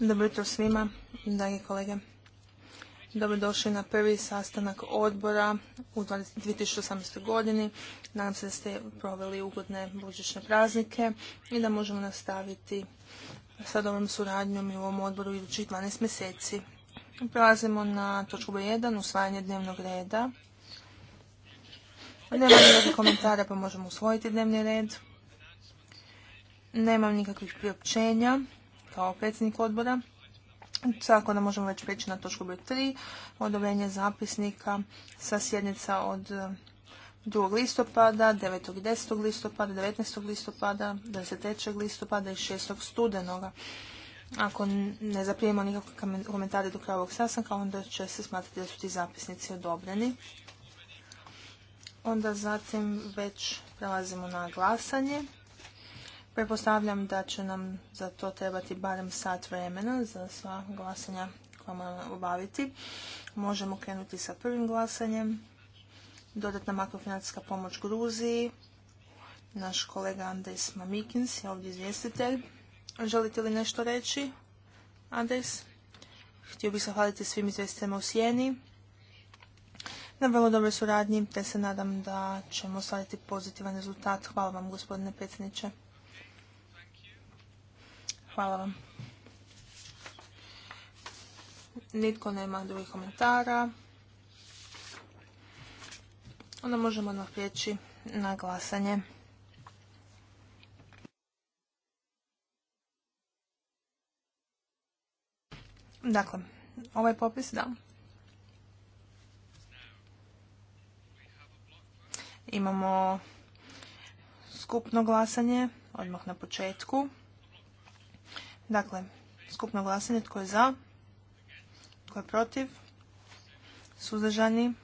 Dobro jutro svima, dragi kolege. Dobrodošli na prvi sastanak odbora u 2018. godini. Nadam se da ste proveli ugodne božićne praznike i da možemo nastaviti sa dobrom suradnjom i u ovom odboru idućih 12 mjeseci. Prelazimo na točku B1, usvajanje dnevnog reda. Nema nikakvih komentara pa možemo usvojiti dnevni red. Nemam nikakvih priopćenja kao predsjednik odbora. Tako da možemo već preći na točku broj 3, odobrenje zapisnika sa sjednica od 2. E, listopada, 9. i 10. listopada, 19. listopada, 23. listopada i 6. studenoga. Ako ne zaprijemo nikakve komentare do kraja ovog sastanka, onda će se smatrati da su ti zapisnici odobreni. Onda zatim već prelazimo na glasanje. Prepostavljam da će nam za to trebati barem sat vremena za sva glasanja koja moramo obaviti. Možemo krenuti sa prvim glasanjem. Dodatna makrofinancijska pomoć Gruziji. Naš kolega Andres Mamikins je ovdje izvjestitelj. Želite li nešto reći, Andres? Htio bih zahvaliti svim izvjestiteljima u Sjeni na vrlo dobroj suradnji, te se nadam da ćemo ostvariti pozitivan rezultat. Hvala vam, gospodine predsjedniče. Hvala vam. Nitko nema drugih komentara. Onda možemo odmah prijeći na glasanje. Dakle, ovaj popis da. Imamo skupno glasanje odmah na početku. Dakle, skupno glasanje tko je za, tko je protiv, suzdržani.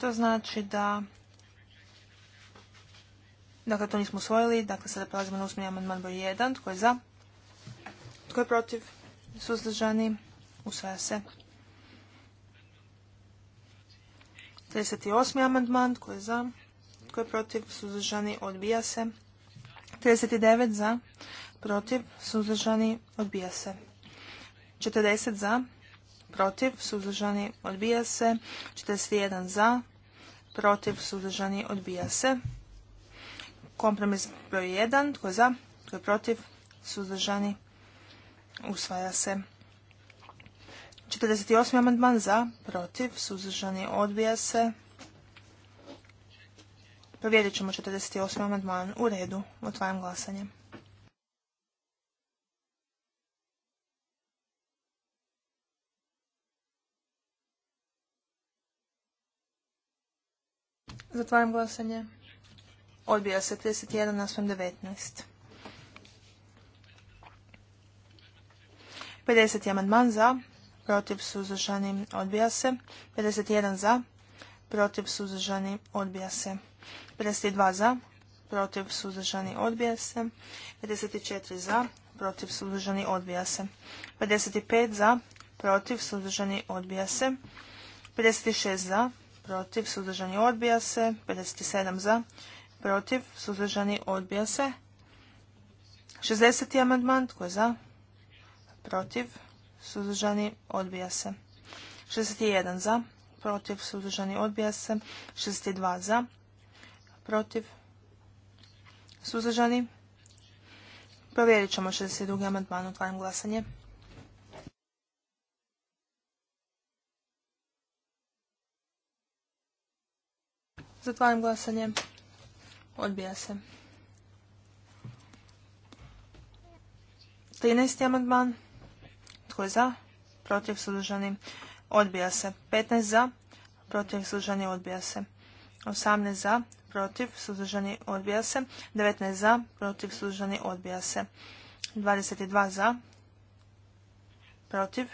To znači da Dakle, to nismo usvojili. Dakle, sada prelazimo na usmeni amandman broj 1. Tko je za? Tko je protiv? Suzdržani? Usvaja se. 38. amandman. Tko je za? Tko je protiv? Suzdržani? Odbija se. 39 za. Protiv? Suzdržani? Odbija se. 40 za. Protiv? Suzdržani? Odbija se. 41 za. Protiv? Suzdržani? Odbija se. Kompromis broj 1. Tko je za? Tko je protiv? Suzdržani? Usvaja se. 48. amandman za, protiv, suzdržani, odbija se. Provjerit ćemo 48. amandman. U redu. Otvaram glasanje. Zatvaram glasanje. Odbija se 31 na 19. 50. amandman za, protiv suzdržani odbija se. 51 za, protiv suzdržani odbija se. 52 za, protiv suzdržani odbija se. 54 za, protiv suzdržani odbija se. 55 za, protiv suzdržani odbija se. 56 za, protiv suzdržani odbija se. 57 za, protiv suzdržani odbija se. 60. amandman, tko je za? Protiv suzdržani odbija se. 61 za, protiv suzdržani odbija se. 62 za, protiv, suzdržani. Provjerit ćemo 62. amandman, otvaram glasanje. Zatvaram glasanje. Odbija se. 13. amandman. Tko je za? Protiv suzdržani. Odbija se. 15 za. Protiv suzdržani. Odbija se. 18 za protiv, suzdržani, odbija se. 19 za, protiv, suzdržani, odbija se. 22 za, protiv,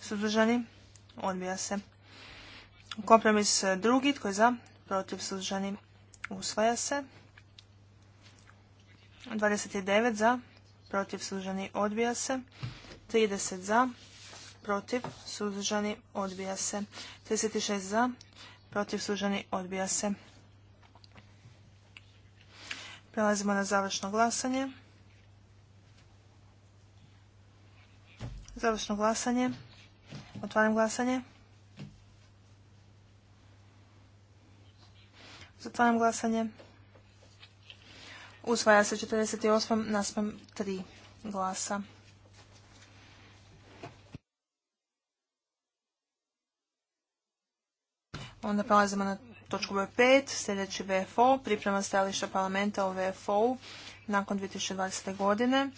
suzdržani, odbija se. Kompromis e, drugi, tko je za, protiv, suzdržani, usvaja se. 29 za, protiv, suzdržani, odbija se. 30 za, protiv, suzdržani, odbija se. 36 za, protiv, suzdržani, odbija se. Prelazimo na završno glasanje. Završno glasanje. Otvaram glasanje. Zatvaram glasanje. Usvaja se 48 naspram 3 glasa. Onda prelazimo na točku broj 5, sljedeći VFO, priprema stajališta parlamenta o VFO-u nakon 2020. godine.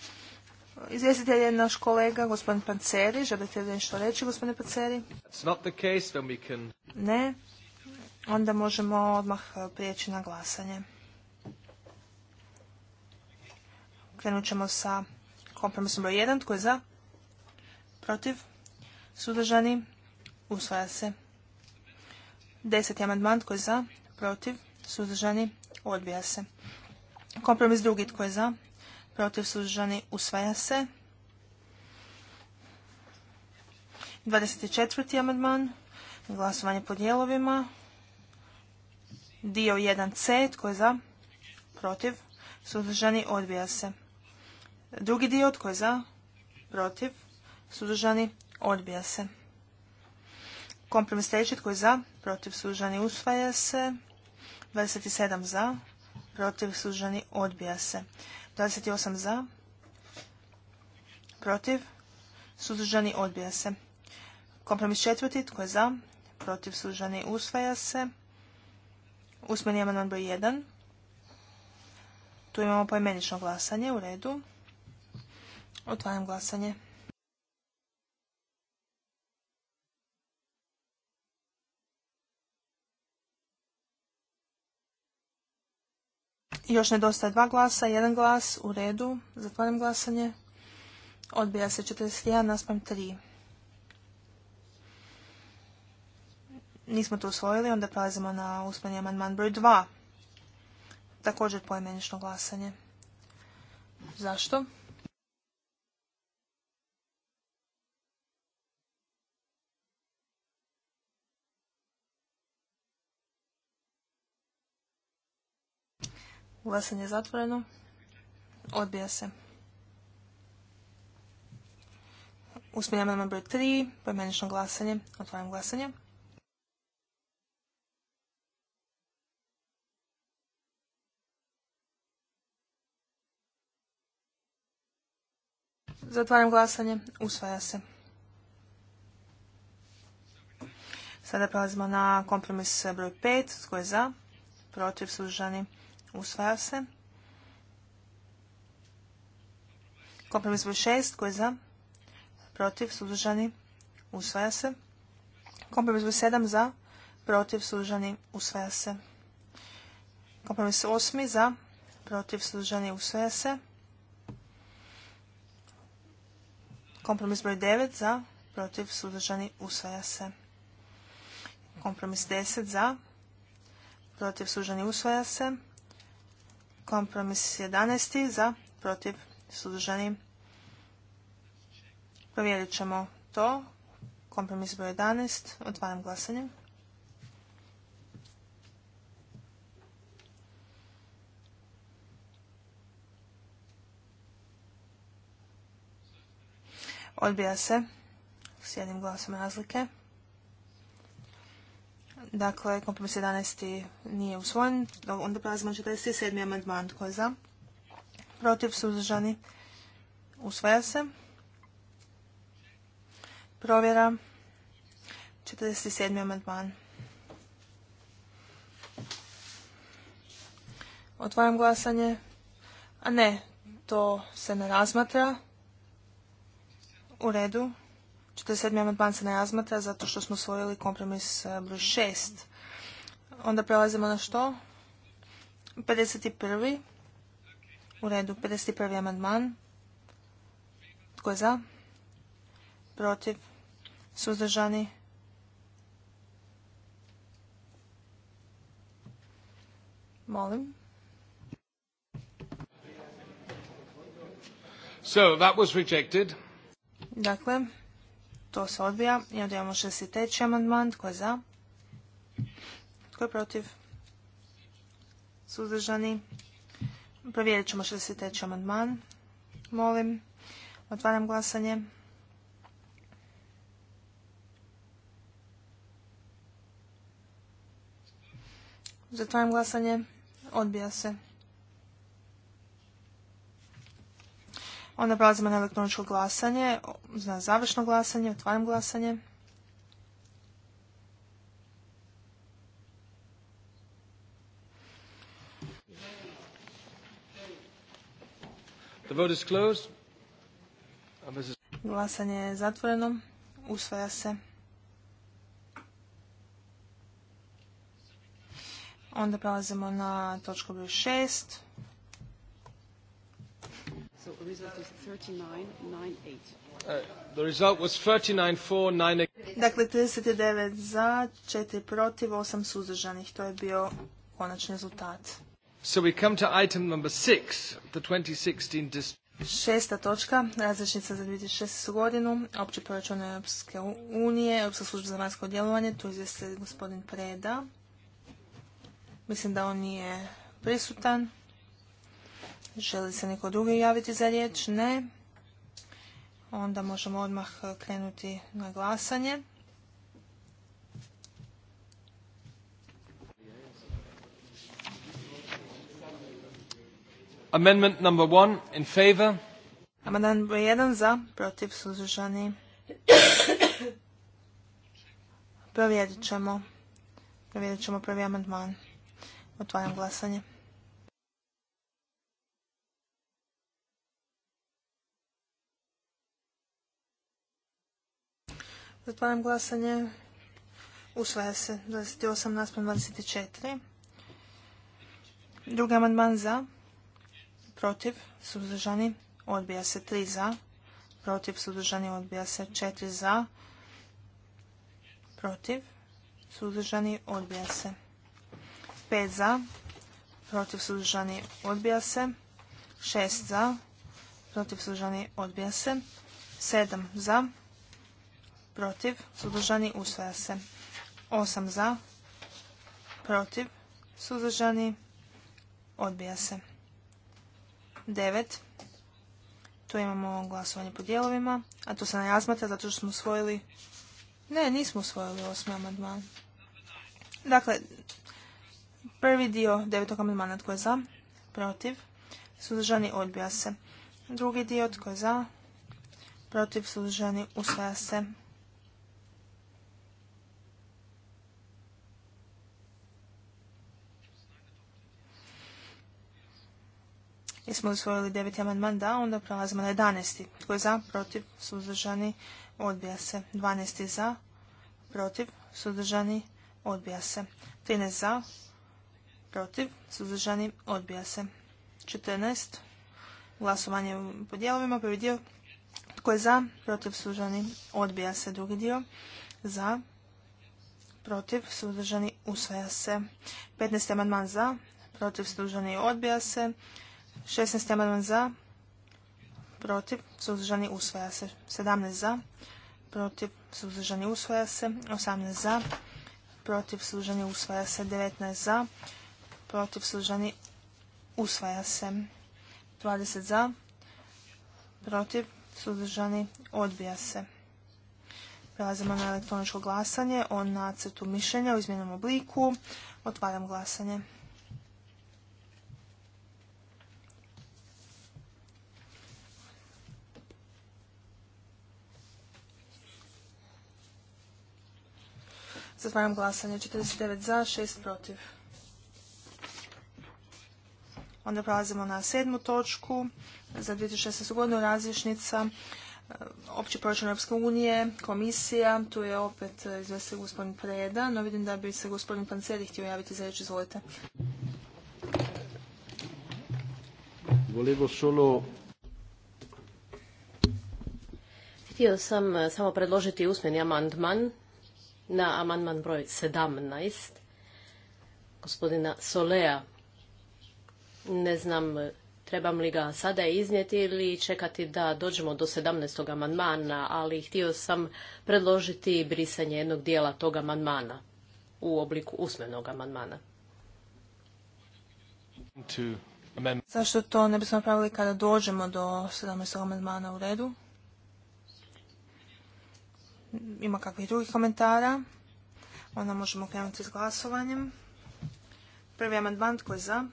Izvjestitelj je naš kolega, gospodin Panceri. Želite li nešto reći, gospodine Panceri? Ne. Onda možemo odmah eh, prijeći na glasanje. Krenut ćemo sa kompromisom broj 1. Tko je za? Protiv? Sudržani? Usvaja se. Deseti amandman tko je za, protiv, suzdržani, odbija se. Kompromis drugi tko je za, protiv, suzdržani, usvaja se. 24. amandman, glasovanje po dijelovima. Dio 1c, tko je za, protiv, suzdržani, odbija se. Drugi dio, tko je za, protiv, suzdržani, odbija se. Kompromis treći tko je za, protiv suzdržani usvaja se. 27 za, protiv suzdržani odbija se. 28 za, protiv suzdržani odbija se. Kompromis četvrti tko je za, protiv suzdržani usvaja se. Usmeni amandman broj 1. Tu imamo poimenično glasanje u redu. Otvaram glasanje. Još nedostaje dva glasa, jedan glas, u redu, Zatvorim glasanje. Odbija se 41 naspram 3. Nismo to usvojili, onda prelazimo na usmeni amandman broj 2. Također poimenično glasanje. Zašto? Glasanje je zatvoreno. Odbija se. Usmijenjamo na broj 3, pojmenično glasanje. Otvaram glasanje. Zatvaram glasanje. Usvaja se. Sada prelazimo na kompromis broj 5. Tko je za? Protiv suzdržani. Usvaja se. Kompromis broj šest koji je za? Protiv. Suzdržani. Usvaja se. Kompromis broj 7. Za. Protiv. Suzdržani. Usvaja se. Kompromis 8. Za. Protiv. Suzdržani. Usvaja se. Kompromis broj 9. Za. Protiv. Suzdržani. Usvaja se. Kompromis 10. Za. Protiv. Suzdržani. Usvaja se. Kompromis 11. za, protiv, suzdržani. Provjerit ćemo to. Kompromis broj 11. Otvaram glasanje. Odbija se s jednim glasom razlike. Dakle, kompromis 11. nije usvojen. Onda prelazimo 47. amandman. Tko je za? Protiv suzdržani? Usvaja se. Provjera. 47. amandman. Otvaram glasanje. A ne, to se ne razmatra. U redu. 47. amandman se ne razmatra zato što smo svojili kompromis e, broj 6. Onda prelazimo na što? 51. U redu, 51. amandman. Tko je za? Protiv? Suzdržani? Molim. So, that was rejected. Dakle, to se odbija. I onda imamo 63. amandman. Tko je za? Tko je protiv? Suzdržani? Provjerit ćemo 63. amandman. Molim. Otvaram glasanje. Zatvaram glasanje. Odbija se. Onda prelazimo na elektroničko glasanje, na završno glasanje, otvaram glasanje. Glasanje je zatvoreno. Usvaja se. Onda prelazimo na točku broj 6. So the result is 39-9-8. Uh, the result was 39-4-9-8. Dakle, 39 za, 4 protiv, 8 suzdržanih. To je bio konačni rezultat. So we come to item number 6, the 2016 district. Šesta točka, različnica za 2016. godinu, opći proračun Europske unije, Europska služba za vanjsko djelovanje, tu izvijeste gospodin Preda. Mislim da on nije prisutan. Želi se niko drugi javiti za riječ? Ne. Onda možemo odmah krenuti na glasanje. Amendment number one in favor. Amandman broj jedan za, protiv suzdržani. Provjerit ćemo. Provjerit ćemo prvi amandman. Otvaram glasanje. Zatvaram glasanje. Usvaja se 28 naspram 24. Drugi amandman za, protiv, suzdržani, odbija se 3 za, protiv, suzdržani, odbija se 4 za, protiv, suzdržani, odbija se 5 za, protiv, suzdržani, odbija se 6 za, protiv, suzdržani, odbija se 7 za, protiv, protiv, suzdržani, usvaja se. Osam za, protiv, suzdržani, odbija se. Devet, Tu imamo glasovanje po dijelovima, a to se ne razmatra zato što smo usvojili... Ne, nismo usvojili osmi amandman. Dakle, prvi dio devetog amandmana tko je za, protiv, suzdržani odbija se. Drugi dio tko je za, protiv, suzdržani usvaja se. smo usvojili deveti amandman? Da, onda prelazimo na 11. Tko je za? Protiv? Suzdržani? Odbija se. 12. za? Protiv? Suzdržani? Odbija se. 13. za? Protiv? Suzdržani? Odbija se. 14. Glasovanje po dijelovima. Prvi dio. Tko je za? Protiv? Suzdržani? Odbija se. Drugi dio. Za? Protiv? Suzdržani? Usvaja se. 15. amandman za? Protiv? Suzdržani? Odbija se. 16. amandman za, protiv, suzdržani, usvaja se. 17 za, protiv, suzdržani, usvaja se. 18 za, protiv, suzdržani, usvaja se. 19 za, protiv, suzdržani, usvaja se. 20 za, protiv, suzdržani, odbija se. Prelazimo na elektroničko glasanje o nacrtu mišljenja u izmjenom obliku. Otvaram glasanje. Zatvaram glasanje. 49 za, 6 protiv. Onda prelazimo na sedmu točku za 2016. godinu različnica e, opći proračun Europske unije, komisija, tu je opet e, izvesti gospodin Preda, no vidim da bi se gospodin Panceri htio javiti za riječ izvolite. Htio sam e, samo predložiti usmeni amandman na amandman broj 17 gospodina Solea. Ne znam trebam li ga sada iznijeti ili čekati da dođemo do 17. amandmana, ali htio sam predložiti brisanje jednog dijela tog amandmana u obliku usmenog amandmana. Zašto to ne bismo napravili kada dođemo do 17. amandmana u redu? ima kakvih drugih komentara, onda možemo krenuti s glasovanjem. Prvi amandman tko je za?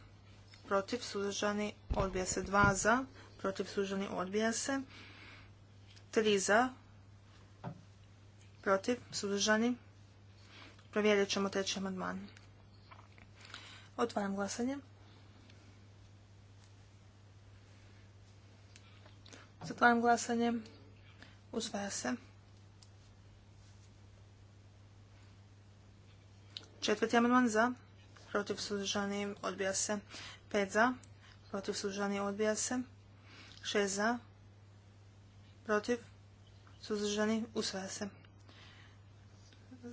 Protiv suzdržani odbija se Dva za, protiv suzdržani odbija se Tri za, protiv suzdržani. Provjerit ćemo treći amandman. Otvaram glasanje. Zatvaram glasanje. Usvaja se. Četvrti amandman za, protiv suzdržani odbija se. Pet za, protiv suzdržani odbija se. Šest za, protiv suzdržani usvaja se.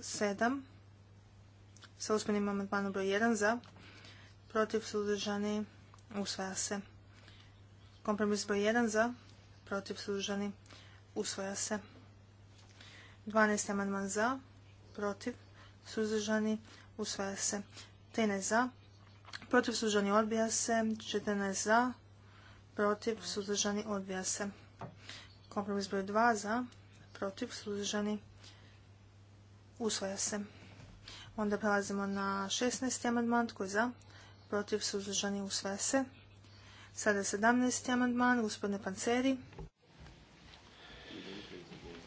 Sedam, sa uspjenim amandmanom broj 1 za, protiv suzdržani usvaja se. Kompromis broj 1 za, protiv suzdržani usvaja se. 12. amandman za, protiv, suzdržani, usvaja se. 13 za, protiv suzdržani odbija se. 14 za, protiv suzdržani odbija se. Kompromis broj 2 za, protiv suzdržani usvaja se. Onda prelazimo na 16. amandman, tko je za, protiv suzdržani usvaja se. Sada 17. amandman, gospodine Panceri.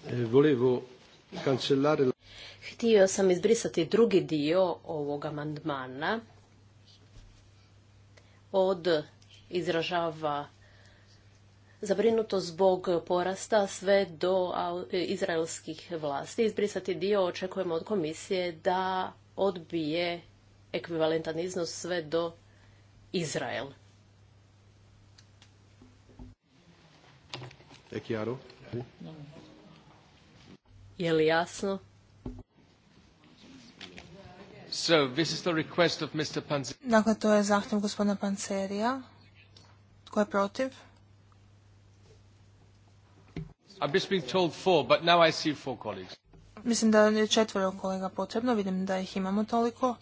E, Volevo Htio sam izbrisati drugi dio ovog amandmana od izražava zabrinuto zbog porasta sve do izraelskih vlasti. Izbrisati dio očekujemo od komisije da odbije ekvivalentan iznos sve do Izrael. chiaro? Je li jasno? Dakle, to je zahtjev gospodina Pancerija. Tko je protiv? Mislim da je četvoro kolega potrebno, vidim da ih imamo toliko.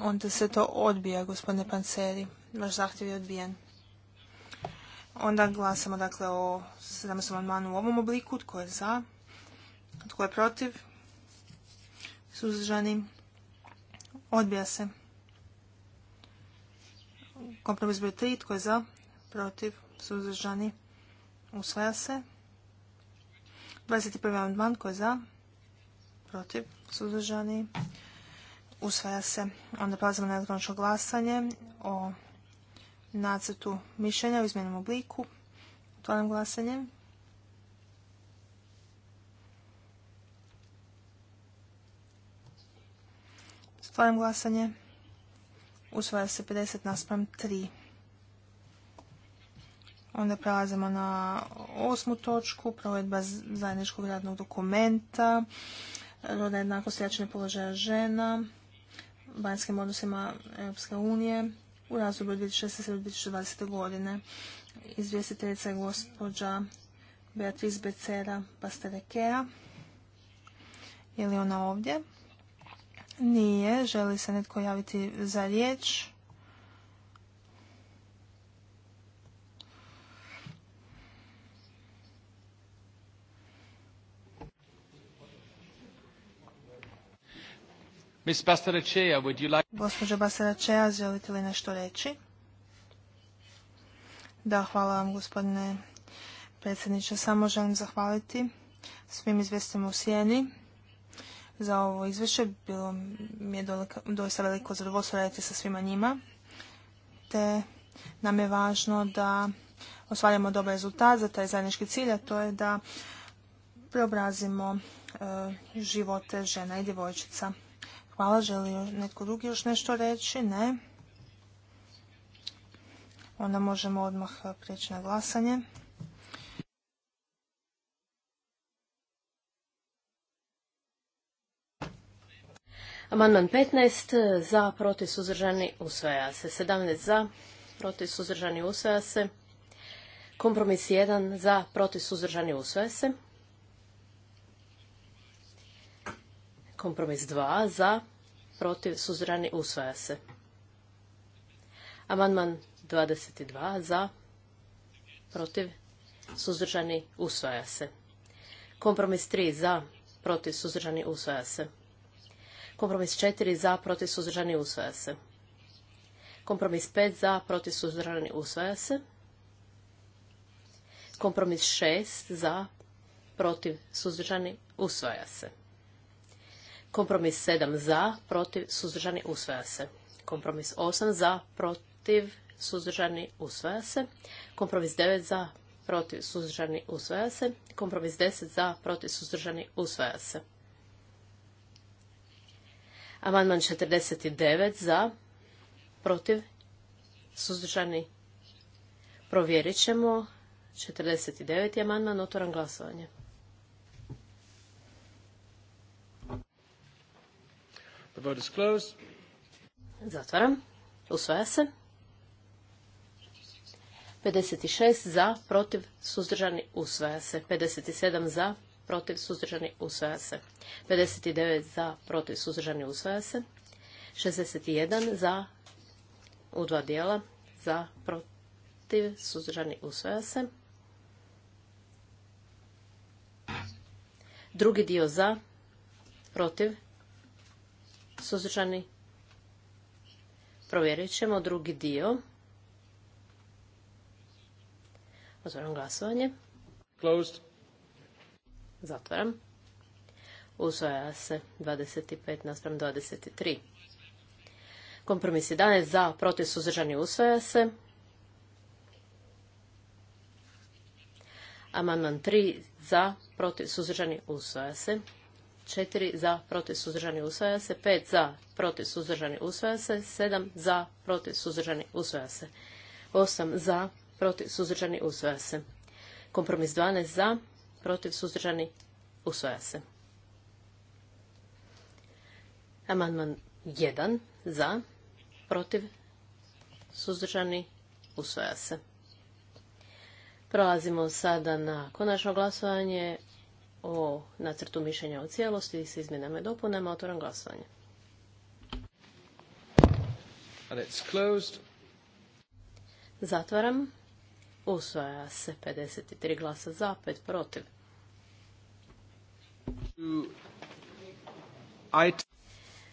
Onda se to odbija, gospodine Panceri. Vaš zahtjev je odbijen. Onda glasamo dakle o 17. amandmanu u ovom obliku. Tko je za? Tko je protiv? Suzdržani? Odbija se. Kompromis broj 3. Tko je za? Protiv? Suzdržani? Usvaja se. 21. amandman. Tko je za? Protiv? Suzdržani? Usvaja se. Onda prelazimo na elektroničko glasanje o nacrtu mišljenja u izmjenom obliku. Otvaram glasanje. Otvaram glasanje. Usvaja se 50 naspram 3. Onda prelazimo na osmu točku, provedba zajedničkog radnog dokumenta, roda jednakost jačanje položaja žena, vanjskim odnosima Europske unije u razdoblju 2016-2020. godine. Izvjestiteljica je gospođa Beatriz Becera Pasterekea. Je li ona ovdje? Nije. Želi se netko javiti za riječ? Gospođo Basaracea, želite li nešto reći? Da, hvala vam gospodine predsjedniče. Samo želim zahvaliti svim izvestima u Sijeni za ovo izvješće. Bilo mi je doista veliko zadovoljstvo raditi sa svima njima. Te nam je važno da ostvarimo dobar rezultat za taj zajednički cilj, a to je da preobrazimo e, živote žena i djevojčica. Hvala, želi netko drugi još nešto reći? Ne. Onda možemo odmah e, prijeći na glasanje. Amandman 15 za, protiv, suzdržani, usvaja se. 17 za, protiv, suzdržani, usvaja se. Kompromis 1 za, protiv, suzdržani, usvaja se. Kompromis 2 za, protiv, suzdržani, usvaja se. Amandman 22 za, protiv, suzdržani, usvaja se. Kompromis 3 za, protiv, suzdržani, usvaja se. Kompromis 4 za, protiv suzdržani usvaja se. Kompromis 5 za, protiv suzdržani usvaja se. Kompromis 6 za, protiv suzdržani usvaja se. Kompromis 7 za, protiv suzdržani usvaja se. Kompromis 8 za, protiv suzdržani usvaja se. Kompromis 9 za, protiv suzdržani usvaja se. Kompromis 10 za, protiv suzdržani usvaja se. Amandman 49 za, protiv, suzdržani. Provjerit ćemo. 49. amandman, otvoram glasovanje. Zatvaram. Usvaja se. 56 za, protiv, suzdržani, usvaja se. 57 za, protiv, suzdržani, usvaja se. 59 za, protiv, suzdržani, usvaja se. 61 za, u dva dijela, za, protiv, suzdržani, usvaja se. Drugi dio za, protiv, suzdržani, provjerit ćemo drugi dio. Otvaram glasovanje. Closed. Zatvaram. Usvaja se 25 naspram 23. Kompromis 11 za, protiv suzdržani usvaja se. Amandman 3 za, protiv suzdržani usvaja se. 4 za, protiv suzdržani usvaja se. 5 za, protiv suzdržani usvaja se. 7 za, protiv suzdržani usvaja se. 8 za, protiv suzdržani usvaja se. Kompromis 12 za, protiv, suzdržani, usvaja se. Amandman 1 za, protiv, suzdržani, usvaja se. Prelazimo sada na konačno glasovanje o nacrtu mišljenja o cijelosti s izmjenama i dopunama. Otvoram glasovanje. Zatvaram. Usvaja se 53 glasa za, 5 protiv.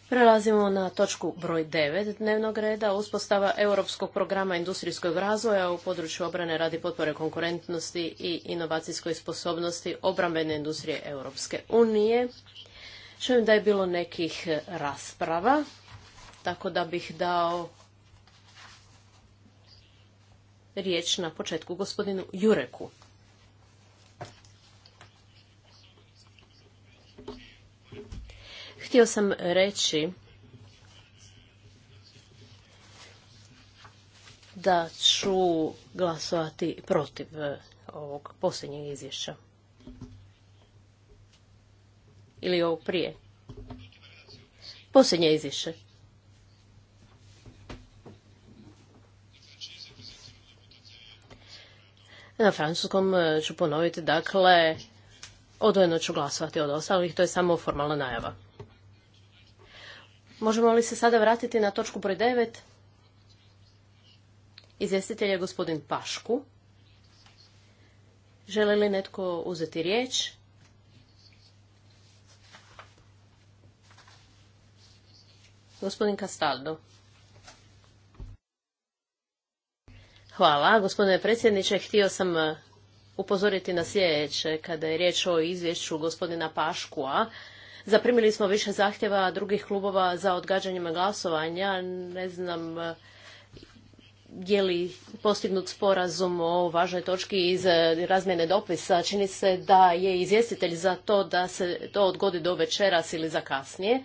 Prelazimo na točku broj 9 dnevnog reda, uspostava Europskog programa industrijskog razvoja u području obrane radi potpore konkurentnosti i inovacijskoj sposobnosti obrambene industrije Europske unije. Čujem da je bilo nekih rasprava, tako da bih dao riječ na početku gospodinu Jureku. Htio sam reći da ću glasovati protiv e, ovog posljednjeg izvješća. Ili ovog prije. Posljednje izvješće. Na francuskom e, ću ponoviti, dakle, odvojeno ću glasovati od ostalih, to je samo formalna najava. Možemo li se sada vratiti na točku broj 9? Izvjestitelj je gospodin Pašku. Želi li netko uzeti riječ? Gospodin Castaldo. Hvala. Gospodine predsjedniče, htio sam e, upozoriti na sljedeće. Kada je riječ o izvješću gospodina Paškua, zaprimili smo više zahtjeva drugih klubova za odgađanjima glasovanja. Ne znam e, je li postignut sporazum o važnoj točki iz e, razmjene dopisa. Čini se da je izvjestitelj za to da se to odgodi do večeras ili za kasnije.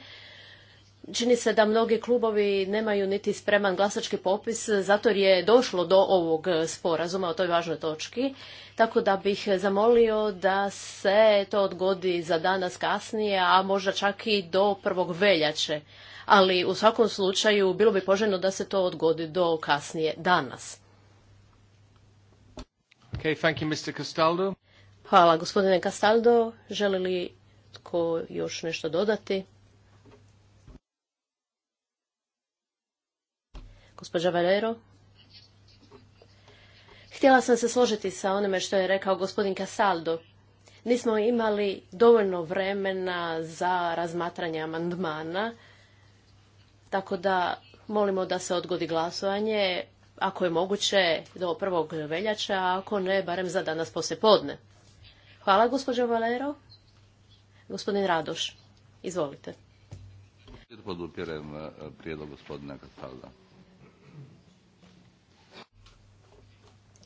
Čini se da mnogi klubovi nemaju niti spreman glasački popis, zato jer je došlo do ovog sporazuma o toj važnoj točki. Tako da bih zamolio da se to odgodi za danas kasnije, a možda čak i do prvog veljače. Ali u svakom slučaju bilo bi poželjno da se to odgodi do kasnije danas. Okay, thank you, Mr. Hvala gospodine Castaldo. Želi li tko još nešto dodati? Gospođa Valero. Htjela sam se složiti sa onime što je rekao gospodin Casaldo. Nismo imali dovoljno vremena za razmatranje amandmana, tako da molimo da se odgodi glasovanje, ako je moguće, do prvog veljača, a ako ne, barem za danas poslije podne. Hvala, gospođo Valero. Gospodin Radoš, izvolite. Podupirem eh, prijedlog gospodina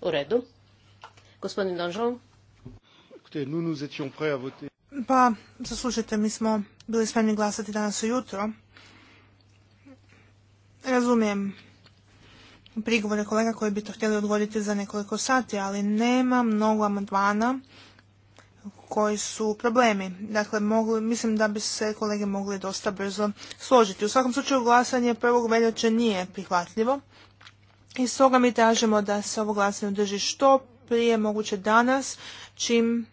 U redu. Gospodin Pa, zaslušajte, mi smo bili spremni glasati danas ujutro. Razumijem prigovore kolega koji bi to htjeli odgoditi za nekoliko sati, ali nema mnogo amandmana koji su problemi. Dakle, mislim da bi se kolege mogli dosta brzo složiti. U svakom slučaju glasanje prvog veljače nije prihvatljivo. I stoga mi tražimo da se ovo glasanje drži što prije moguće danas, čim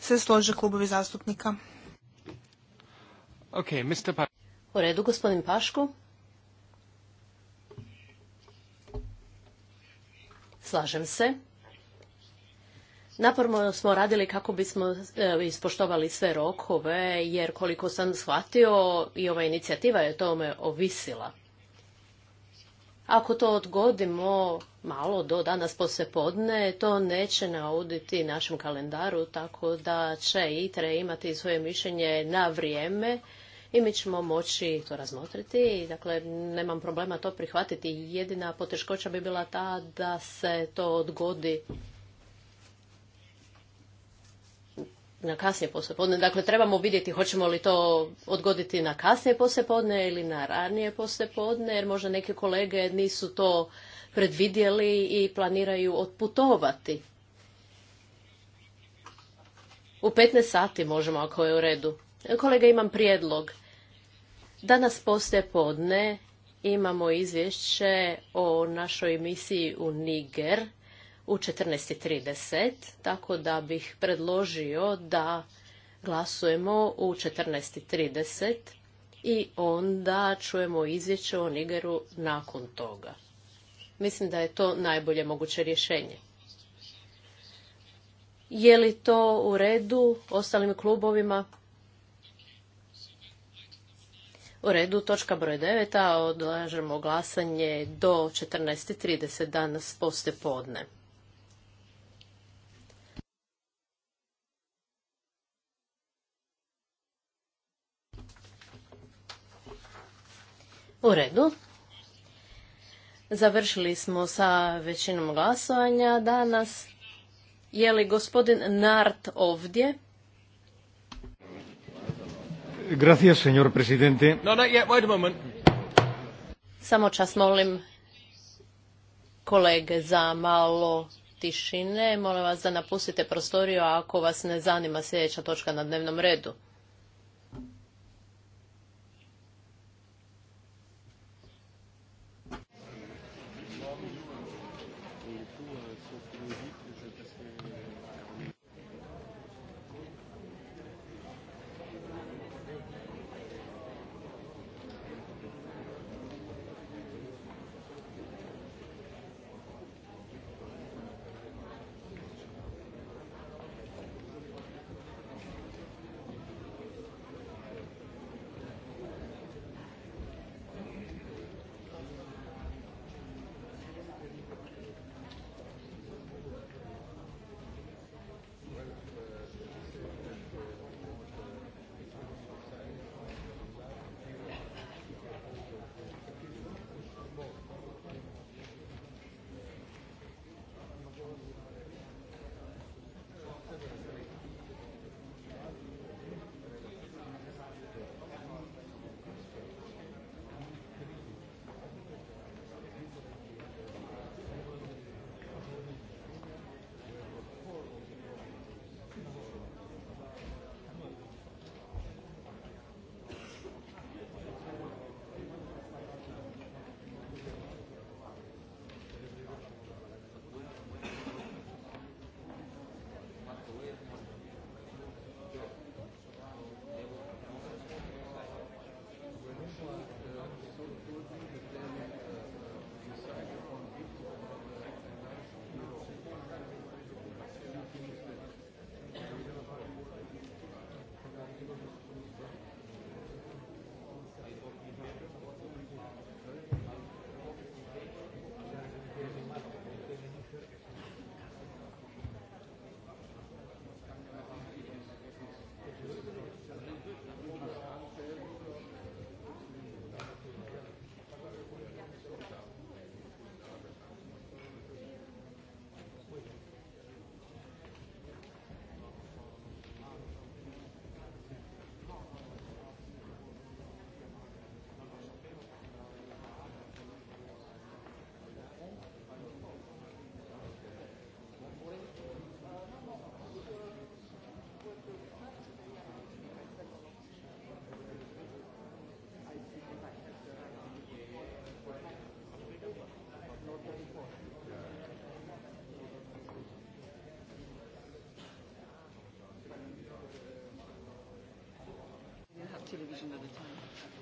se slože klubovi zastupnika. Pa- U redu, gospodin Pašku. Slažem se. Naporno smo radili kako bismo e, ispoštovali sve rokove, jer koliko sam shvatio i ova inicijativa je tome ovisila. Ako to odgodimo malo do danas poslije podne, to neće nauditi našem kalendaru, tako da će ITRE imati svoje mišljenje na vrijeme i mi ćemo moći to razmotriti. Dakle, nemam problema to prihvatiti. Jedina poteškoća bi bila ta da se to odgodi na kasnije poslijepodne. Dakle, trebamo vidjeti hoćemo li to odgoditi na kasnije poslijepodne ili na ranije poslijepodne, jer možda neke kolege nisu to predvidjeli i planiraju otputovati. U 15 sati možemo, ako je u redu. Kolega, imam prijedlog. Danas poslije imamo izvješće o našoj misiji u Niger u 14.30, tako da bih predložio da glasujemo u 14.30 i onda čujemo izvješće o Nigeru nakon toga. Mislim da je to najbolje moguće rješenje. Je li to u redu ostalim klubovima? U redu, točka broj 9, odlažemo glasanje do 14.30 danas poste podne. U redu. Završili smo sa većinom glasovanja danas. Je li gospodin Nart ovdje? Gracias, señor presidente. No, moment. Samo čas molim kolege za malo tišine. Molim vas da napustite prostoriju ako vas ne zanima sljedeća točka na dnevnom redu.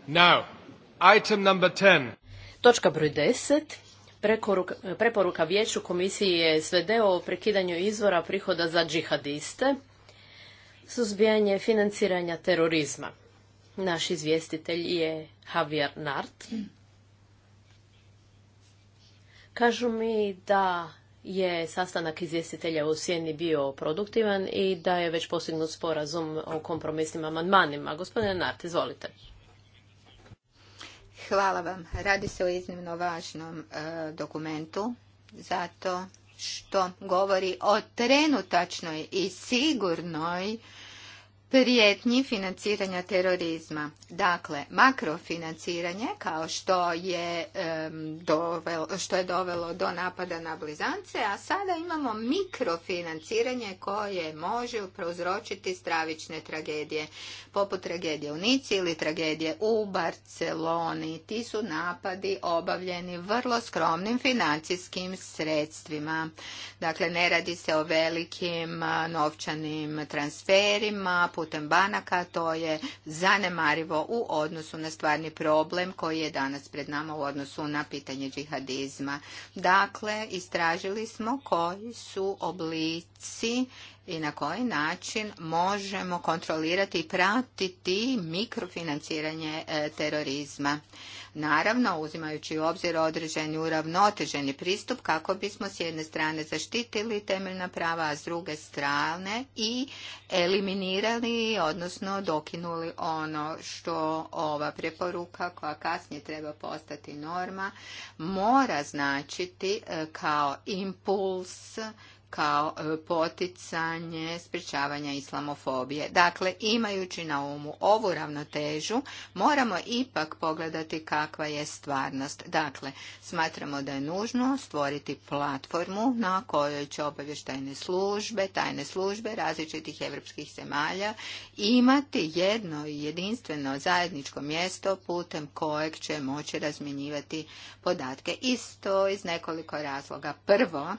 Now, item number 10. Točka broj 10. preporuka vijeću Komisije je svede o prekidanju izvora prihoda za džihadiste, suzbijanje financiranja terorizma. Naš izvjestitelj je Javier Nart. Kažu mi da je sastanak izvjestitelja u Sjeni bio produktivan i da je već postignut sporazum o kompromisnim amandmanima. Gospodine Nart, izvolite. Hvala vam. Radi se o iznimno važnom e, dokumentu, zato što govori o trenutačnoj i sigurnoj prijetnji financiranja terorizma. Dakle, makrofinanciranje kao što je, dovelo, što je dovelo do napada na blizance, a sada imamo mikrofinanciranje koje može prouzročiti stravične tragedije, poput tragedije u Nici ili tragedije u Barceloni. Ti su napadi obavljeni vrlo skromnim financijskim sredstvima. Dakle, ne radi se o velikim novčanim transferima, putem banaka, to je zanemarivo u odnosu na stvarni problem koji je danas pred nama u odnosu na pitanje džihadizma. Dakle, istražili smo koji su oblici i na koji način možemo kontrolirati i pratiti mikrofinanciranje e, terorizma. Naravno, uzimajući u obzir određeni uravnoteženi pristup kako bismo s jedne strane zaštitili temeljna prava, a s druge strane i eliminirali, odnosno dokinuli ono što ova preporuka koja kasnije treba postati norma mora značiti e, kao impuls kao e, poticanje sprječavanja islamofobije. Dakle, imajući na umu ovu ravnotežu, moramo ipak pogledati kakva je stvarnost. Dakle, smatramo da je nužno stvoriti platformu na kojoj će obavještajne službe, tajne službe različitih evropskih zemalja imati jedno i jedinstveno zajedničko mjesto putem kojeg će moći razmjenjivati podatke. Isto iz nekoliko razloga. Prvo,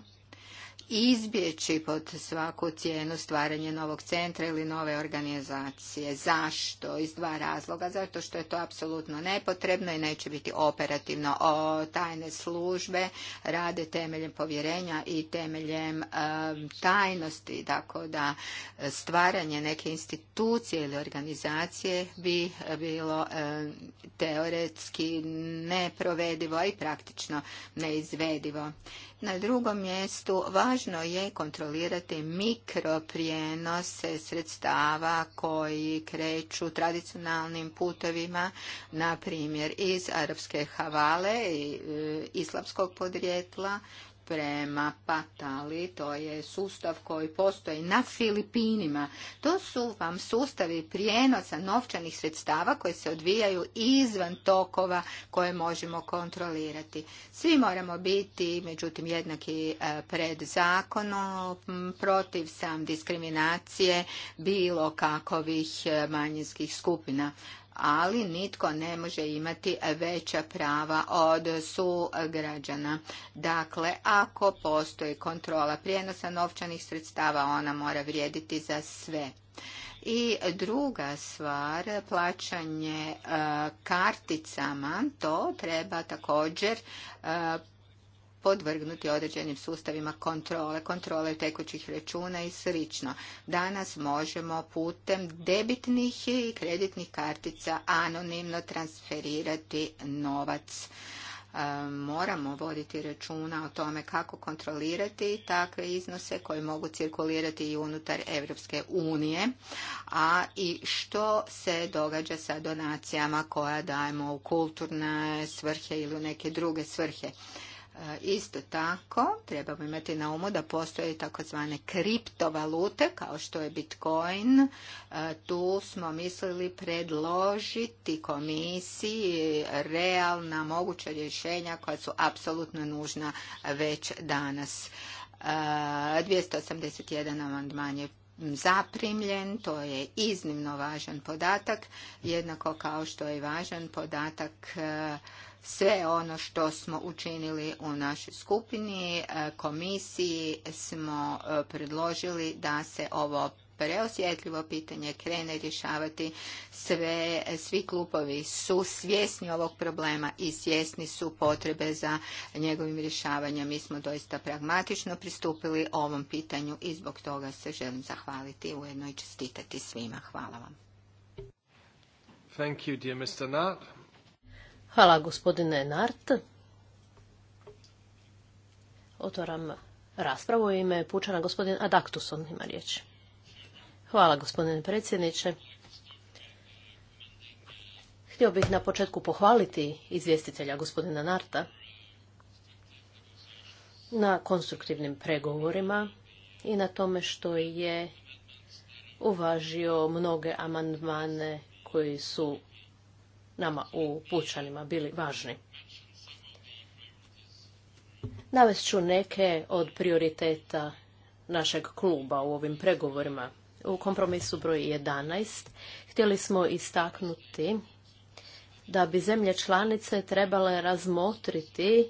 izbjeći pod svaku cijenu stvaranje novog centra ili nove organizacije. Zašto? Iz dva razloga. Zato što je to apsolutno nepotrebno i neće biti operativno. O, tajne službe rade temeljem povjerenja i temeljem e, tajnosti. Tako da e, stvaranje neke institucije ili organizacije bi bilo e, teoretski neprovedivo i praktično neizvedivo. Na drugom mjestu, Važno je kontrolirati mikroprijenose sredstava koji kreću tradicionalnim putovima, na primjer iz arapske havale i e, islamskog podrijetla prema Patali, to je sustav koji postoji na Filipinima. To su vam sustavi prijenosa novčanih sredstava koji se odvijaju izvan tokova koje možemo kontrolirati. Svi moramo biti, međutim, jednaki e, pred zakonom, protiv sam diskriminacije bilo kakovih e, manjinskih skupina ali nitko ne može imati veća prava od su građana. Dakle, ako postoji kontrola prijenosa novčanih sredstava, ona mora vrijediti za sve. I druga stvar, plaćanje e, karticama, to treba također e, podvrgnuti određenim sustavima kontrole, kontrole tekućih računa i sl. Danas možemo putem debitnih i kreditnih kartica anonimno transferirati novac e, moramo voditi računa o tome kako kontrolirati takve iznose koji mogu cirkulirati i unutar Europske unije, a i što se događa sa donacijama koja dajemo u kulturne svrhe ili u neke druge svrhe. E, isto tako, trebamo imati na umu da postoje takozvane kriptovalute kao što je Bitcoin. E, tu smo mislili predložiti komisiji realna moguća rješenja koja su apsolutno nužna već danas. 281 e, amandman je zaprimljen, to je iznimno važan podatak, jednako kao što je važan podatak sve ono što smo učinili u našoj skupini, e, komisiji smo e, predložili da se ovo preosjetljivo pitanje krene rješavati. Sve, svi klubovi su svjesni ovog problema i svjesni su potrebe za njegovim rješavanjem. Mi smo doista pragmatično pristupili ovom pitanju i zbog toga se želim zahvaliti ujedno i čestitati svima. Hvala vam. Thank you, dear Mr. Hvala gospodine Nart. Otvaram raspravu u ime pučana gospodin Adaktuson ima riječ. Hvala gospodine predsjedniče. Htio bih na početku pohvaliti izvjestitelja gospodina Narta na konstruktivnim pregovorima i na tome što je uvažio mnoge amandmane koji su nama u Pučanima bili važni. Navest ću neke od prioriteta našeg kluba u ovim pregovorima. U kompromisu broj 11 htjeli smo istaknuti da bi zemlje članice trebale razmotriti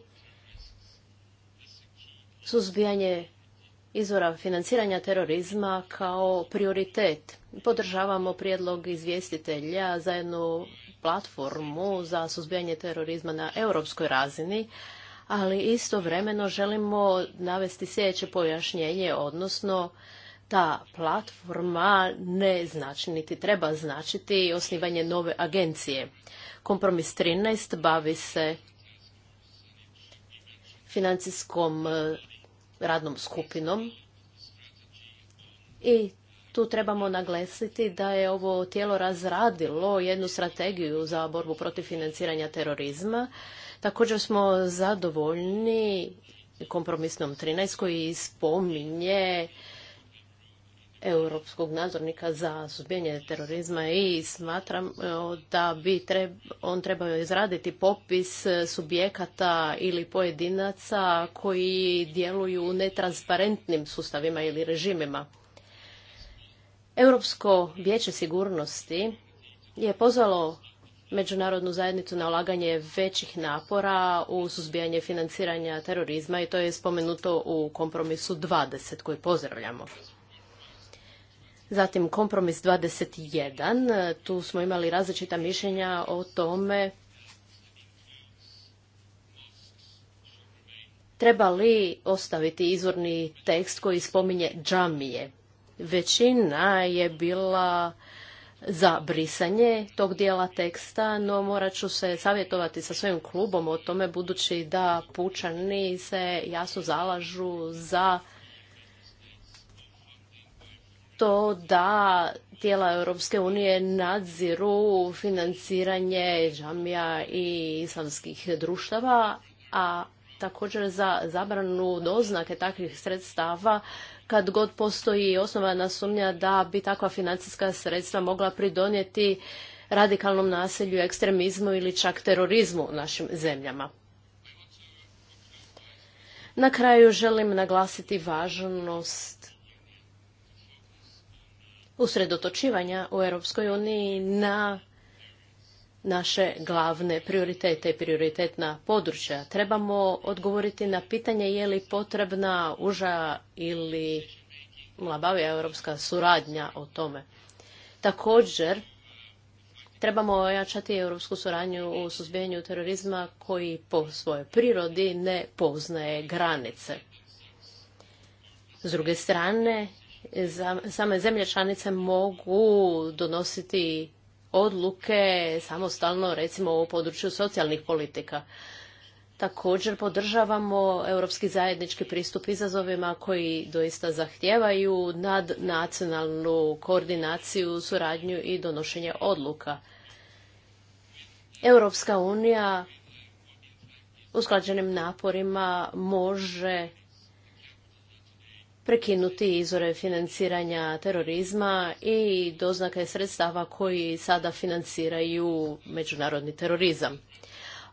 suzbijanje izvora financiranja terorizma kao prioritet. Podržavamo prijedlog izvjestitelja za jednu platformu za suzbijanje terorizma na europskoj razini, ali istovremeno želimo navesti sljedeće pojašnjenje, odnosno ta platforma ne znači niti treba značiti osnivanje nove agencije. Kompromis 13 bavi se financijskom eh, radnom skupinom i tu trebamo naglesiti da je ovo tijelo razradilo jednu strategiju za borbu protiv financiranja terorizma. Također smo zadovoljni kompromisnom 13 koji spominje europskog nadzornika za suzbijanje terorizma i smatram e, da bi on trebao izraditi popis subjekata ili pojedinaca koji djeluju u netransparentnim sustavima ili režimima. Europsko vijeće sigurnosti je pozvalo međunarodnu zajednicu na ulaganje većih napora u suzbijanje financiranja terorizma i to je spomenuto u kompromisu 20 koji pozdravljamo. Zatim kompromis 21, tu smo imali različita mišljenja o tome treba li ostaviti izvorni tekst koji spominje džamije većina je bila za brisanje tog dijela teksta, no morat ću se savjetovati sa svojim klubom o tome budući da pučani se jasno zalažu za to da tijela Europske unije nadziru financiranje džamija i islamskih društava, a također za zabranu doznake takvih sredstava kad god postoji osnovana sumnja da bi takva financijska sredstva mogla pridonijeti radikalnom nasilju, ekstremizmu ili čak terorizmu u našim zemljama. Na kraju želim naglasiti važnost usredotočivanja u Europskoj uniji na naše glavne prioritete i prioritetna područja. Trebamo odgovoriti na pitanje je li potrebna uža ili mlabavija europska suradnja o tome. Također, trebamo ojačati europsku suradnju u suzbijanju terorizma koji po svojoj prirodi ne poznaje granice. S druge strane, same zemlje članice mogu donositi odluke samostalno recimo u području socijalnih politika. Također podržavamo europski zajednički pristup izazovima koji doista zahtijevaju nadnacionalnu koordinaciju, suradnju i donošenje odluka. Europska unija usklađenim naporima može prekinuti izvore financiranja terorizma i doznake sredstava koji sada financiraju međunarodni terorizam.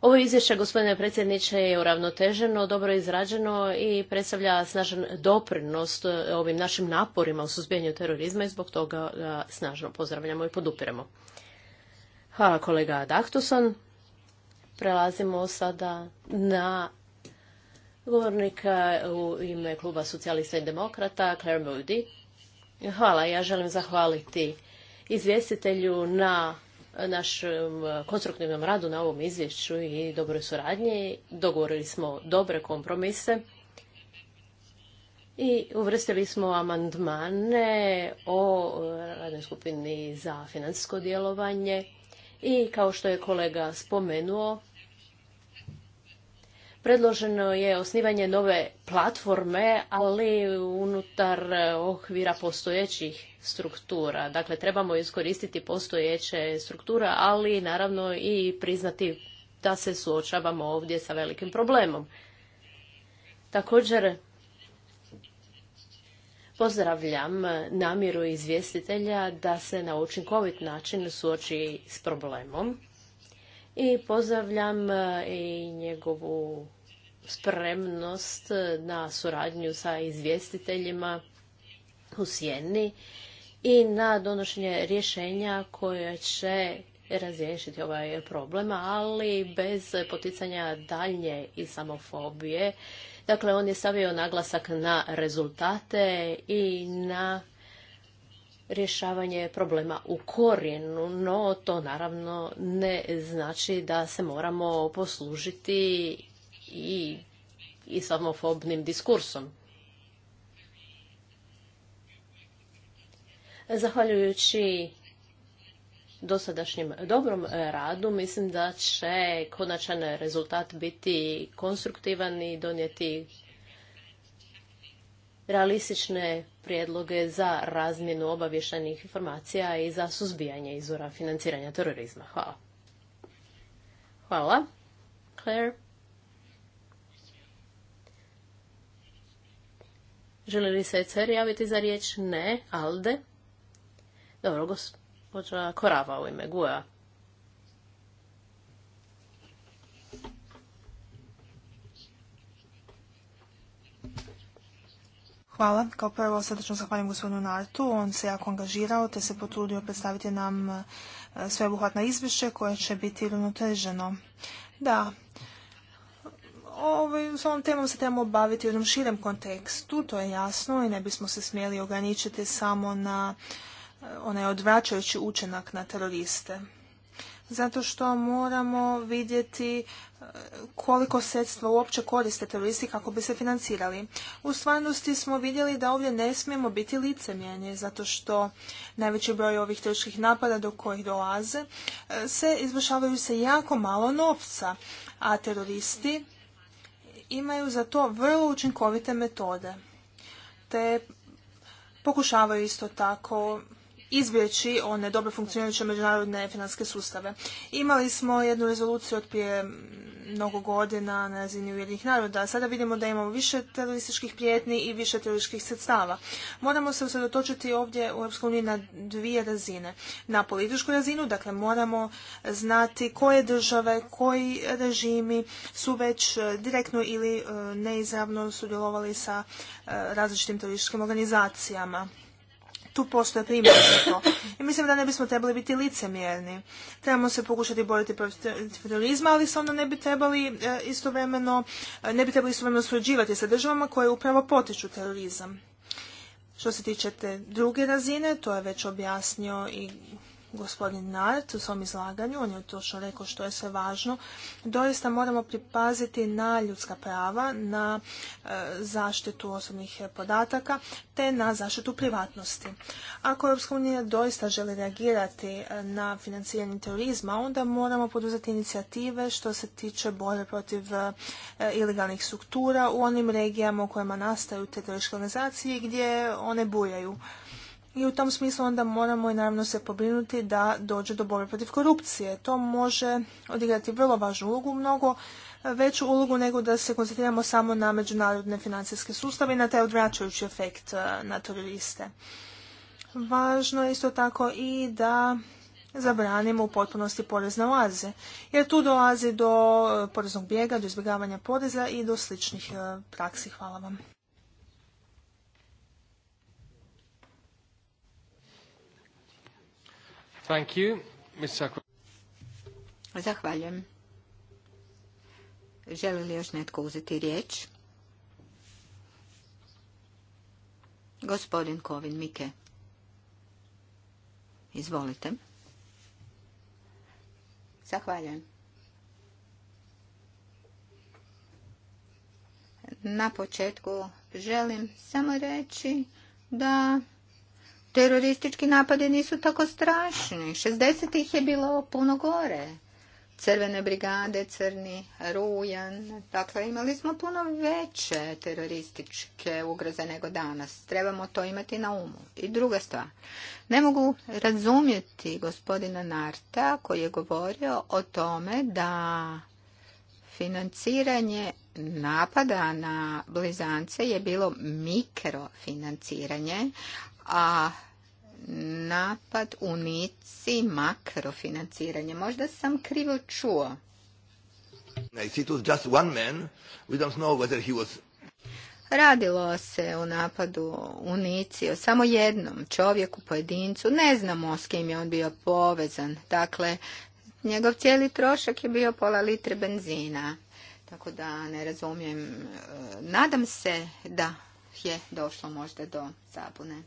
Ovo izvješće, gospodine predsjedniče, je uravnoteženo, dobro izrađeno i predstavlja snažan doprinos ovim našim naporima u suzbijanju terorizma i zbog toga ga snažno pozdravljamo i podupiremo. Hvala kolega Daktuson. Prelazimo sada na govornika u ime kluba socijalista i demokrata, Claire Moody. Hvala, ja želim zahvaliti izvjestitelju na našem konstruktivnom radu na ovom izvješću i dobroj suradnji. Dogovorili smo dobre kompromise i uvrstili smo amandmane o radnoj skupini za financijsko djelovanje i kao što je kolega spomenuo, Predloženo je osnivanje nove platforme, ali unutar okvira postojećih struktura. Dakle, trebamo iskoristiti postojeće strukture, ali naravno i priznati da se suočavamo ovdje sa velikim problemom. Također, pozdravljam namjeru izvjestitelja da se na učinkovit način suoči s problemom i pozdravljam i njegovu spremnost na suradnju sa izvjestiteljima u Sjeni i na donošenje rješenja koje će razriješiti ovaj problem, ali bez poticanja daljnje samofobije. Dakle, on je stavio naglasak na rezultate i na rješavanje problema u korijenu, no to naravno ne znači da se moramo poslužiti i islamofobnim diskursom. Zahvaljujući dosadašnjem dobrom e, radu mislim da će konačan rezultat biti konstruktivan i donijeti realistične prijedloge za razmjenu obavještajnih informacija i za suzbijanje izvora financiranja terorizma. Hvala. Hvala. Claire. Želi li se cer javiti za riječ? Ne. Alde? Dobro, gospođa Korava u ime Guja. Hvala. Kao prvo srdečno zahvaljujem gospodinu Nartu. On se jako angažirao te se potrudio predstaviti nam e, sveobuhvatno izvješće koje će biti ravnoteženo. Da, Ovaj, s ovom temom se trebamo baviti u jednom širem kontekstu, to je jasno i ne bismo se smjeli ograničiti samo na eh, onaj odvraćajući učenak na teroriste. Zato što moramo vidjeti eh, koliko sredstva uopće koriste teroristi kako bi se financirali. U stvarnosti smo vidjeli da ovdje ne smijemo biti licemjeni zato što najveći broj ovih terorističkih napada do kojih dolaze eh, se izvršavaju se jako malo novca, a teroristi imaju za to vrlo učinkovite metode, te pokušavaju isto tako izbjeći one dobro funkcionirajuće međunarodne financijske sustave. Imali smo jednu rezoluciju od prije mnogo godina na razini Ujedinih naroda, a sada vidimo da imamo više terorističkih prijetnji i više terorističkih sredstava. Moramo se usredotočiti ovdje u EU na dvije razine. Na političku razinu, dakle moramo znati koje države, koji režimi su već e, direktno ili e, neizravno sudjelovali sa e, različitim terorističkim organizacijama tu postoje primjer to. I mislim da ne bismo trebali biti licemjerni. Trebamo se pokušati boriti protiv terorizma, ali se onda ne bi trebali eh, istovremeno, eh, ne bi trebali istovremeno surađivati sa državama koje upravo potiču terorizam. Što se tiče te druge razine, to je već objasnio i gospodin Nart u svom izlaganju, on je točno rekao što je sve važno, doista moramo pripaziti na ljudska prava, na e, zaštitu osobnih podataka te na zaštitu privatnosti. Ako unija doista želi reagirati e, na financiranje terorizma, onda moramo poduzeti inicijative što se tiče borbe protiv e, ilegalnih struktura u onim regijama u kojima nastaju te teroriške organizacije gdje one bujaju i u tom smislu onda moramo i naravno se pobrinuti da dođe do borbe protiv korupcije. To može odigrati vrlo važnu ulogu, mnogo veću ulogu nego da se koncentriramo samo na međunarodne financijske sustave i na taj odvraćajući efekt e, na teroriste. Važno je isto tako i da zabranimo u potpunosti porezne oaze, jer tu dolazi do e, poreznog bijega, do izbjegavanja poreza i do sličnih e, praksi. Hvala vam. Zahvaljujem. Želi li još netko uzeti riječ? Gospodin Kovin Mike. Izvolite. Zahvaljujem. Na početku želim samo reći da teroristički napadi nisu tako strašni. 60. ih je bilo puno gore. Crvene brigade, crni, rujan. Dakle, imali smo puno veće terorističke ugroze nego danas. Trebamo to imati na umu. I druga stvar, ne mogu razumjeti gospodina Narta koji je govorio o tome da financiranje napada na blizance je bilo mikrofinanciranje, a napad u Nici makrofinanciranje. Možda sam krivo čuo. Radilo se u napadu u Nici o samo jednom čovjeku, pojedincu. Ne znamo s kim je on bio povezan. Dakle, njegov cijeli trošak je bio pola litre benzina. Tako da ne razumijem. E, nadam se da je došlo možda do zabune.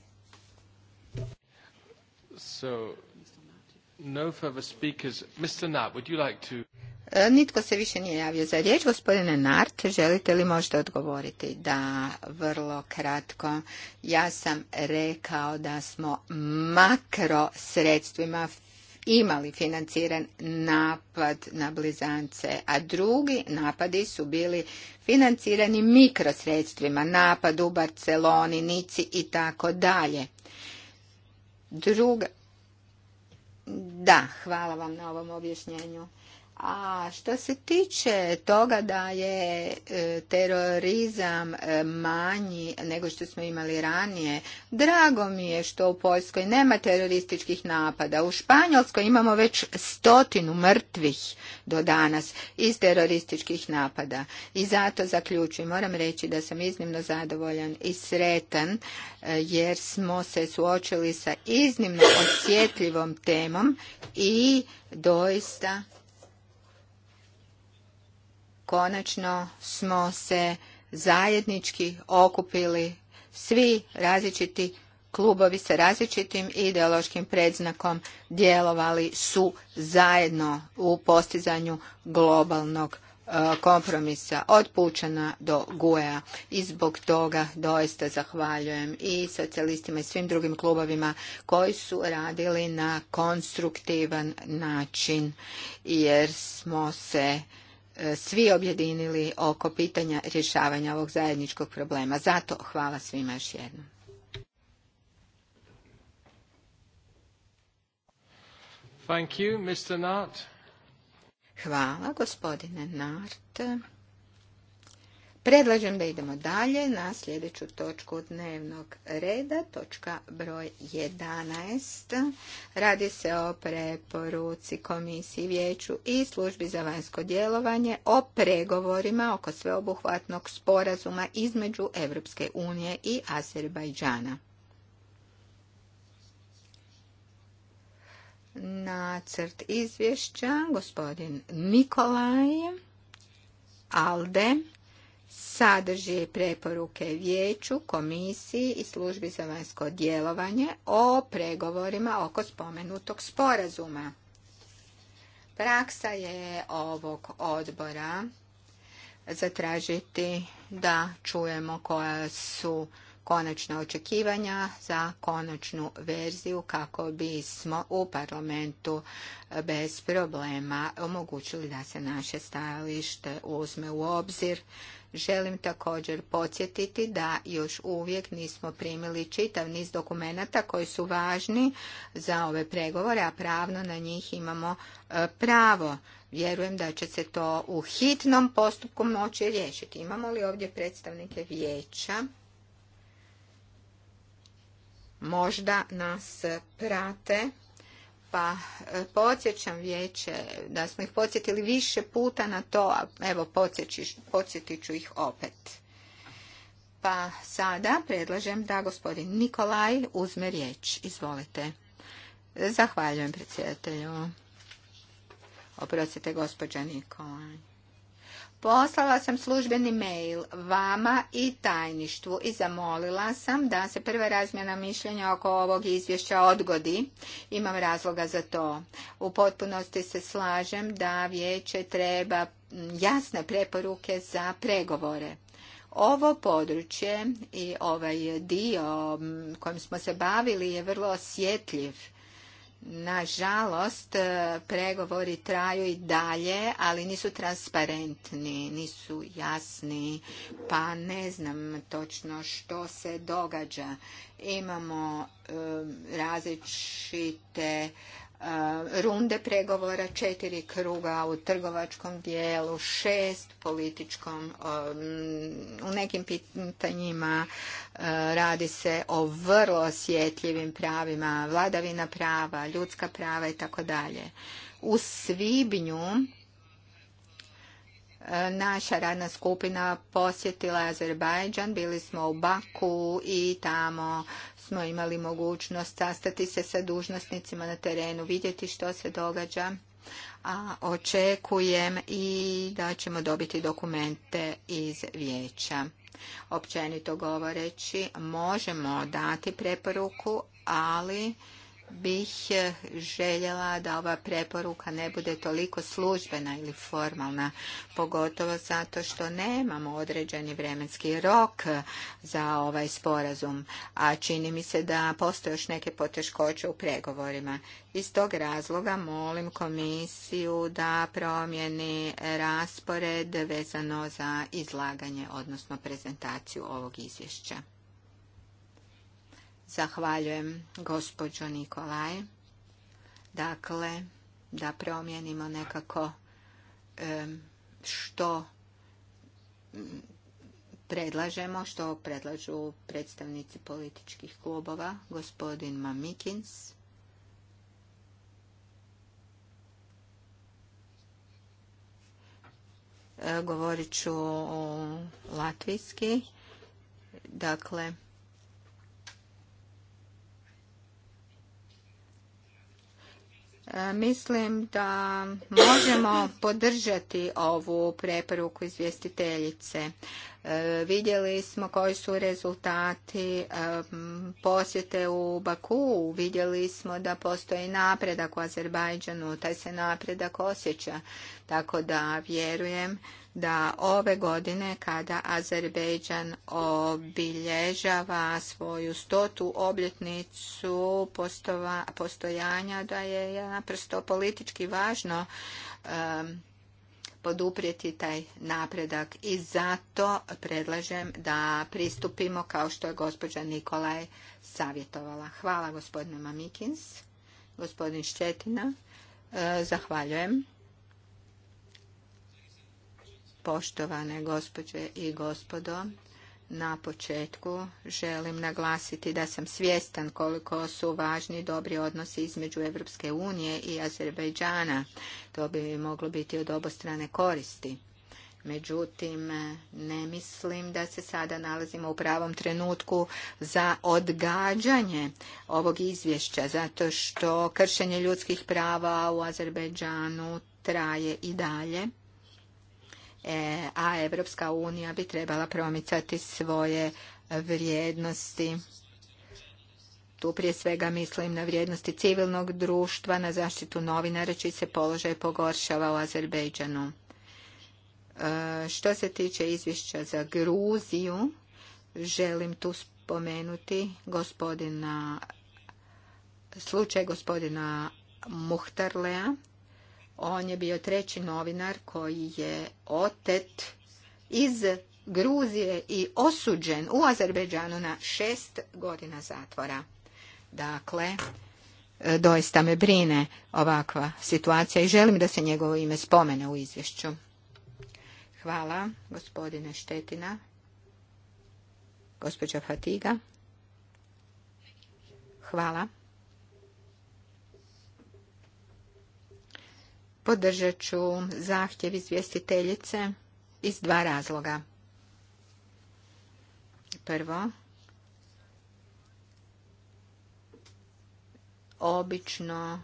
E, nitko se više nije javio za riječ. Gospodine Nart, želite li možete odgovoriti? Da, vrlo kratko. Ja sam rekao da smo makro sredstvima imali financiran napad na blizance, a drugi napadi su bili financirani mikrosredstvima, napad u Barceloni, Nici i tako dalje druga... Da, hvala vam na ovom objašnjenju. A što se tiče toga da je e, terorizam e, manji nego što smo imali ranije, drago mi je što u Poljskoj nema terorističkih napada. U Španjolskoj imamo već stotinu mrtvih do danas iz terorističkih napada. I zato zaključujem, moram reći da sam iznimno zadovoljan i sretan e, jer smo se suočili sa iznimno osjetljivom temom i doista konačno smo se zajednički okupili svi različiti klubovi sa različitim ideološkim predznakom djelovali su zajedno u postizanju globalnog e, kompromisa od Pučana do Guea i zbog toga doista zahvaljujem i socijalistima i svim drugim klubovima koji su radili na konstruktivan način jer smo se svi objedinili oko pitanja rješavanja ovog zajedničkog problema. Zato hvala svima još jednom. Thank you, Hvala, gospodine Nart. Predlažem da idemo dalje na sljedeću točku dnevnog reda, točka broj 11. Radi se o preporuci Komisiji vijeću i službi za vanjsko djelovanje o pregovorima oko sveobuhvatnog sporazuma između Europske unije i Azerbajdžana. Nacrt izvješća gospodin Nikolaj Alde sadrži preporuke vijeću, komisiji i službi za vanjsko djelovanje o pregovorima oko spomenutog sporazuma. Praksa je ovog odbora zatražiti da čujemo koja su konačna očekivanja za konačnu verziju kako bismo u parlamentu bez problema omogućili da se naše stajalište uzme u obzir. Želim također podsjetiti da još uvijek nismo primili čitav niz dokumenata koji su važni za ove pregovore, a pravno na njih imamo e, pravo. Vjerujem da će se to u hitnom postupku moći riješiti. Imamo li ovdje predstavnike vijeća? možda nas prate pa e, podsjećam vijeće da smo ih podsjetili više puta na to, a evo podsjetit ću ih opet. Pa sada predlažem da gospodin Nikolaj uzme riječ. Izvolite. Zahvaljujem predsjedatelju. Oprostite gospođa Nikolaj. Poslala sam službeni mail vama i tajništvu i zamolila sam da se prva razmjena mišljenja oko ovog izvješća odgodi. Imam razloga za to. U potpunosti se slažem da vijeće treba jasne preporuke za pregovore. Ovo područje i ovaj dio kojim smo se bavili je vrlo osjetljiv Nažalost, e, pregovori traju i dalje, ali nisu transparentni, nisu jasni, pa ne znam točno što se događa. Imamo e, različite E, runde pregovora, četiri kruga u trgovačkom dijelu, šest političkom, e, u nekim pitanjima e, radi se o vrlo osjetljivim pravima, vladavina prava, ljudska prava i tako dalje. U svibnju naša radna skupina posjetila Azerbajdžan, bili smo u Baku i tamo smo imali mogućnost sastati se sa dužnosnicima na terenu, vidjeti što se događa, a očekujem i da ćemo dobiti dokumente iz vijeća. Općenito govoreći, možemo dati preporuku, ali bih eh, željela da ova preporuka ne bude toliko službena ili formalna, pogotovo zato što nemamo određeni vremenski rok eh, za ovaj sporazum, a čini mi se da postoje još neke poteškoće u pregovorima. Iz tog razloga molim komisiju da promijeni raspored vezano za izlaganje, odnosno prezentaciju ovog izvješća. Zahvaljujem gospođo Nikolaj. Dakle, da promijenimo nekako što predlažemo, što predlažu predstavnici političkih klubova, gospodin Mamikins. Govorit ću latvijski. Dakle, Mislim da možemo podržati ovu preporuku izvjestiteljice. E, vidjeli smo koji su rezultati e, posjete u Baku, vidjeli smo da postoji napredak u Azerbajdžanu, taj se napredak osjeća, tako da vjerujem da ove godine kada Azerbejdžan obilježava svoju stotu obljetnicu postova, postojanja, da je naprosto politički važno um, poduprijeti taj napredak i zato predlažem da pristupimo kao što je gospođa Nikolaj savjetovala. Hvala gospodine Mamikins, gospodin Ščetina, uh, zahvaljujem. Poštovane gospođe i gospodo, na početku želim naglasiti da sam svjestan koliko su važni dobri odnosi između Europske unije i Azerbejdžana. To bi moglo biti od obostrane koristi. Međutim, ne mislim da se sada nalazimo u pravom trenutku za odgađanje ovog izvješća, zato što kršenje ljudskih prava u Azerbejdžanu traje i dalje E, a Evropska unija bi trebala promicati svoje vrijednosti. Tu prije svega mislim na vrijednosti civilnog društva, na zaštitu novinara, čiji se položaj pogoršava u Azerbejdžanu. E, što se tiče izvješća za Gruziju, želim tu spomenuti gospodina, slučaj gospodina Muhtarlea, on je bio treći novinar koji je otet iz Gruzije i osuđen u Azerbeđanu na šest godina zatvora. Dakle, e, doista me brine ovakva situacija i želim da se njegovo ime spomene u izvješću. Hvala, gospodine Štetina. Gospođa Fatiga. Hvala. Podržat ću zahtjev izvjestiteljice iz dva razloga. Prvo, obično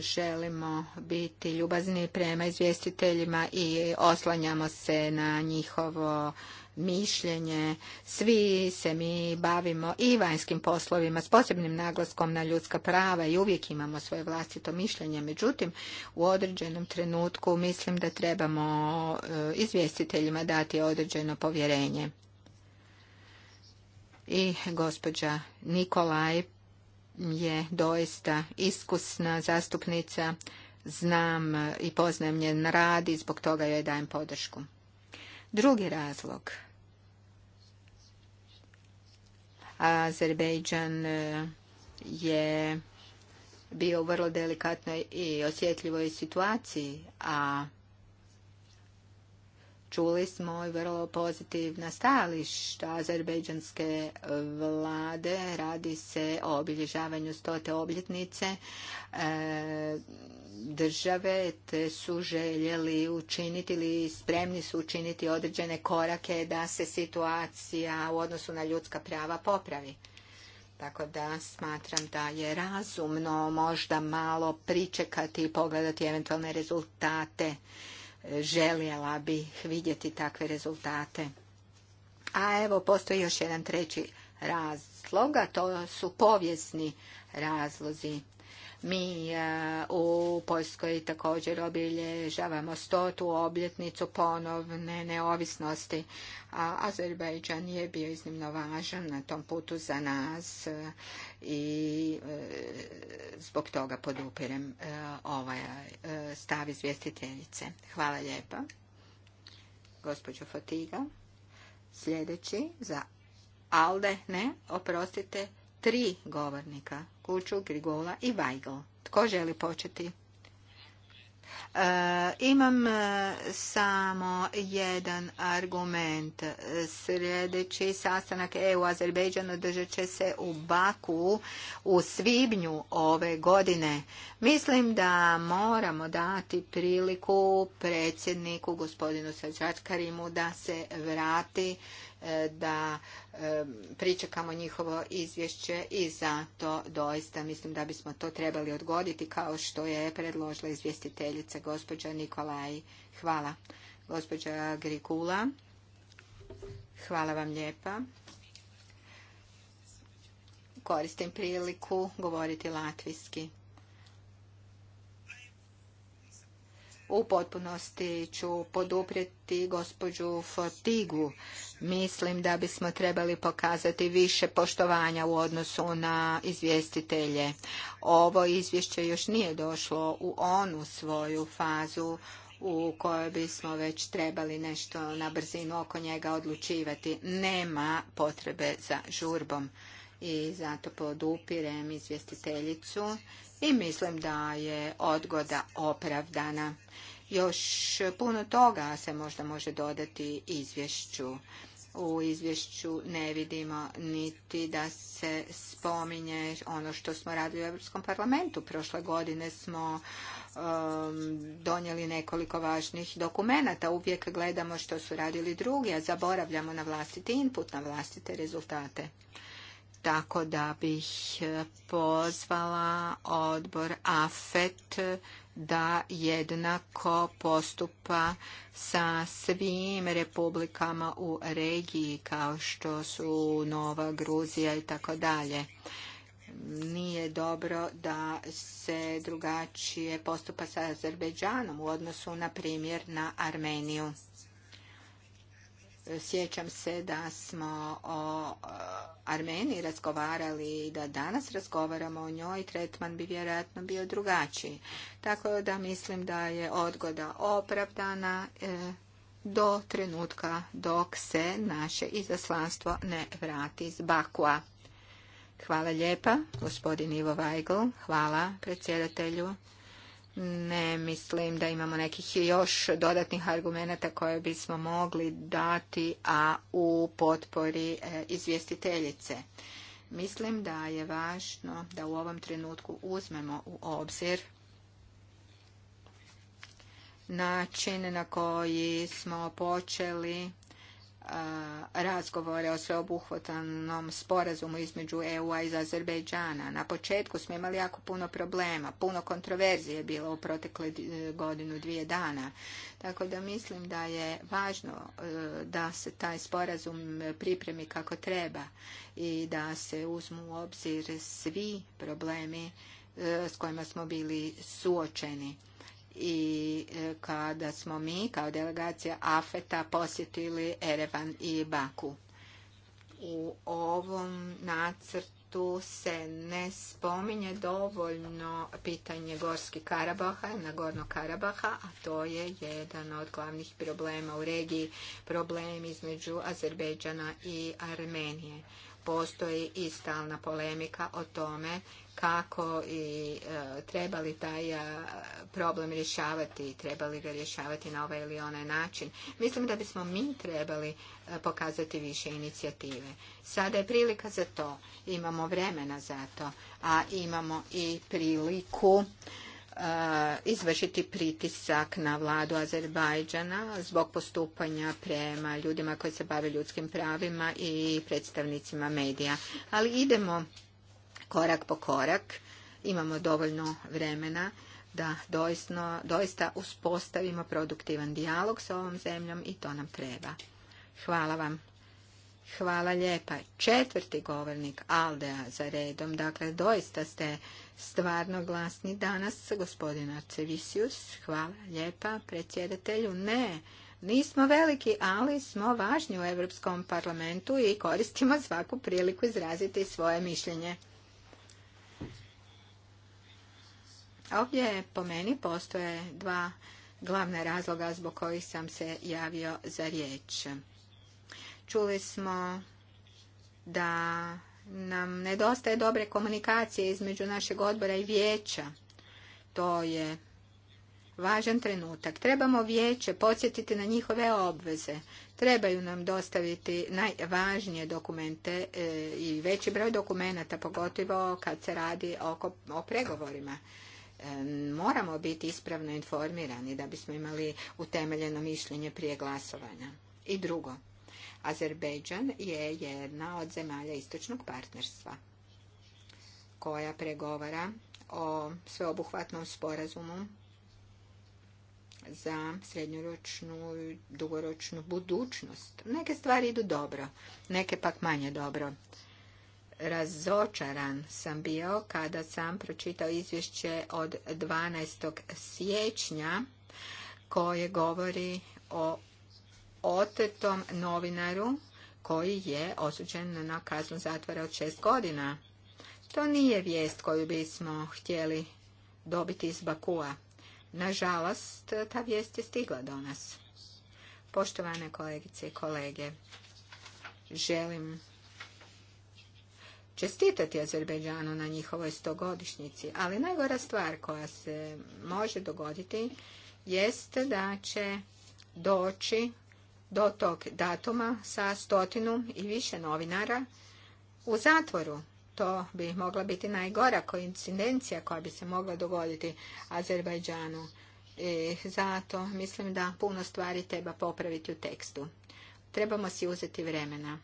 želimo biti ljubazni prema izvjestiteljima i oslanjamo se na njihovo mišljenje. Svi se mi bavimo i vanjskim poslovima s posebnim naglaskom na ljudska prava i uvijek imamo svoje vlastito mišljenje. Međutim, u određenom trenutku mislim da trebamo e, izvjestiteljima dati određeno povjerenje. I gospođa Nikolaj je doista iskusna zastupnica, znam i poznajem njen rad i zbog toga joj dajem podršku. Drugi razlog. Azerbejdžan e, je bio u vrlo delikatnoj i osjetljivoj situaciji, a Čuli smo i vrlo pozitivna stajališta azerbejdžanske e, vlade. Radi se o obilježavanju stote obljetnice e, države, te su željeli učiniti ili spremni su učiniti određene korake da se situacija u odnosu na ljudska prava popravi. Tako da smatram da je razumno možda malo pričekati i pogledati eventualne rezultate željela bih vidjeti takve rezultate. A evo, postoji još jedan treći razlog, a to su povijesni razlozi. Mi eh, u Poljskoj također obilježavamo stotu obljetnicu ponovne neovisnosti, a Azerbajdžan je bio iznimno važan na tom putu za nas eh, i eh, zbog toga podupirem ovaj stav izvjestiteljice. Hvala lijepa. Gospođo Fotiga. Sljedeći za Alde, ne, oprostite, tri govornika Kuću, Grigola i Weigl. Tko želi početi? E, imam e, samo jedan argument. Sljedeći sastanak EU Azerbejdžan održat će se u Baku u svibnju ove godine. Mislim da moramo dati priliku predsjedniku gospodinu Sađačkarimu da se vrati E, da e, pričekamo njihovo izvješće i zato doista mislim da bismo to trebali odgoditi kao što je predložila izvjestiteljica gospođa Nikolaj. Hvala. Gospođa Grigula, hvala vam lijepa. Koristim priliku govoriti latvijski. U potpunosti ću poduprijeti gospođu Fortigu. Mislim da bismo trebali pokazati više poštovanja u odnosu na izvjestitelje. Ovo izvješće još nije došlo u onu svoju fazu u kojoj bismo već trebali nešto na brzinu oko njega odlučivati. Nema potrebe za žurbom i zato podupirem izvjestiteljicu i mislim da je odgoda opravdana. Još puno toga se možda može dodati izvješću. U izvješću ne vidimo niti da se spominje ono što smo radili u Europskom parlamentu. Prošle godine smo um, donijeli nekoliko važnih dokumenata. Uvijek gledamo što su radili drugi, a zaboravljamo na vlastiti input, na vlastite rezultate. Tako da bih e, pozvala odbor AFET da jednako postupa sa svim republikama u regiji kao što su Nova Gruzija i tako dalje. Nije dobro da se drugačije postupa sa Azerbejdžanom u odnosu na primjer na Armeniju. Sjećam se da smo o eh, Armeniji razgovarali i da danas razgovaramo o njoj, tretman bi vjerojatno bio drugačiji. Tako da mislim da je odgoda opravdana eh, do trenutka dok se naše izaslanstvo ne vrati iz Bakua. Hvala lijepa, gospodin Ivo Vajgl. Hvala predsjedatelju ne mislim da imamo nekih još dodatnih argumenata koje bismo mogli dati, a u potpori e, izvjestiteljice. Mislim da je važno da u ovom trenutku uzmemo u obzir način na koji smo počeli razgovore o sveobuhvatanom sporazumu između EU-a i Azerbejdžana. Na početku smo imali jako puno problema, puno kontroverzije je bilo u protekle e, godinu, dvije dana. Tako da mislim da je važno e, da se taj sporazum pripremi kako treba i da se uzmu u obzir svi problemi e, s kojima smo bili suočeni i e, kada smo mi kao delegacija AFETA posjetili Erevan i Baku. U ovom nacrtu se ne spominje dovoljno pitanje Gorski Karabaha, Nagorno Karabaha, a to je jedan od glavnih problema u regiji, problem između Azerbejdžana i Armenije postoji i stalna polemika o tome kako i e, treba li taj e, problem rješavati i treba li ga rješavati na ovaj ili onaj način. Mislim da bismo mi trebali e, pokazati više inicijative. Sada je prilika za to. Imamo vremena za to. A imamo i priliku izvršiti pritisak na vladu Azerbajdžana zbog postupanja prema ljudima koji se bave ljudskim pravima i predstavnicima medija. Ali idemo korak po korak. Imamo dovoljno vremena da doista uspostavimo produktivan dijalog s ovom zemljom i to nam treba. Hvala vam. Hvala lijepa. Četvrti govornik Aldea za redom. Dakle, doista ste stvarno glasni danas, gospodin Arcevisius. Hvala lijepa predsjedatelju. Ne, nismo veliki, ali smo važni u Europskom parlamentu i koristimo svaku priliku izraziti svoje mišljenje. Ovdje po meni postoje dva glavna razloga zbog kojih sam se javio za riječ. Čuli smo da nam nedostaje dobre komunikacije između našeg odbora i vijeća. To je važan trenutak. Trebamo vijeće podsjetiti na njihove obveze. Trebaju nam dostaviti najvažnije dokumente e, i veći broj dokumenata, pogotovo kad se radi o pregovorima moramo biti ispravno informirani da bismo imali utemeljeno mišljenje prije glasovanja. I drugo, Azerbejdžan je jedna od zemalja istočnog partnerstva koja pregovara o sveobuhvatnom sporazumu za srednjoročnu i dugoročnu budućnost. Neke stvari idu dobro, neke pak manje dobro razočaran sam bio kada sam pročitao izvješće od 12. siječnja koje govori o otetom novinaru koji je osuđen na kaznu zatvora od šest godina. To nije vijest koju bismo htjeli dobiti iz Bakua. Nažalost, ta vijest je stigla do nas. Poštovane kolegice i kolege, želim čestitati Azerbejdžanu na njihovoj stogodišnjici, ali najgora stvar koja se može dogoditi jest da će doći do tog datuma sa stotinu i više novinara u zatvoru. To bi mogla biti najgora koincidencija koja bi se mogla dogoditi Azerbajdžanu. I e, zato mislim da puno stvari treba popraviti u tekstu. Trebamo si uzeti vremena.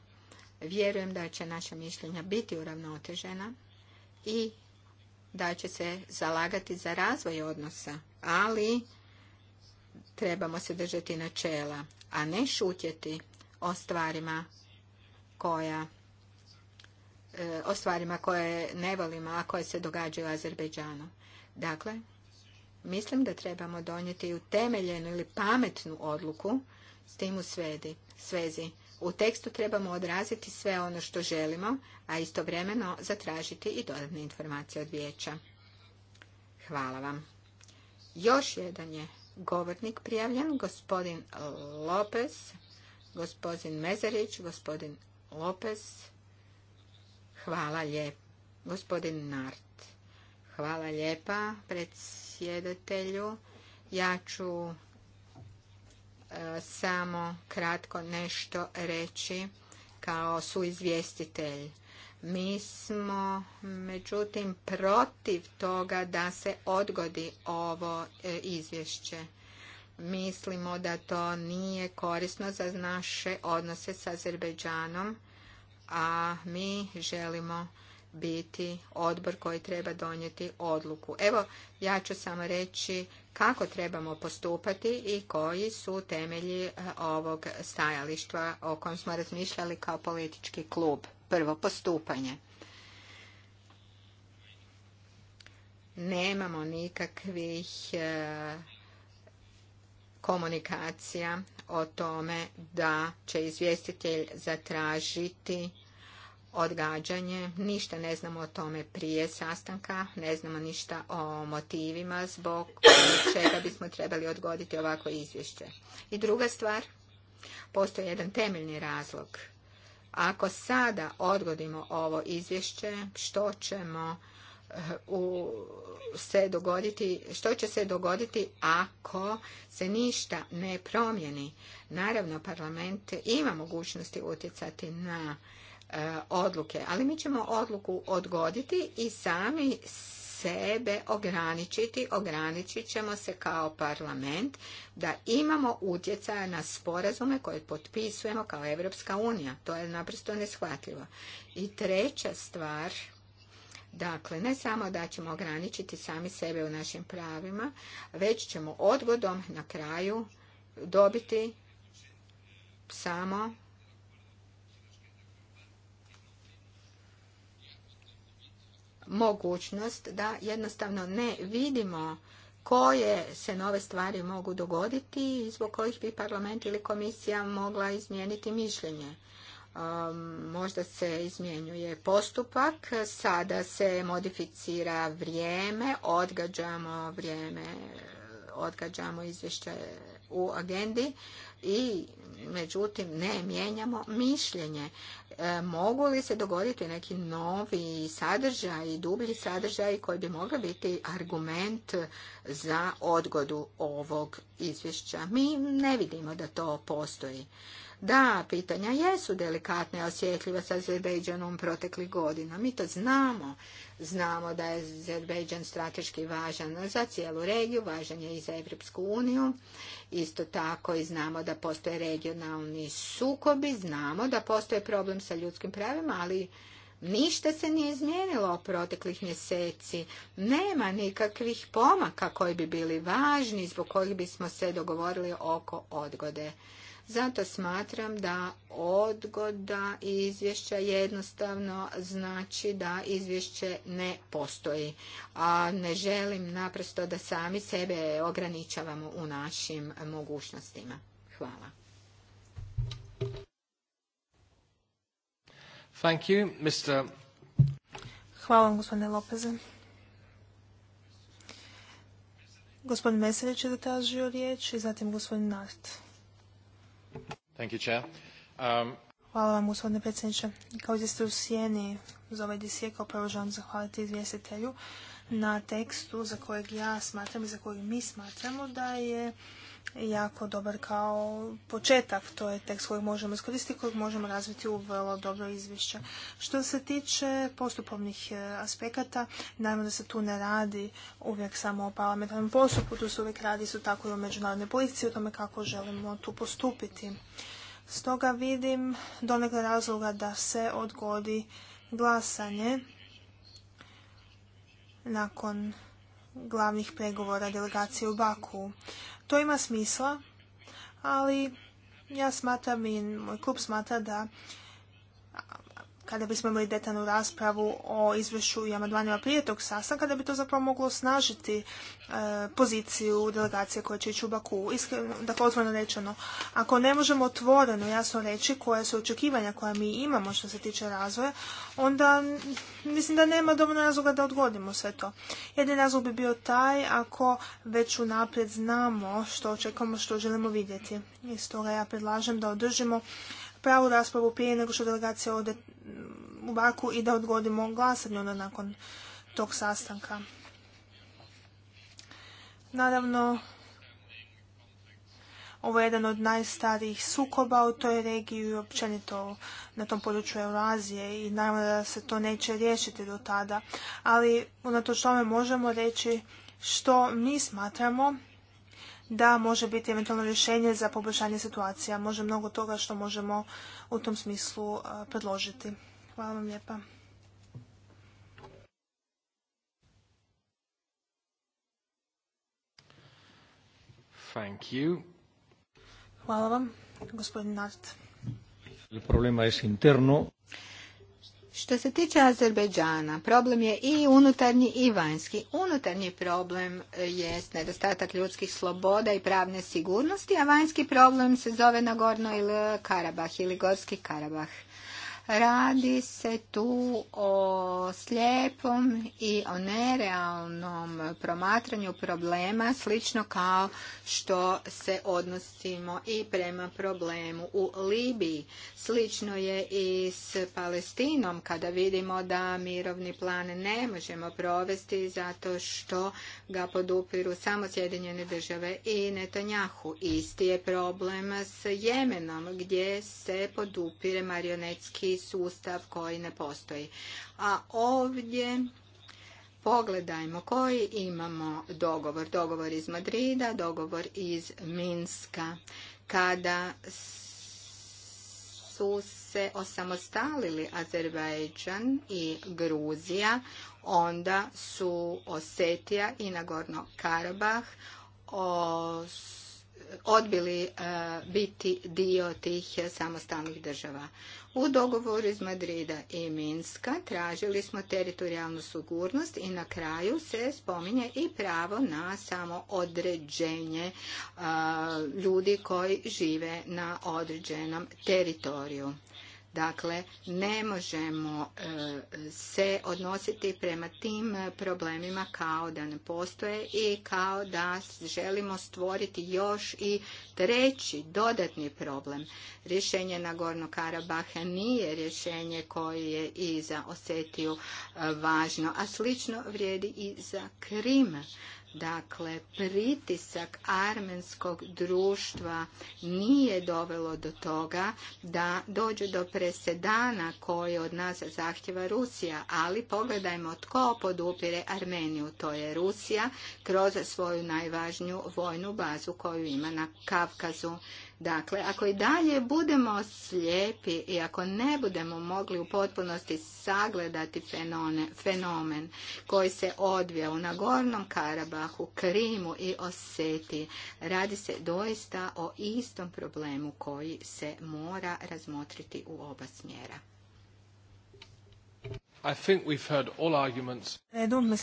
Vjerujem da će naša mišljenja biti uravnotežena i da će se zalagati za razvoj odnosa, ali trebamo se držati načela, a ne šutjeti o stvarima koja e, o stvarima koje ne volimo, a koje se događaju u Azerbejdžanu. Dakle, mislim da trebamo donijeti utemeljenu ili pametnu odluku s tim u svedi, svezi. U tekstu trebamo odraziti sve ono što želimo, a istovremeno zatražiti i dodatne informacije od vijeća. Hvala vam. Još jedan je govornik prijavljen, gospodin Lopez, gospodin Mezerić, gospodin Lopez. Hvala lijepo. Gospodin Nart. Hvala lijepa predsjedatelju. Ja ću E, samo kratko nešto reći kao suizvjestitelj. Mi smo međutim protiv toga da se odgodi ovo e, izvješće. Mislimo da to nije korisno za naše odnose sa Azerbejdžanom, a mi želimo biti odbor koji treba donijeti odluku. Evo, ja ću samo reći kako trebamo postupati i koji su temelji e, ovog stajališta o kojem smo razmišljali kao politički klub. Prvo, postupanje. Nemamo nikakvih e, komunikacija o tome da će izvjestitelj zatražiti odgađanje. Ništa ne znamo o tome prije sastanka, ne znamo ništa o motivima zbog čega bismo trebali odgoditi ovako izvješće. I druga stvar, postoji jedan temeljni razlog. Ako sada odgodimo ovo izvješće, što ćemo eh, u se dogoditi, što će se dogoditi ako se ništa ne promijeni. Naravno, parlament ima mogućnosti utjecati na E, odluke. Ali mi ćemo odluku odgoditi i sami sebe ograničiti, ograničit ćemo se kao parlament da imamo utjecaja na sporazume koje potpisujemo kao Evropska unija. To je naprosto neshvatljivo. I treća stvar, dakle, ne samo da ćemo ograničiti sami sebe u našim pravima, već ćemo odgodom na kraju dobiti samo mogućnost da jednostavno ne vidimo koje se nove stvari mogu dogoditi i zbog kojih bi parlament ili komisija mogla izmijeniti mišljenje. Um, možda se izmjenjuje postupak, sada se modificira vrijeme, odgađamo vrijeme, odgađamo izvješće u agendi i međutim ne mijenjamo mišljenje. E, mogu li se dogoditi neki novi sadržaj, dublji sadržaj koji bi mogli biti argument za odgodu ovog izvješća? Mi ne vidimo da to postoji. Da, pitanja jesu delikatne i osjetljiva sa Azerbejdžanom proteklih godina. Mi to znamo. Znamo da je Azerbejdžan strateški važan za cijelu regiju, važan je i za Evropsku uniju. Isto tako i znamo da postoje regionalni sukobi, znamo da postoje problem sa ljudskim pravima, ali Ništa se nije izmijenilo proteklih mjeseci. Nema nikakvih pomaka koji bi bili važni, zbog kojih bismo se dogovorili oko odgode. Zato smatram da odgoda izvješća jednostavno znači da izvješće ne postoji. A ne želim naprosto da sami sebe ograničavamo u našim mogućnostima. Hvala. Thank you, Mr. Hvala vam, gospodine Lopeze. Gospodin Meselić je zatražio riječ i zatim gospodin Nart. Um, Hvala vam, gospodine predsjedniče. Kao ste u sjeni za ovaj disjekao želim zahvaliti izvjestitelju na tekstu za kojeg ja smatram i za kojeg mi smatramo da je jako dobar kao početak. To je tekst kojeg možemo iskoristiti, kojeg možemo razviti u vrlo dobro izvješće. Što se tiče postupovnih e, aspekata, naravno da se tu ne radi uvijek samo o parlamentarnom postupku, tu se uvijek radi su tako i o međunarodnoj policiji, o tome kako želimo tu postupiti. Stoga vidim donekle razloga da se odgodi glasanje nakon glavnih pregovora delegacije u Baku. To ima smisla, ali ja smatram i moj klub smatra da kada bismo imali detaljnu raspravu o izvješću i amandmanima prije tog sastanka, da bi to zapravo moglo osnažiti e, poziciju delegacije koja će ići u Baku. Iskreno, dakle, otvoreno rečeno, ako ne možemo otvoreno jasno reći koje su očekivanja koja mi imamo što se tiče razvoja, onda mislim da nema dovoljno razloga da odgodimo sve to. Jedin razlog bi bio taj ako već unaprijed znamo što očekujemo, što želimo vidjeti. I stoga ja predlažem da održimo pravu raspravu prije nego što delegacija ode mm, u Baku i da odgodimo glasanje onda nakon tog sastanka. Naravno, ovo je jedan od najstarijih sukoba u toj regiji i općenito na tom području Eurazije i naravno da se to neće riješiti do tada. Ali unatoč tome možemo reći što mi smatramo da može biti eventualno rješenje za poboljšanje situacija. Može mnogo toga što možemo u tom smislu uh, predložiti. Hvala vam lijepa. Hvala vam, gospodin Nart. problema es interno. Što se tiče Azerbejdžana, problem je i unutarnji i vanjski. Unutarnji problem e, je nedostatak ljudskih sloboda i pravne sigurnosti, a vanjski problem se zove Nagorno ili Karabah ili Gorski Karabah. Radi se tu o slijepom i o nerealnom promatranju problema, slično kao što se odnosimo i prema problemu u Libiji. Slično je i s Palestinom kada vidimo da mirovni plan ne možemo provesti zato što ga podupiru samo Sjedinjene države i Netanjahu. Isti je problem s Jemenom gdje se podupire marionetski sustav koji ne postoji. A ovdje pogledajmo koji imamo dogovor. Dogovor iz Madrida, dogovor iz Minska. Kada su se osamostalili Azerbajdžan i Gruzija, onda su Osetija i Nagorno Karabah odbili e, biti dio tih samostalnih država. U dogovoru iz Madrida i Minska tražili smo teritorijalnu sigurnost i na kraju se spominje i pravo na samo određenje ljudi koji žive na određenom teritoriju. Dakle, ne možemo e, se odnositi prema tim problemima kao da ne postoje i kao da želimo stvoriti još i treći dodatni problem. Rješenje na Gorno Karabaha nije rješenje koje je i za Osetiju e, važno, a slično vrijedi i za Krim. Dakle, pritisak armenskog društva nije dovelo do toga da dođu do presedana koje od nas zahtjeva Rusija, ali pogledajmo tko podupire Armeniju. To je Rusija kroz svoju najvažniju vojnu bazu koju ima na Kavkazu. Dakle, ako i dalje budemo slijepi i ako ne budemo mogli u potpunosti sagledati fenomen koji se odvija u Nagornom Karabahu, Krimu i Oseti, radi se doista o istom problemu koji se mora razmotriti u oba smjera. I think we've heard all arguments.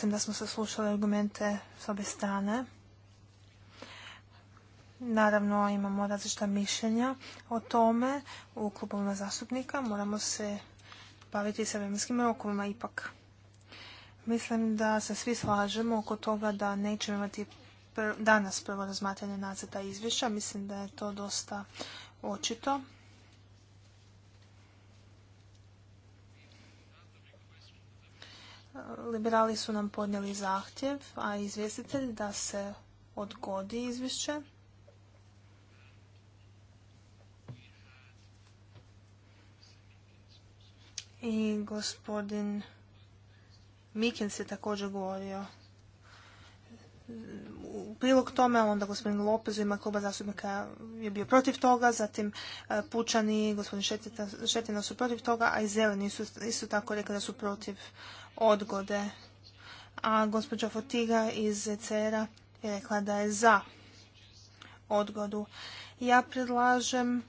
da smo saslušali argumente s obe strane. Naravno, imamo različita mišljenja o tome u klubovima zastupnika. Moramo se baviti sa vremenskim rokovima ipak. Mislim da se svi slažemo oko toga da nećemo imati danas prvo razmatranje nacrta izvješća. Mislim da je to dosta očito. Liberali su nam podnijeli zahtjev, a izvjestitelj da se odgodi izvješće i gospodin Mikens se također govorio u prilog tome, onda gospodin Lopez u ime kluba zastupnika je bio protiv toga, zatim e, Pučani i gospodin Šetina, Šetina su protiv toga, a i Zeleni su isto tako rekli da su protiv odgode. A gospođa Fotiga iz ECR-a je rekla da je za odgodu. Ja predlažem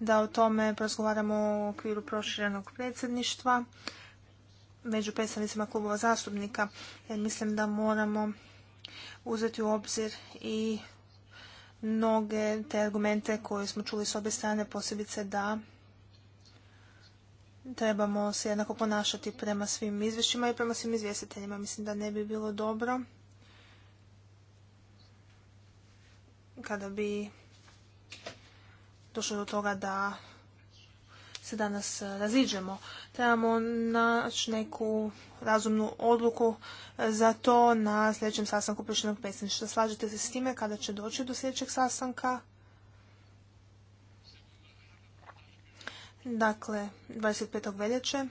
da o tome prozgovaramo u okviru proširenog predsjedništva među predstavnicima klubova zastupnika, jer mislim da moramo uzeti u obzir i mnoge te argumente koje smo čuli s obje strane, posebice da trebamo se jednako ponašati prema svim izvješćima i prema svim izvjestiteljima. Mislim da ne bi bilo dobro kada bi došlo do toga da se danas e, raziđemo. Trebamo naći neku razumnu odluku e, za to na sljedećem sastanku prišljenog predsjedništva. Slažete se s time kada će doći do sljedećeg sastanka? Dakle, 25. veljače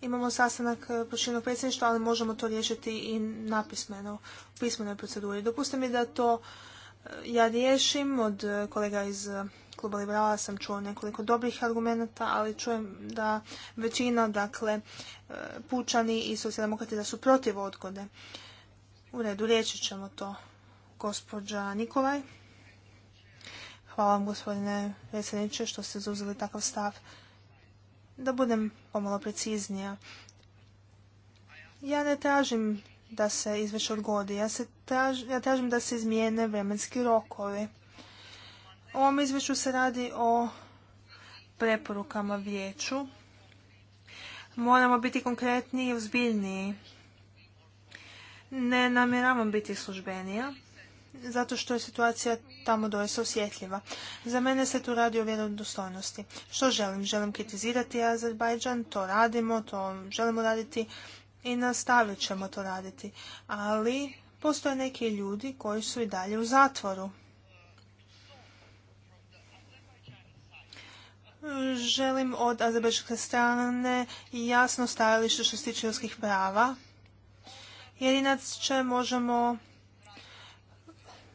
imamo sastanak e, proširenog predsjedništva, ali možemo to riješiti i napismeno, u pismenoj proceduri. Dopustite mi da to ja riješim od kolega iz kluba liberala sam čuo nekoliko dobrih argumenata, ali čujem da većina, dakle, e, pučani i socijaldemokrati da su protiv odgode. U redu, riječi ćemo to. Gospođa Nikolaj. Hvala vam, gospodine predsjedniče, što ste zauzeli takav stav. Da budem pomalo preciznija. Ja ne tražim da se izvješće odgodi. Ja, se ja tražim da se izmijene vremenski rokovi ovom izvješću se radi o preporukama vijeću. Moramo biti konkretniji i ozbiljniji. Ne namjeravam biti službenija, zato što je situacija tamo doista osjetljiva. Za mene se tu radi o vjerodostojnosti. Što želim? Želim kritizirati Azerbajdžan, to radimo, to želimo raditi i nastavit ćemo to raditi. Ali postoje neki ljudi koji su i dalje u zatvoru. želim od azerbejdžanske strane jasno stajalište što se tiče ljudskih prava. Jer inače možemo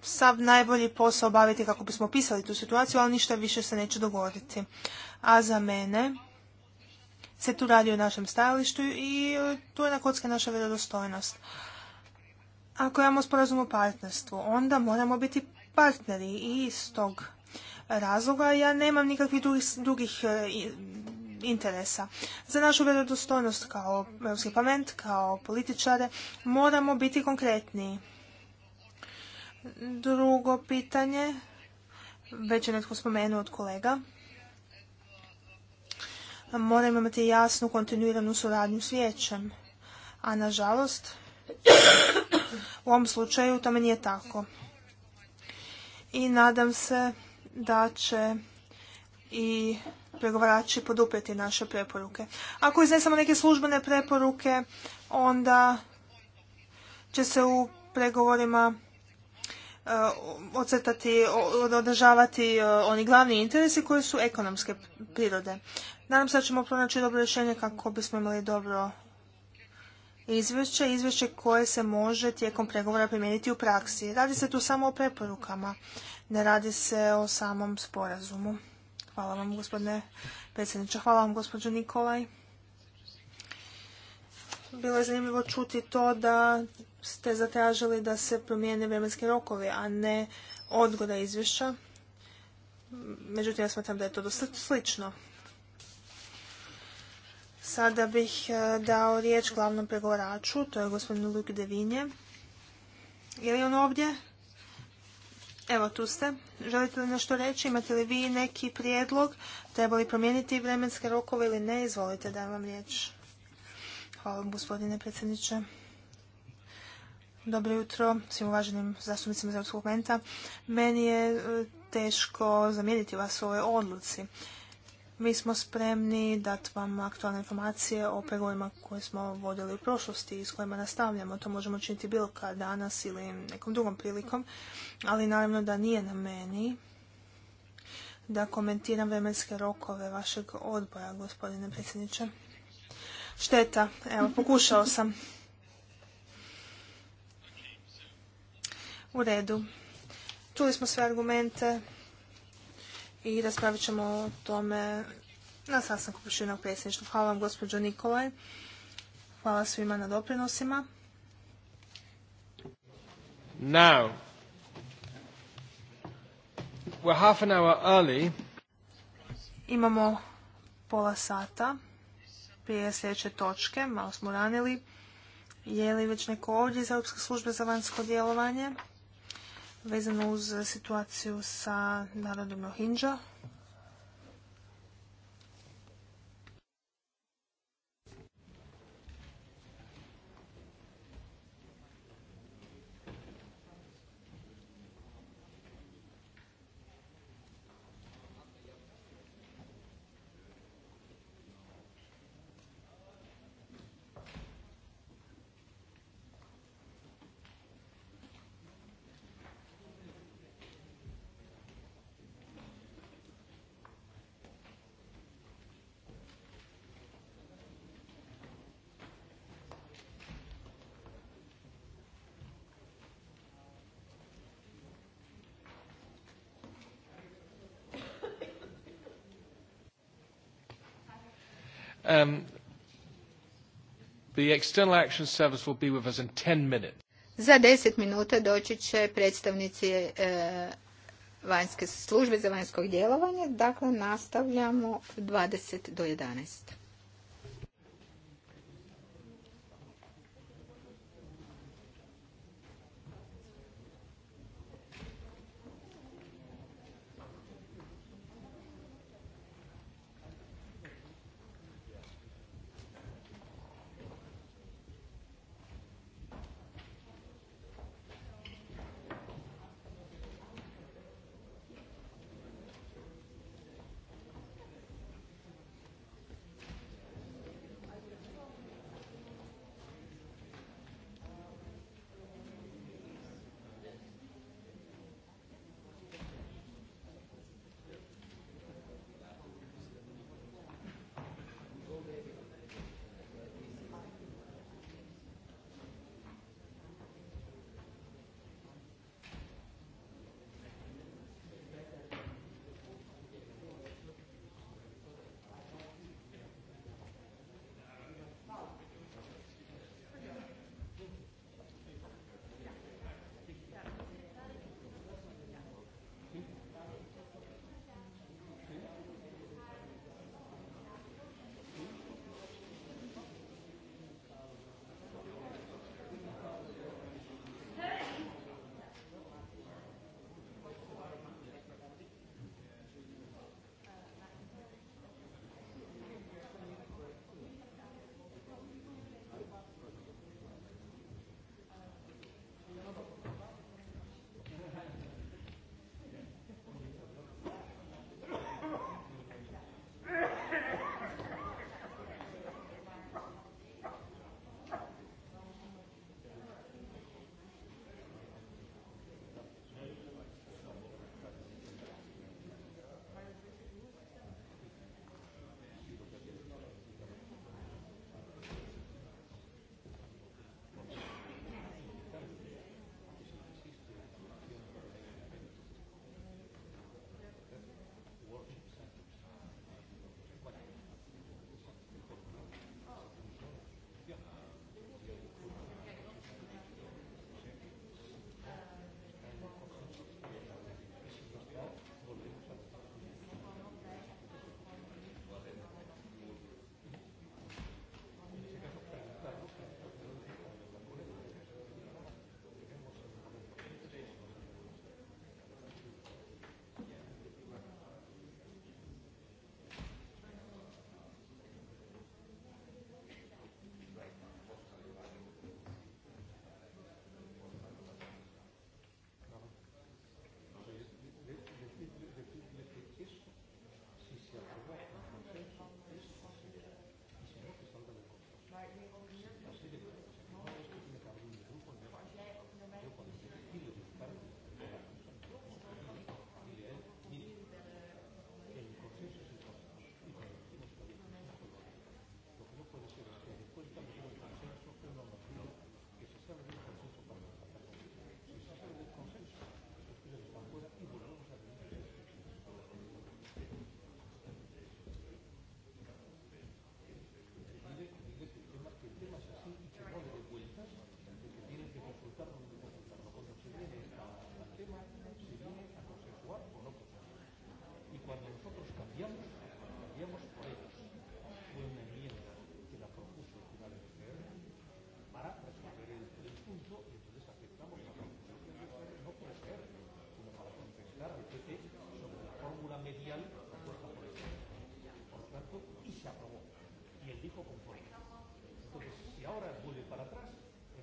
sav najbolji posao obaviti kako bismo opisali tu situaciju, ali ništa više se neće dogoditi. A za mene se tu radi o našem stajalištu i tu je na kocka naša vjerodostojnost. Ako imamo sporazum o partnerstvu, onda moramo biti partneri i iz tog razloga, ja nemam nikakvih drugih, e, interesa. Za našu vjerodostojnost kao Europski parlament, kao političare, moramo biti konkretniji. Drugo pitanje, već je netko spomenuo od kolega, moramo imati jasnu kontinuiranu suradnju s vijećem, a nažalost u ovom slučaju tome nije tako. I nadam se da će i pregovarači podupjeti naše preporuke. Ako iznesemo neke službene preporuke, onda će se u pregovorima ocetati, ocrtati, održavati e, oni glavni interesi koji su ekonomske prirode. Nadam se da ćemo pronaći dobro rješenje kako bismo imali dobro izvješće, izvješće koje se može tijekom pregovora primijeniti u praksi. Radi se tu samo o preporukama, ne radi se o samom sporazumu. Hvala vam gospodine predsjedniče, hvala vam gospođo Nikolaj. Bilo je zanimljivo čuti to da ste zatražili da se promijene vremenski rokovi, a ne odgoda izvješća. Međutim, ja smatram da je to dosta slično. Sada bih e, dao riječ glavnom pregovaraču, to je gospodin Luk Devinje. Je li on ovdje? Evo, tu ste. Želite li nešto reći? Imate li vi neki prijedlog? Treba li promijeniti vremenske rokove ili ne? Izvolite, da vam riječ. Hvala vam, gospodine predsjedniče. Dobro jutro svim uvaženim zastupnicima Europskog menta Meni je e, teško zamijeniti vas u ovoj odluci. Mi smo spremni dati vam aktualne informacije o pregovorima koje smo vodili u prošlosti i s kojima nastavljamo. To možemo činiti bilo kad danas ili nekom drugom prilikom, ali naravno da nije na meni da komentiram vremenske rokove vašeg odboja, gospodine predsjedniče. Šteta, evo, pokušao sam. U redu. Čuli smo sve argumente i raspravit ćemo o tome na sastanku na predsjedništva. Hvala vam gospođo Nikolaj. Hvala svima na doprinosima. Now, we're half an hour early. Imamo pola sata prije sljedeće točke, malo smo ranili. Je li već neko ovdje iz Europske službe za vanjsko djelovanje? vezano uz situaciju sa narodom Rohingya Um, the External Action Service will be with us in 10 minutes. Za 10 minuta doći će predstavnici e, vanjske službe za vanjskog djelovanje. Dakle, nastavljamo 20 do 11.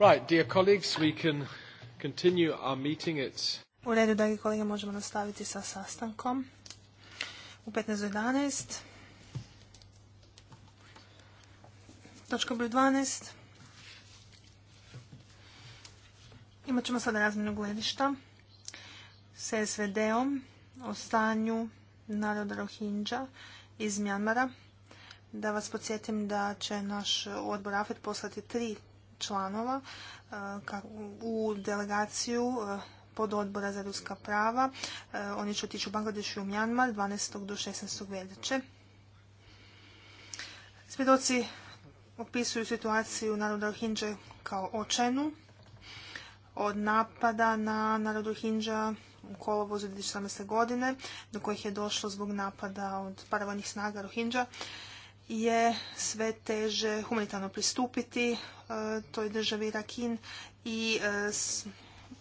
Right, dear colleagues, we can continue our meeting. U redu, dragi kolege, možemo nastaviti sa sastankom. U 15.11. Točka broj 12. Imat ćemo sada razmjenu gledišta s SVD-om o stanju naroda Rohingya iz Mjanmara. Da vas podsjetim da će naš odbor AFET poslati tri članova e, u delegaciju e, pod odbora za ruska prava. E, oni će otići u Bangladeš i u Mjanmar 12. do 16. veljače. Svjedoci opisuju situaciju naroda Rohingya kao očajnu. Od napada na narodu Rohingya u kolovozu 2017. godine, do kojih je došlo zbog napada od paravojnih snaga Rohingya, je sve teže humanitarno pristupiti e, toj državi Rakin i e,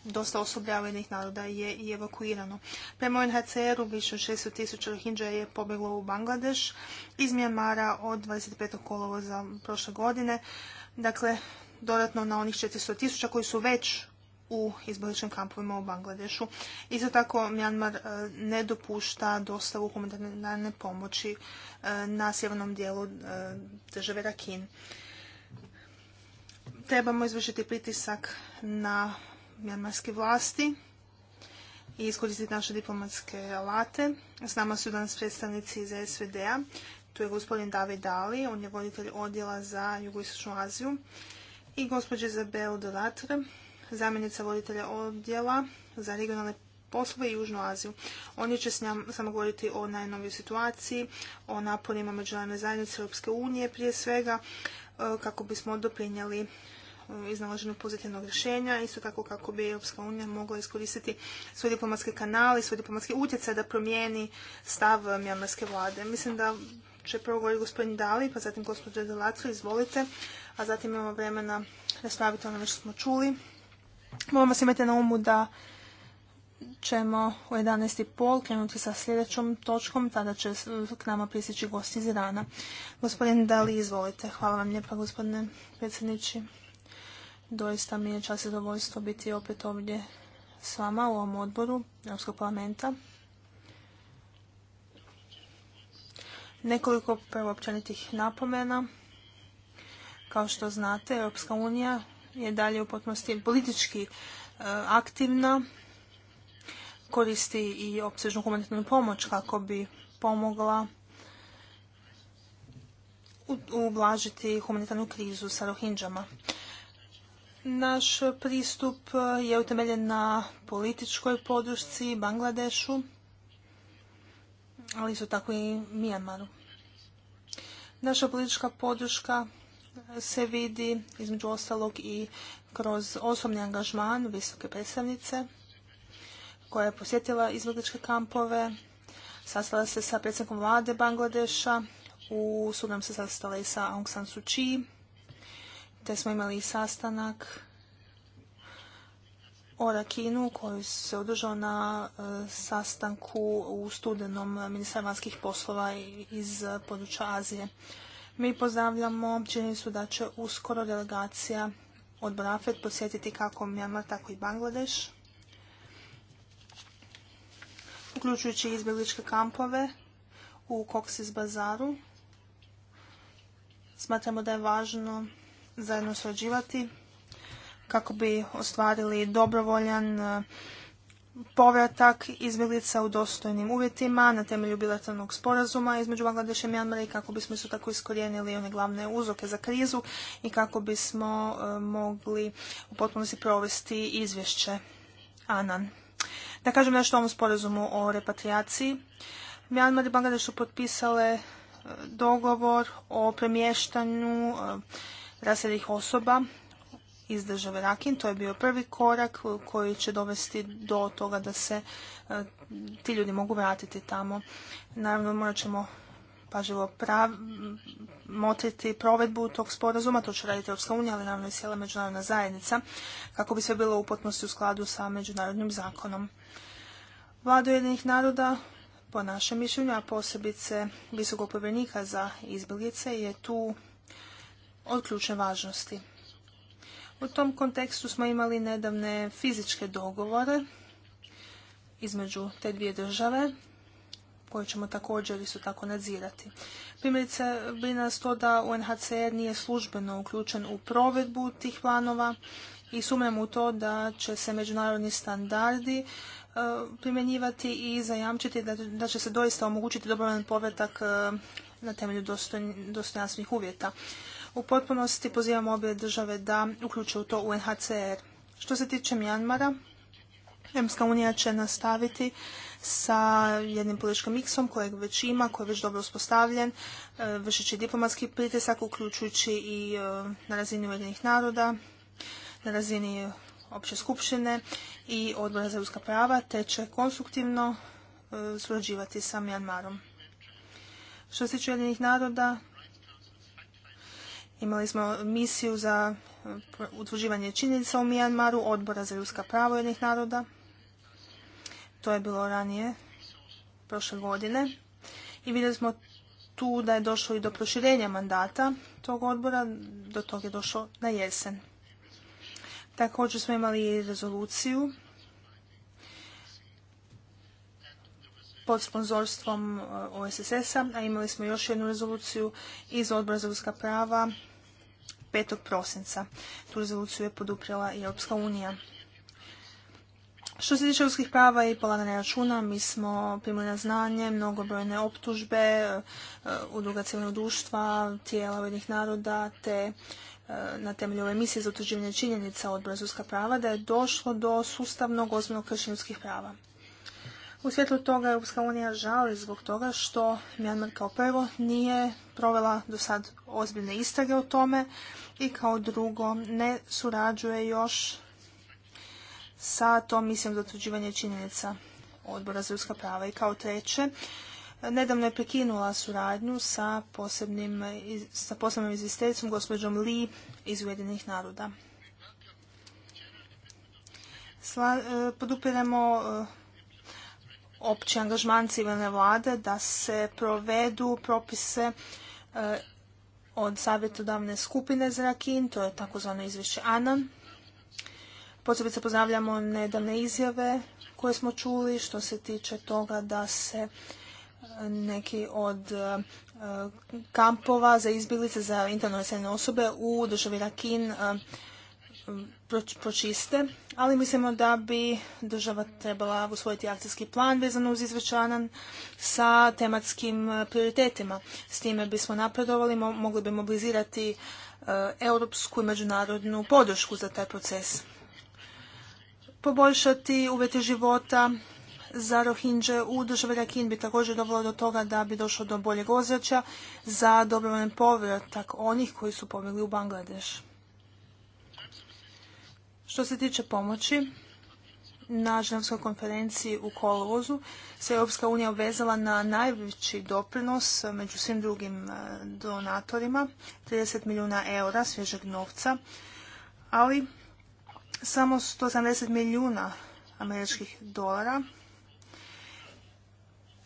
dosta osoblja naroda je i evakuirano. Prema UNHCR-u više od 600 tisuća je pobjeglo u Bangladeš iz Mijanmara od 25. kolovoza prošle godine. Dakle, dodatno na onih 400 tisuća koji su već u izbjegličkim kampovima u Bangladešu. Isto tako, Mjanmar e, ne dopušta dostavu humanitarne pomoći e, na sjevernom dijelu e, države Rakin. Trebamo izvršiti pritisak na mjanmarske vlasti i iskoristiti naše diplomatske alate. S nama su danas predstavnici iz SVD-a. Tu je gospodin David Dali, on je voditelj odjela za jugoistočnu Aziju i gospođa Zabel Doratre zamjenica voditelja odjela za regionalne poslove i Južnu Aziju. Oni će s njom samo govoriti o najnovijoj situaciji, o naporima međunarodne zajednice Europske unije prije svega, e, kako bismo doprinjeli e, iznalaženju pozitivnog rješenja, isto tako kako bi Europska unija mogla iskoristiti svoj diplomatske kanale i svoj diplomatski utjecaj da promijeni stav e, mjanmarske vlade. Mislim da će prvo govoriti gospodin Dali, pa zatim gospodin Delacu, izvolite, a zatim imamo vremena raspraviti ono što smo čuli Moramo se imati na umu da ćemo u 11.30 krenuti sa sljedećom točkom, tada će k nama prisjeći gosti iz Irana. Gospodin Dali, izvolite. Hvala vam lijepa, gospodine predsjedniči. Doista mi je čast i zadovoljstvo biti opet ovdje s vama u ovom odboru Europskog parlamenta. Nekoliko prvo općenitih napomena. Kao što znate, Europska unija je dalje u potpunosti politički e, aktivna, koristi i opsežnu humanitarnu pomoć kako bi pomogla ublažiti humanitarnu krizu sa Rohinđama. Naš pristup je utemeljen na političkoj podršci Bangladešu, ali isto tako i Mijanmaru. Naša politička podrška se vidi između ostalog i kroz osobni angažman visoke predstavnice koja je posjetila izbjegličke kampove, sastala se sa predsjednikom vlade Bangladeša, u sudnom se sastala i sa Aung San Suu Kyi, te smo imali i sastanak o Rakinu koji se održao na e, sastanku u studenom ministra vanjskih poslova iz područja Azije. Mi pozdravljamo činjenicu da će uskoro delegacija od Brafet posjetiti kako Mjanmar, tako i Bangladeš, uključujući izbjegličke kampove u Koksis bazaru. Smatramo da je važno zajedno surađivati kako bi ostvarili dobrovoljan povratak izbjeglica u dostojnim uvjetima na temelju bilateralnog sporazuma između Bangladeša i Mjanmara i kako bismo isto tako iskorijenili one glavne uzroke za krizu i kako bismo e, mogli u potpunosti provesti izvješće Anan. Da kažem nešto o ovom sporazumu o repatriaciji. Mjanmar i Bangladeš su potpisale e, dogovor o premještanju e, raseljenih osoba iz države Rakin. To je bio prvi korak koji će dovesti do toga da se e, ti ljudi mogu vratiti tamo. Naravno morat ćemo pažljivo motriti provedbu tog sporazuma, to će raditi Europska unija, ali naravno i cijela međunarodna zajednica, kako bi sve bilo u potpunosti u skladu sa međunarodnim zakonom. Vlada jedinih naroda, po našem mišljenju, a posebice visokog povjerenika za izbjeglice, je tu od ključne važnosti. U tom kontekstu smo imali nedavne fizičke dogovore između te dvije države koje ćemo također isto tako nadzirati. Primjerice bi nas to da UNHCR nije službeno uključen u provedbu tih planova i sumnjam u to da će se međunarodni standardi e, primjenjivati i zajamčiti da, će se doista omogućiti dobrovoljan povratak e, na temelju dostojanstvenih uvjeta. U potpunosti pozivamo obje države da uključe u to UNHCR. Što se tiče Mjanmara, Europska unija će nastaviti sa jednim političkim miksom kojeg već ima, koji je već dobro uspostavljen, e, vršeći diplomatski pritisak, uključujući i e, na razini Ujedinih naroda, na razini opće skupštine i odbora za ljudska prava, te će konstruktivno e, surađivati sa Mjanmarom. Što se tiče Ujedinih naroda, Imali smo misiju za eh, utvrđivanje činjenica u Mijanmaru, odbora za ljudska prava jednih naroda. To je bilo ranije, prošle godine. I vidjeli smo tu da je došlo i do proširenja mandata tog odbora, do tog je došlo na jesen. Također smo imali i rezoluciju pod sponzorstvom eh, OSSS-a, a imali smo još jednu rezoluciju iz Odbora za ljudska prava 5. prosinca. Tu rezoluciju je poduprijela i Europska unija. Što se tiče ruskih prava i polaganja računa, mi smo primili na znanje mnogobrojne optužbe e, udruga civilnog društva, tijela Ujedinih naroda, te e, na temelju ove misije za utvrđivanje činjenica odbora ljudska prava da je došlo do sustavnog ozbiljnog kršenja ljudskih prava. U svjetlu toga Europska unija žali zbog toga što Mjanmar kao prvo nije provela do sad ozbiljne istrage o tome i kao drugo ne surađuje još sa tom mislim za utvrđivanje činjenica odbora za ljudska prava. I kao treće, nedavno je prekinula suradnju sa posebnim, sa posebnim izvjestiteljicom gospođom Li iz Ujedinih naroda. Sla, eh, podupiremo eh, opći angažman civilne vlade da se provedu propise e, od savjetodavne skupine za Rakin, to je takozvano izvješće ANAN. Posebice pozdravljamo nedavne izjave koje smo čuli što se tiče toga da se e, neki od e, kampova za izbjeglice za internacionalne osobe u državi Rakin pročiste, ali mislimo da bi država trebala usvojiti akcijski plan vezano uz izvečanan sa tematskim e, prioritetima. S time bismo napredovali, mogli bi mobilizirati e, europsku i međunarodnu podršku za taj proces. Poboljšati uvjete života za Rohinđe u državi Rakin bi također dovelo do toga da bi došlo do boljeg ozračja za dobrovoljan povratak onih koji su pobjegli u Bangladeš. Što se tiče pomoći, na Ženevskoj konferenciji u kolovozu se Europska unija obvezala na najveći doprinos među svim drugim e, donatorima, 30 milijuna eura svježeg novca, ali samo 180 milijuna američkih dolara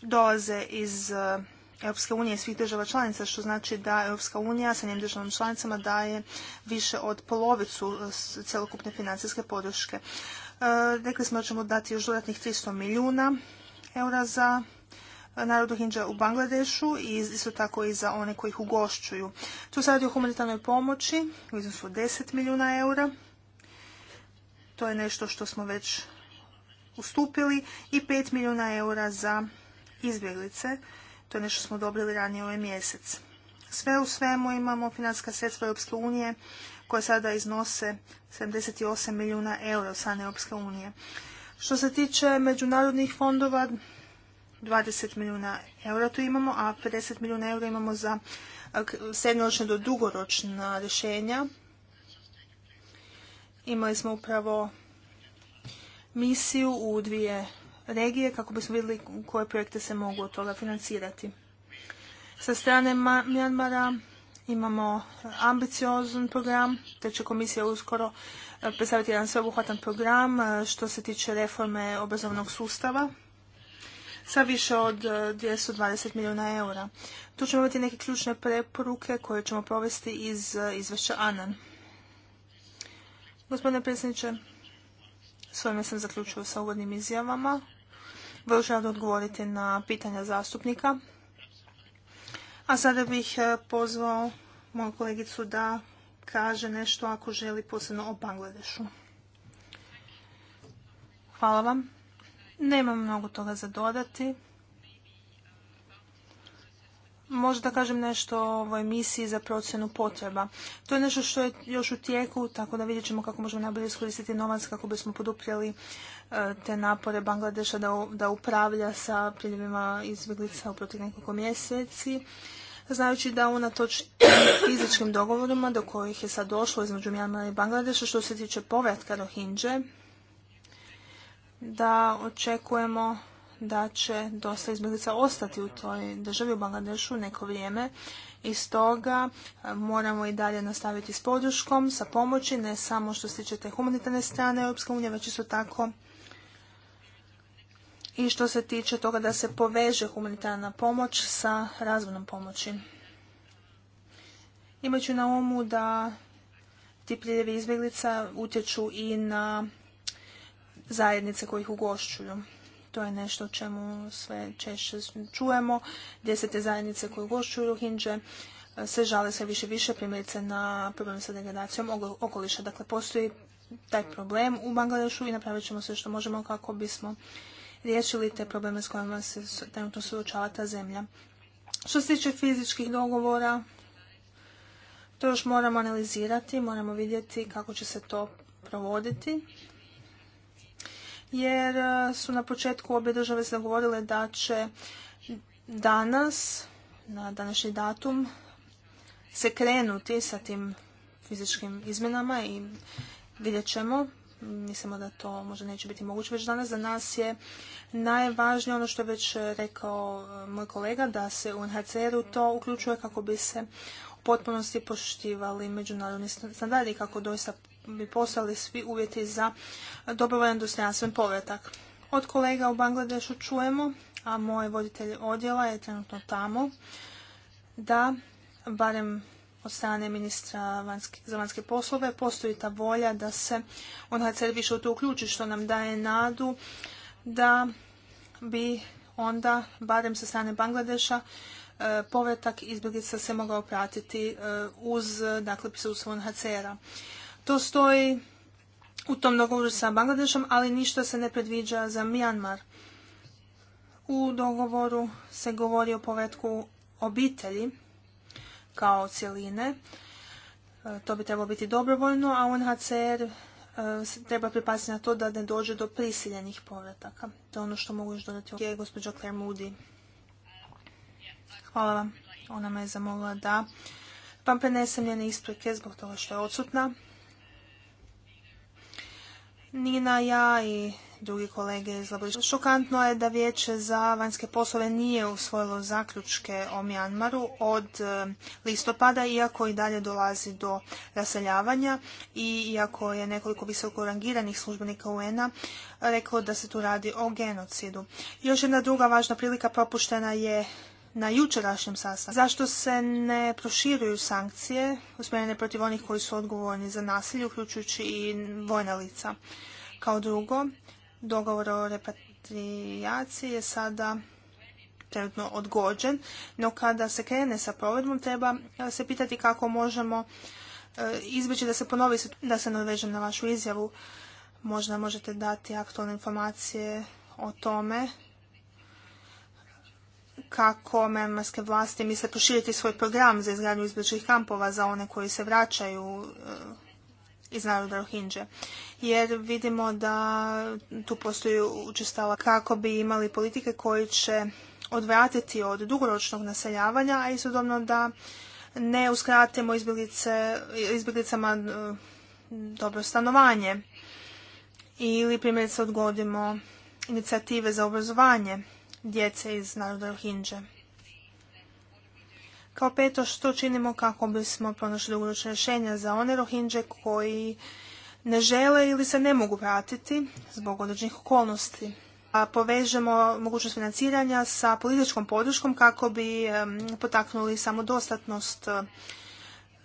dolaze iz e, Europske unije i svih država članica, što znači da Europska unija sa njim državama članicama daje više od polovicu e, celokupne financijske podrške. E, rekli smo da ćemo dati još dodatnih 300 milijuna eura za e, narodu Hinđa u Bangladešu i isto tako i za one koji ih ugošćuju. Tu se radi o humanitarnoj pomoći u iznosu 10 milijuna eura. To je nešto što smo već ustupili i 5 milijuna eura za izbjeglice to je nešto smo dobili ranije ovaj mjesec. Sve u svemu imamo financijska sredstva Europske unije koje sada iznose 78 milijuna eura od strane Europske unije. Što se tiče međunarodnih fondova, 20 milijuna eura tu imamo, a 50 milijuna eura imamo za srednjoročna do dugoročna rješenja. Imali smo upravo misiju u dvije regije kako bismo vidjeli koje projekte se mogu od toga financirati. Sa strane Mjanmara imamo ambiciozan program, te će komisija uskoro eh, predstaviti jedan sveobuhvatan program eh, što se tiče reforme obrazovnog sustava sa više od 220 eh, milijuna eura. Tu ćemo imati neke ključne preporuke koje ćemo provesti iz izvješća ANAN. Gospodine predsjedniče, s ovime sam zaključio sa uvodnim izjavama vrlo želim odgovorite na pitanja zastupnika. A sada bih e, pozvao moju kolegicu da kaže nešto ako želi posebno o Bangladešu. Hvala vam. Nemam mnogo toga za dodati možda kažem nešto o ovoj misiji za procjenu potreba. To je nešto što je još u tijeku, tako da vidjet ćemo kako možemo najbolje iskoristiti novac kako bismo poduprijeli e, te napore Bangladeša da, upravlja sa priljevima izbjeglica u protiv nekoliko mjeseci. Znajući da unatoč fizičkim dogovorima do kojih je sad došlo između Mjanmara i Bangladeša što se tiče povratka Rohinđe, da očekujemo da će dosta izbjeglica ostati u toj državi u Bangladešu neko vrijeme i stoga e, moramo i dalje nastaviti s podrškom, sa pomoći, ne samo što se tiče te humanitarne strane Europske unije, već isto tako i što se tiče toga da se poveže humanitarna pomoć sa razvojnom pomoći. Imajući na umu da ti priljevi izbjeglica utječu i na zajednice koji ih ugošćuju. To je nešto o čemu sve češće čujemo, gdje se te zajednice koje gošćuju Rohinđe se žale sve više više primjerice na problem sa degradacijom okoliša. Dakle, postoji taj problem u Bangladešu i napravit ćemo sve što možemo kako bismo riješili te probleme s kojima se trenutno suočava ta zemlja. Što se tiče fizičkih dogovora, to još moramo analizirati, moramo vidjeti kako će se to provoditi jer e, su na početku obje države se da će danas, na današnji datum, se krenuti sa tim fizičkim izmjenama i vidjet ćemo. Mislimo da to možda neće biti moguće već danas. Za nas je najvažnije ono što je već rekao e, moj kolega, da se u NHCR-u to uključuje kako bi se u potpunosti poštivali međunarodni standardi kako doista bi postali svi uvjeti za dobrovoljan dostojanstven povratak. Od kolega u Bangladešu čujemo, a moj voditelj odjela je trenutno tamo, da barem od strane ministra za vanjske poslove postoji ta volja da se UNHCR više u to uključi, što nam daje nadu da bi onda, barem sa strane Bangladeša, e, povratak izbjeglica se mogao pratiti e, uz dakle, prisutstvo UNHCR-a. To stoji u tom dogovoru sa Bangladešom, ali ništa se ne predviđa za Mijanmar. U dogovoru se govori o povratku obitelji kao cijeline. E, to bi trebalo biti dobrovoljno, a UNHCR e, treba pripastiti na to da ne dođe do prisiljenih povrataka. To je ono što mogu još dodati ovdje je gospođa Claire Hvala vam. Ona me je zamolila da vam prenesem njene isprike zbog toga što je odsutna. Nina, ja i drugi kolege iz Šokantno je da vijeće za vanjske poslove nije usvojilo zaključke o Mjanmaru od e, listopada, iako i dalje dolazi do raseljavanja i iako je nekoliko visoko rangiranih službenika UN-a reklo da se tu radi o genocidu. Još jedna druga važna prilika propuštena je na jučerašnjem sastanku. Zašto se ne proširuju sankcije usmjerene protiv onih koji su odgovorni za nasilje, uključujući i vojna lica? Kao drugo, dogovor o repatriaciji je sada trenutno odgođen, no kada se krene sa provedbom treba e, se pitati kako možemo e, izbjeći da se ponovi, da se navežem na vašu izjavu. Možda možete dati aktualne informacije o tome kako mjanmarske vlasti misle proširiti svoj program za izgradnju izbjegličkih kampova za one koji se vraćaju eh, iz naroda Rohingje. Jer vidimo da tu postoji učestala kako bi imali politike koji će odvratiti od dugoročnog naseljavanja, a istodobno da ne uskratimo izbjeglicama eh, dobro stanovanje ili primjerice odgodimo inicijative za obrazovanje djece iz naroda Rohinđe. Kao peto, što činimo kako bismo pronašli dugoročne rješenja za one Rohinđe koji ne žele ili se ne mogu vratiti zbog određenih okolnosti. A povežemo mogućnost financiranja sa političkom podrškom kako bi potaknuli samodostatnost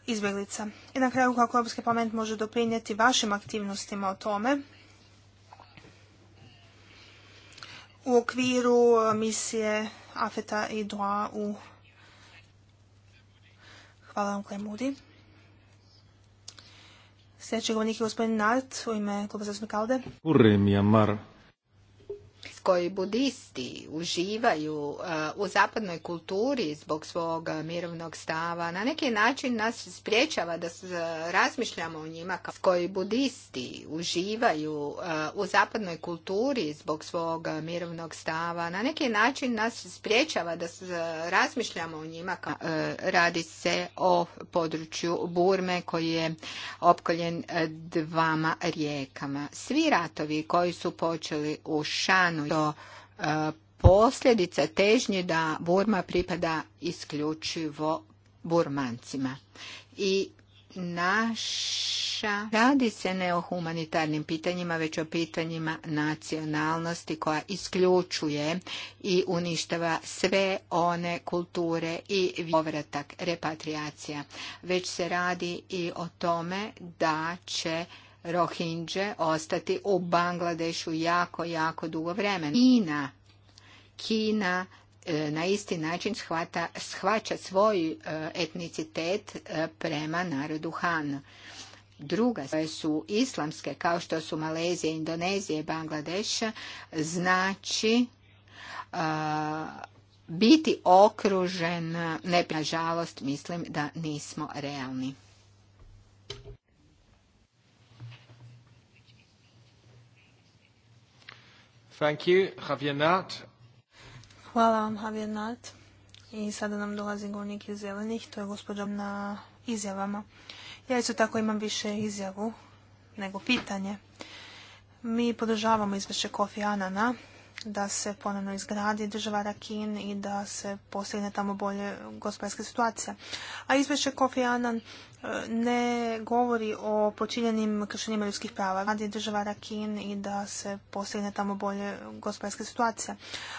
izbjeglica. I na kraju kako Europski parlament može doprinijeti vašim aktivnostima o tome, u okviru e, misije Afeta i Doa u Hvala vam Klemudi. Sljedeći govornik je gospodin Nart u ime kluba zastupnika Kalde koji budisti uživaju u zapadnoj kulturi zbog svog mirovnog stava na neki način nas spriječava da razmišljamo o njima koji budisti uživaju u zapadnoj kulturi zbog svog mirovnog stava na neki način nas spriječava da razmišljamo o njima kao radi se o području Burme koji je opkoljen dvama rijekama. Svi ratovi koji su počeli u Šanu E, posljedica težnje da Burma pripada isključivo Burmancima. I naša radi se ne o humanitarnim pitanjima, već o pitanjima nacionalnosti koja isključuje i uništava sve one kulture i povratak repatriacija. Već se radi i o tome da će Rohinđe ostati u Bangladešu jako, jako dugo vremena. Kina, Kina e, na isti način shvata, shvaća svoj e, etnicitet e, prema narodu Han. Druga koje su islamske, kao što su Malezija, Indonezija i Bangladeša, znači biti okružen, ne, nažalost, mislim da nismo realni. Thank you, Hvala vam, Javier I sada nam dolazi govornik iz zelenih, to je gospođa na izjavama. Ja isto tako imam više izjavu nego pitanje. Mi podržavamo izvješće Kofi Anana da se ponovno izgradi država Rakin i da se postigne tamo bolje gospodarska situacija. A izvješće Kofi Anan ne govori o počinjenim kršenjima ljudskih prava. Radi država Rakin i da se postigne tamo bolje gospodarska situacija.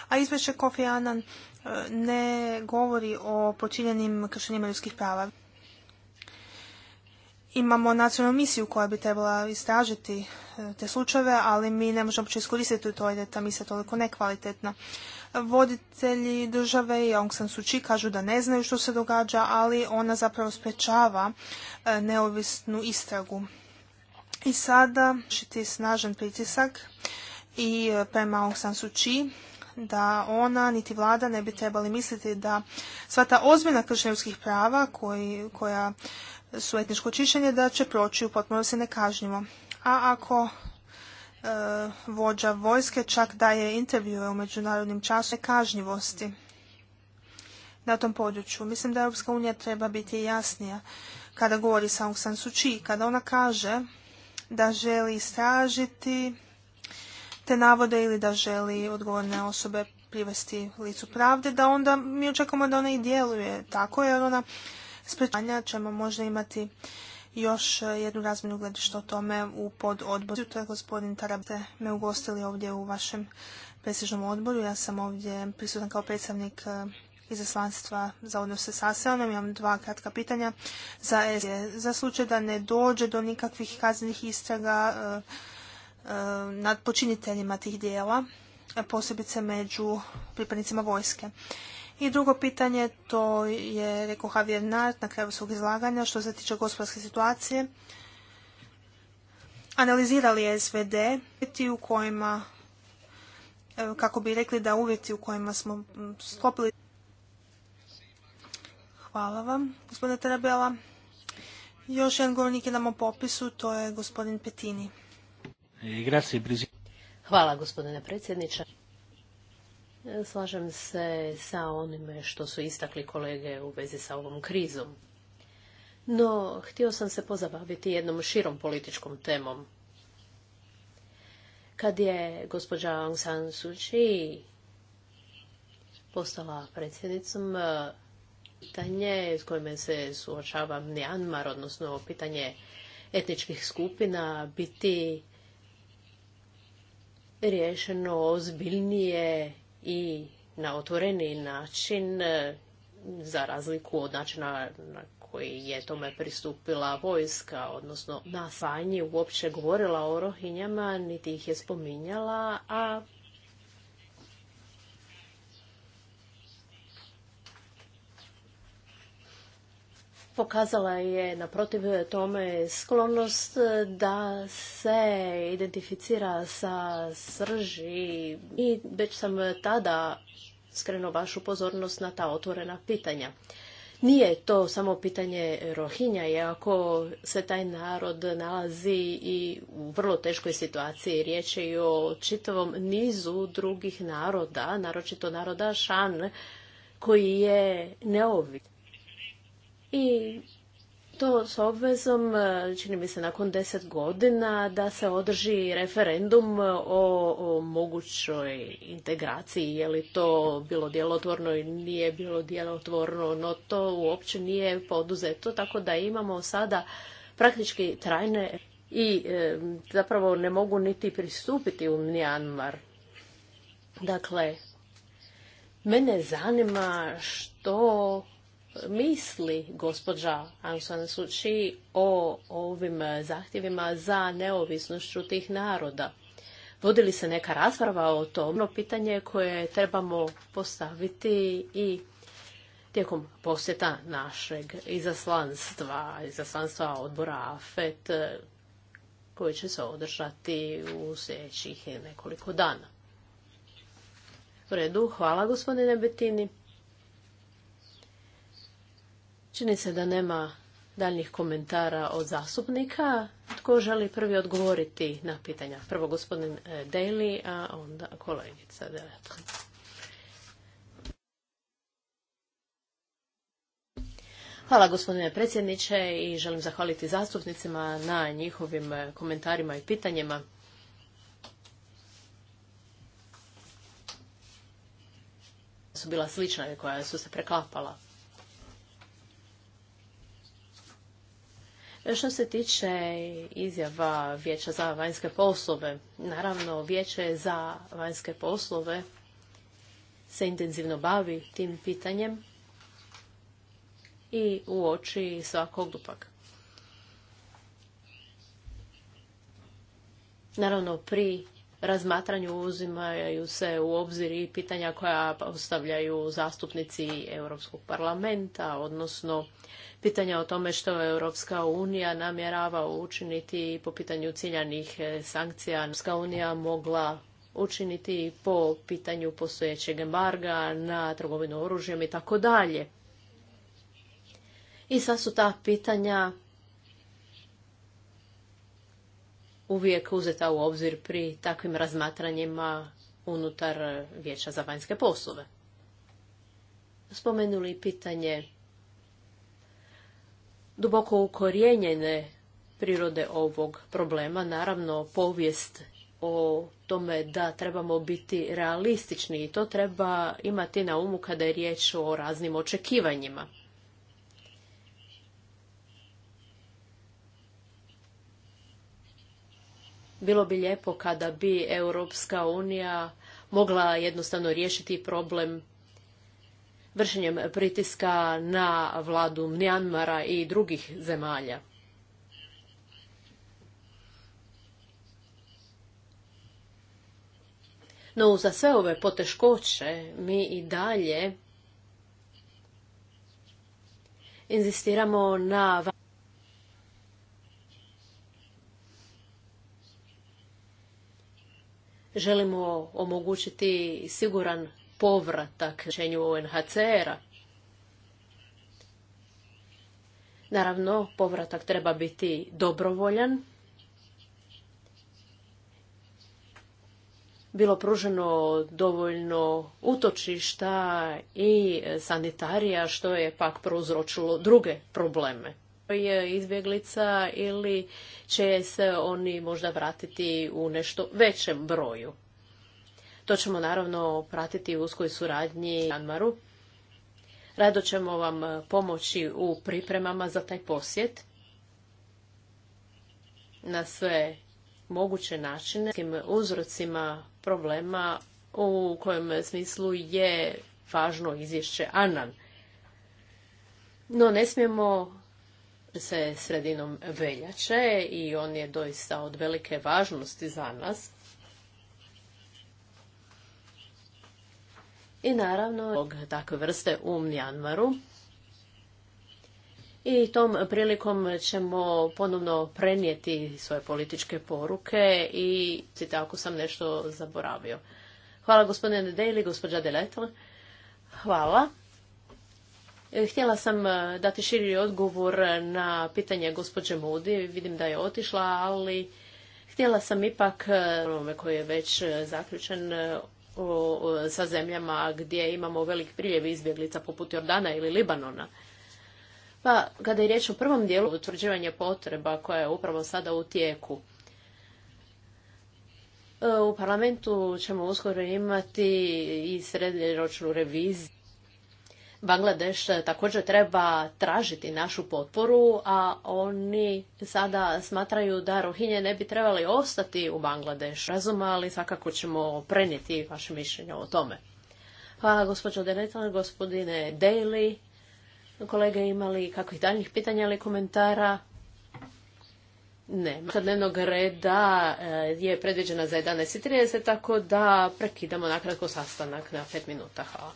A izvješće Kofi Annan e, ne govori o počinjenim kršenjima ljudskih prava. Imamo nacionalnu misiju koja bi trebala istražiti e, te slučajeve, ali mi ne možemo uopće iskoristiti to jer je ta misija toliko nekvalitetna voditelji države i Aung San Suu Kyi kažu da ne znaju što se događa, ali ona zapravo sprečava e, neovisnu istragu. I sada šiti snažan pritisak i e, prema Aung San Suu Kyi da ona niti vlada ne bi trebali misliti da sva ta ozbiljna kršnjevskih prava koji, koja su etničko čišćenje da će proći u ne nekažnjivo. A ako E, vođa vojske čak daje intervjue u međunarodnim o kažnjivosti na tom području. Mislim da Europska unija treba biti jasnija kada govori sa Aung San Suu Kyi, kada ona kaže da želi istražiti te navode ili da želi odgovorne osobe privesti licu pravde, da onda mi očekujemo da ona i djeluje tako, jer ona sprečanja ćemo možda imati još e, jednu razminu gledišta o tome u pododboru. To je gospodin Tarabite me ugostili ovdje u vašem presježnom odboru. Ja sam ovdje prisutan kao predstavnik e, izaslanstva za odnose s ASEANom. Imam dva kratka pitanja za ez Za slučaj da ne dođe do nikakvih kaznenih istraga e, nad počiniteljima tih dijela, posebice među pripadnicima vojske. I drugo pitanje, to je rekao Javier Nart na kraju svog izlaganja, što se tiče gospodarske situacije. Analizirali je SVD u kojima, e, kako bi rekli da uvjeti u kojima smo sklopili. Hvala vam, gospodine Terabela. Još jedan govornik je nam o popisu, to je gospodin Petini. E, Hvala, gospodine predsjedniče. Slažem se sa onime što su istakli kolege u vezi sa ovom krizom. No, htio sam se pozabaviti jednom širom političkom temom. Kad je gospođa Aung San Suu Kyi postala predsjednicom, e, pitanje s kojime se suočava Mjanmar, odnosno pitanje etničkih skupina, biti riješeno ozbiljnije i na otvoreni način e, za razliku od načina na koji je tome pristupila vojska, odnosno na sanji uopće govorila o rohinjama, niti ih je spominjala, a pokazala je naprotiv tome sklonost da se identificira sa srži i već sam tada skrenuo vašu pozornost na ta otvorena pitanja. Nije to samo pitanje Rohinja, ako se taj narod nalazi i u vrlo teškoj situaciji. Riječ je i o čitavom nizu drugih naroda, naročito naroda Šan, koji je neovisan i to s obvezom, e, čini mi se nakon deset godina, da se održi referendum o, mogućoj integraciji. Je li to bilo djelotvorno i nije bilo djelotvorno, no to uopće nije poduzeto, tako da imamo sada praktički trajne i e, zapravo ne mogu niti pristupiti u Mjanmar. Dakle, mene zanima što misli gospođa Aung San Suu Kyi o ovim zahtjevima za neovisnošću tih naroda? Vodi li se neka rasprava o tom? Ono pitanje koje trebamo postaviti i tijekom posjeta našeg izaslanstva, izaslanstva odbora AFET, koji će se održati u sljedećih nekoliko dana. U redu, hvala gospodine Betini. Čini se da nema daljnjih komentara od zastupnika. Tko želi prvi odgovoriti na pitanja? Prvo gospodin e, Daly, a onda kolegica. Hvala gospodine predsjedniče i želim zahvaliti zastupnicima na njihovim e, komentarima i pitanjima. Su bila slična koja su se preklapala. Što se tiče izjava Vijeća za vanjske poslove, naravno Vijeće za vanjske poslove se intenzivno bavi tim pitanjem i oči svakog dupak. Naravno, pri razmatranju uzimaju se u obzir i pitanja koja postavljaju zastupnici Europskog parlamenta, odnosno pitanja o tome što Europska unija namjerava učiniti po pitanju ciljanih sankcija. Europska unija mogla učiniti po pitanju postojećeg embarga na trgovinu oružjem i tako dalje. I sad su ta pitanja uvijek uzeta u obzir pri takvim razmatranjima unutar Vijeća za vanjske poslove. Spomenuli pitanje duboko ukorijenjene prirode ovog problema, naravno povijest o tome da trebamo biti realistični i to treba imati na umu kada je riječ o raznim očekivanjima. Bilo bi lijepo kada bi Europska unija mogla jednostavno riješiti problem vršenjem pritiska na vladu Mjanmara i drugih zemalja. No, za sve ove poteškoće mi i dalje inzistiramo na Želimo omogućiti siguran povratak rješenju UNHCR-a. Naravno, povratak treba biti dobrovoljan. Bilo pruženo dovoljno utočišta i sanitarija, što je pak prouzročilo druge probleme izbjeglica ili će se oni možda vratiti u nešto većem broju. To ćemo naravno pratiti u uskoj suradnji Anmaru. Rado ćemo vam pomoći u pripremama za taj posjet na sve moguće načine, uzrocima problema u kojem smislu je važno izvješće Anan. No ne smijemo se sredinom veljače i on je doista od velike važnosti za nas. I naravno, takve vrste u Mjanmaru. I tom prilikom ćemo ponovno prenijeti svoje političke poruke i ako sam nešto zaboravio. Hvala gospodine Dejli, gospođa Deletel. Hvala. E, htjela sam e, dati širi odgovor na pitanje gospođe Mudi, vidim da je otišla, ali htjela sam ipak, e, onome koji je već zaključen, sa zemljama gdje imamo velik priljev izbjeglica poput Jordana ili Libanona. Pa, kada je riječ o prvom dijelu utvrđivanja potreba koja je upravo sada u tijeku, u parlamentu ćemo uskoro imati i srednjeročnu reviziju Bangladeš također treba tražiti našu potporu, a oni sada smatraju da Rohinje ne bi trebali ostati u Bangladeš razuma, ali svakako ćemo prenijeti vaše mišljenje o tome. Hvala gospođo Denetan, gospodine Daly. Kolege imali kakvih daljnjih pitanja ili komentara? Ne. Dnevnog reda eh, je predviđena za 11.30, tako da prekidamo nakratko sastanak na 5 minuta. Hvala.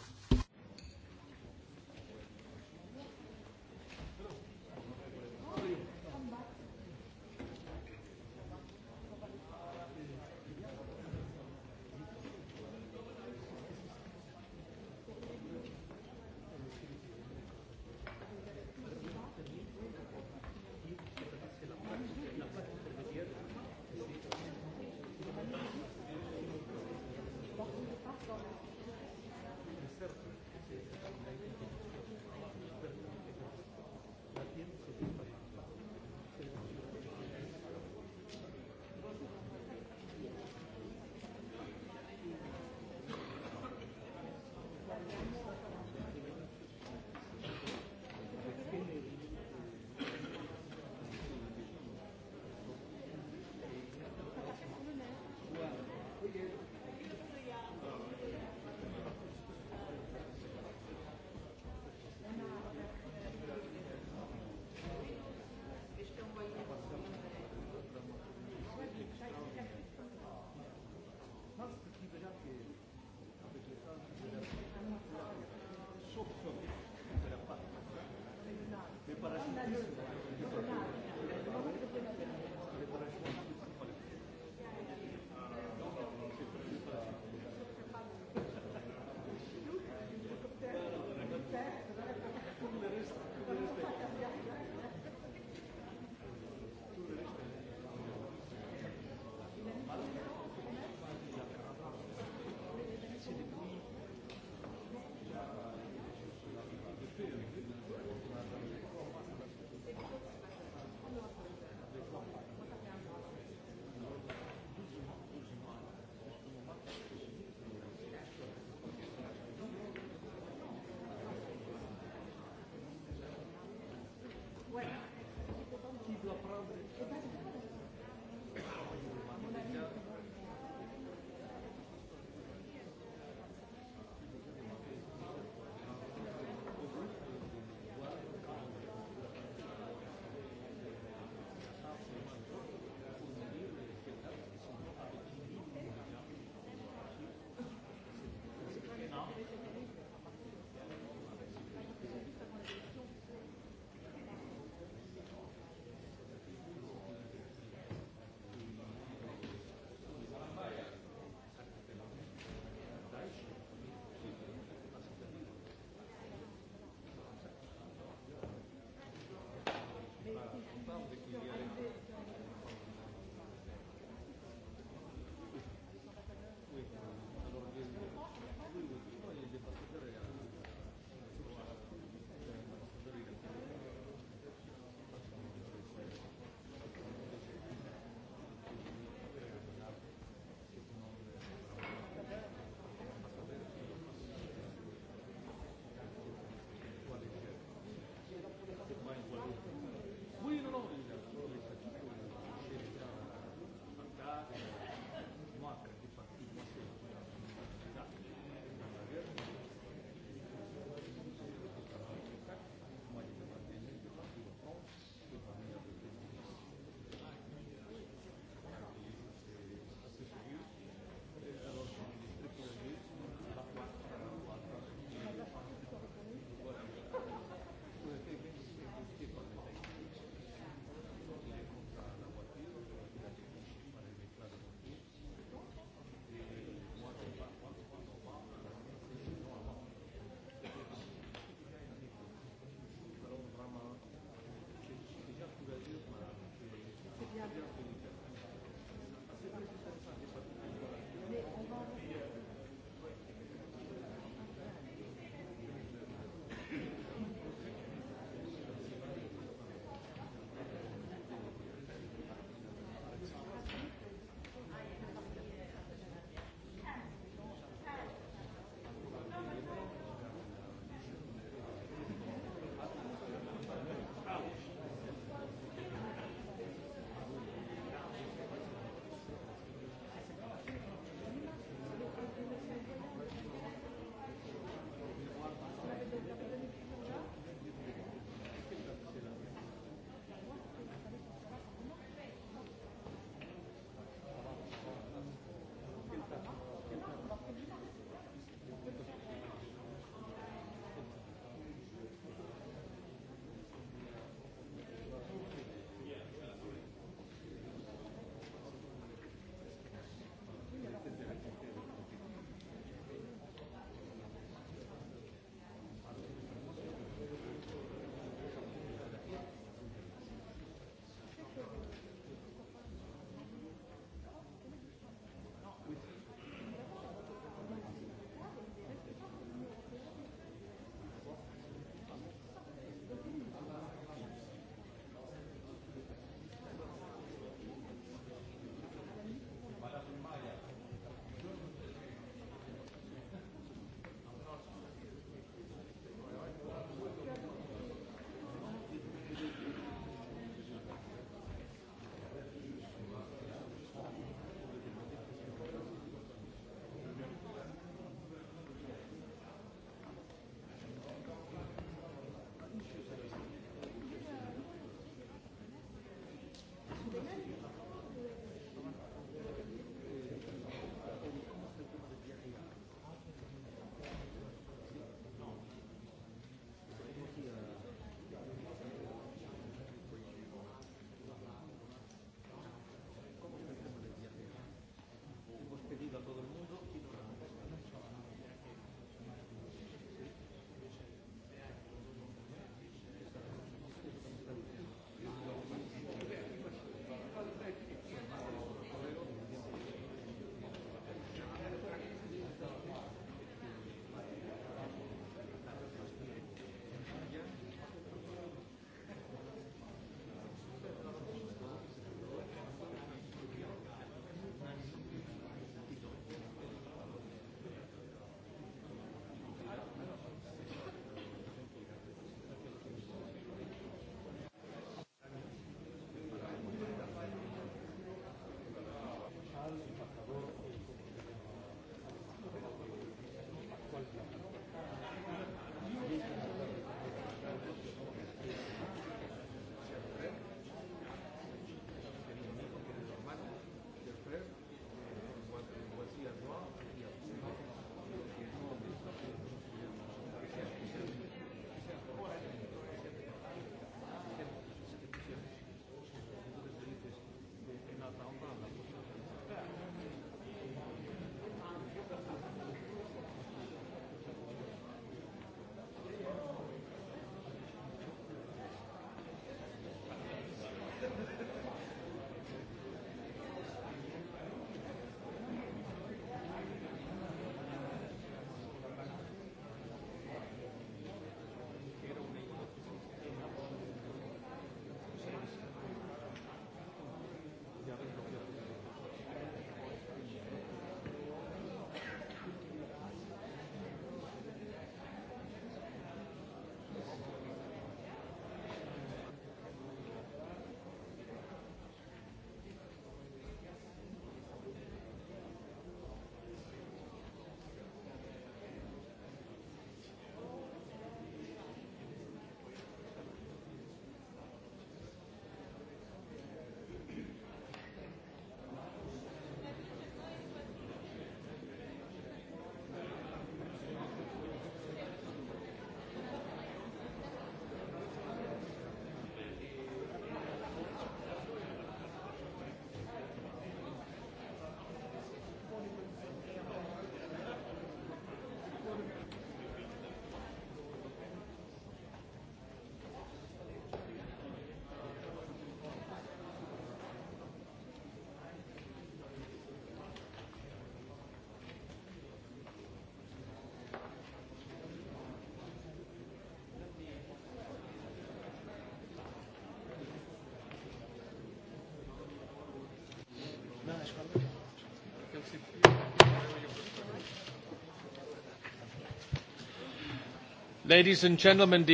Ladies and gentlemen,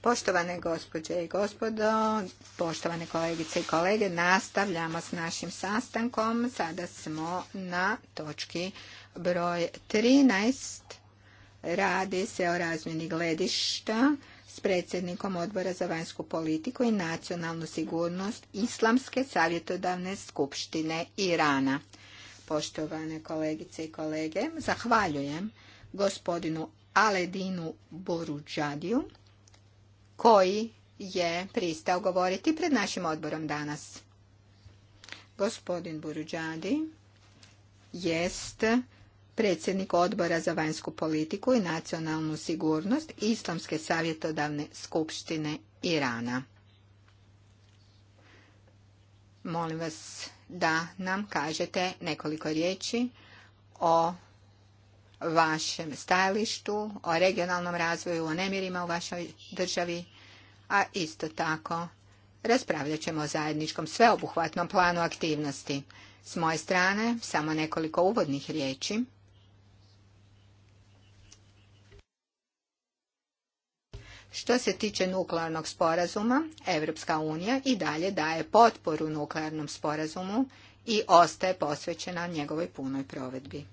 Poštovane gospođe i gospodo, poštovane kolegice i kolege, nastavljamo s našim sastankom. Sada smo na točki broj 13. Radi se o razmjeni gledišta s predsjednikom odbora za vanjsku politiku i nacionalnu sigurnost Islamske savjetodavne skupštine Irana. Poštovane kolegice i kolege, zahvaljujem gospodinu Aledinu Boruđadiju, koji je pristao govoriti pred našim odborom danas. Gospodin Boruđadi jest predsjednik odbora za vanjsku politiku i nacionalnu sigurnost Islamske savjetodavne skupštine Irana. Molim vas da nam kažete nekoliko riječi o vašem stajalištu, o regionalnom razvoju, o nemirima u vašoj državi, a isto tako raspravljat ćemo o zajedničkom sveobuhvatnom planu aktivnosti. S moje strane samo nekoliko uvodnih riječi. Što se tiče nuklearnog sporazuma, Evropska unija i dalje daje potporu nuklearnom sporazumu i ostaje posvećena njegovoj punoj provedbi.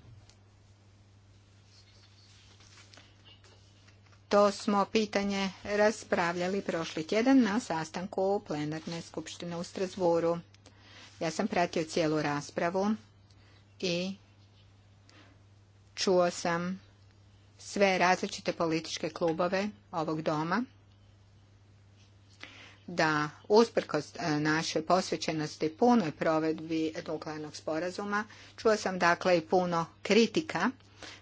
to smo pitanje raspravljali prošli tjedan na sastanku plenarne skupštine u Strasburu. Ja sam pratio cijelu raspravu i čuo sam sve različite političke klubove ovog doma da usprkos e, našoj posvećenosti punoj provedbi nuklearnog sporazuma, čuo sam dakle i puno kritika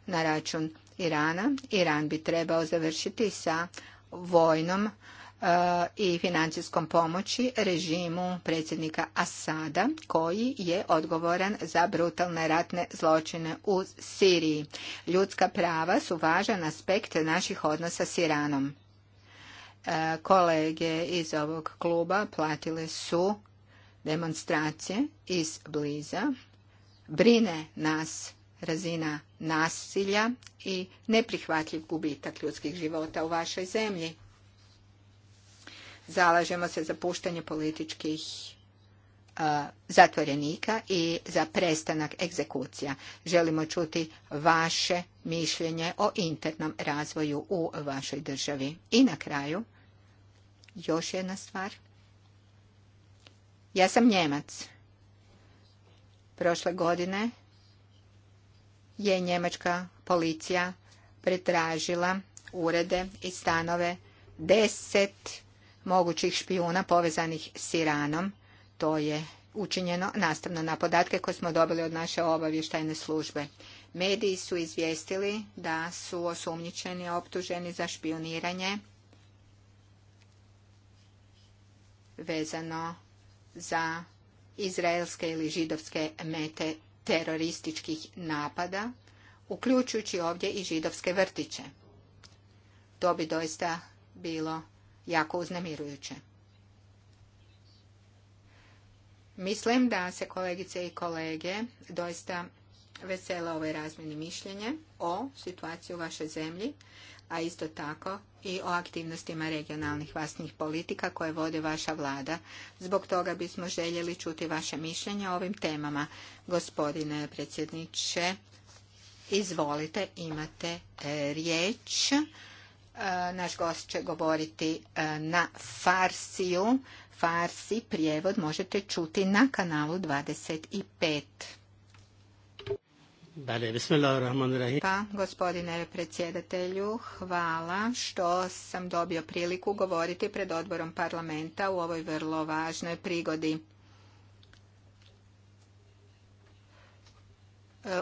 na račun Irana. Iran bi trebao završiti sa vojnom e, i financijskom pomoći režimu predsjednika Asada koji je odgovoran za brutalne ratne zločine u Siriji. Ljudska prava su važan aspekt naših odnosa s Iranom. E, kolege iz ovog kluba platile su demonstracije iz bliza. Brine nas razina nasilja i neprihvatljiv gubitak ljudskih života u vašoj zemlji. Zalažemo se za puštanje političkih zatvorenika i za prestanak egzekucija. Želimo čuti vaše mišljenje o internom razvoju u vašoj državi. I na kraju, još jedna stvar. Ja sam Njemac. Prošle godine je njemačka policija pretražila urede i stanove deset mogućih špijuna povezanih s Iranom. To je učinjeno nastavno na podatke koje smo dobili od naše obavještajne službe. Mediji su izvijestili da su osumnjičeni optuženi za špioniranje vezano za izraelske ili židovske mete terorističkih napada, uključujući ovdje i židovske vrtiće. To bi doista bilo jako uznemirujuće. Mislim da se kolegice i kolege doista vesele ovoj razmjeni mišljenje o situaciji u vašoj zemlji a isto tako i o aktivnostima regionalnih vasnih politika koje vodi vaša vlada. Zbog toga bismo željeli čuti vaše mišljenje o ovim temama. Gospodine predsjedniče, izvolite, imate e, riječ. E, naš gost će govoriti e, na Farsiju. Farsi prijevod možete čuti na kanalu 25. Pa, gospodine predsjedatelju, hvala što sam dobio priliku govoriti pred odborom parlamenta u ovoj vrlo važnoj prigodi.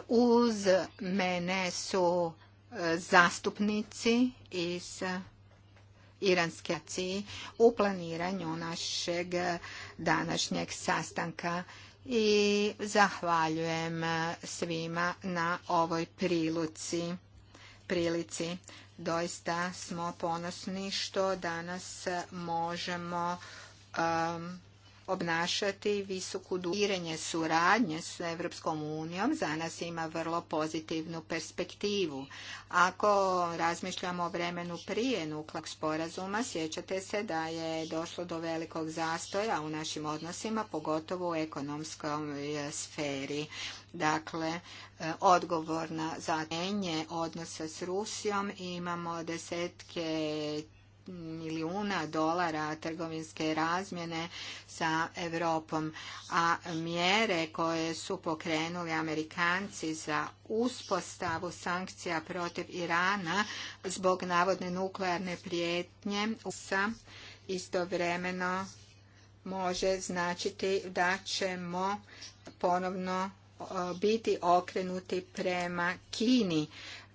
Uz mene su e, zastupnici iz Iranske u planiranju našeg današnjeg sastanka i zahvaljujem e, svima na ovoj priluci, prilici. Doista smo ponosni što danas možemo obnašati visoku duiranje suradnje s Europskom unijom za nas ima vrlo pozitivnu perspektivu. Ako razmišljamo o vremenu prije nuklak sporazuma, sjećate se da je došlo do velikog zastoja u našim odnosima, pogotovo u ekonomskoj e, sferi. Dakle, e, odgovor na zatenje odnosa s Rusijom imamo desetke milijuna dolara trgovinske razmjene sa Europom, a mjere koje su pokrenuli Amerikanci za uspostavu sankcija protiv Irana zbog navodne nuklearne prijetnje USA istovremeno može značiti da ćemo ponovno biti okrenuti prema Kini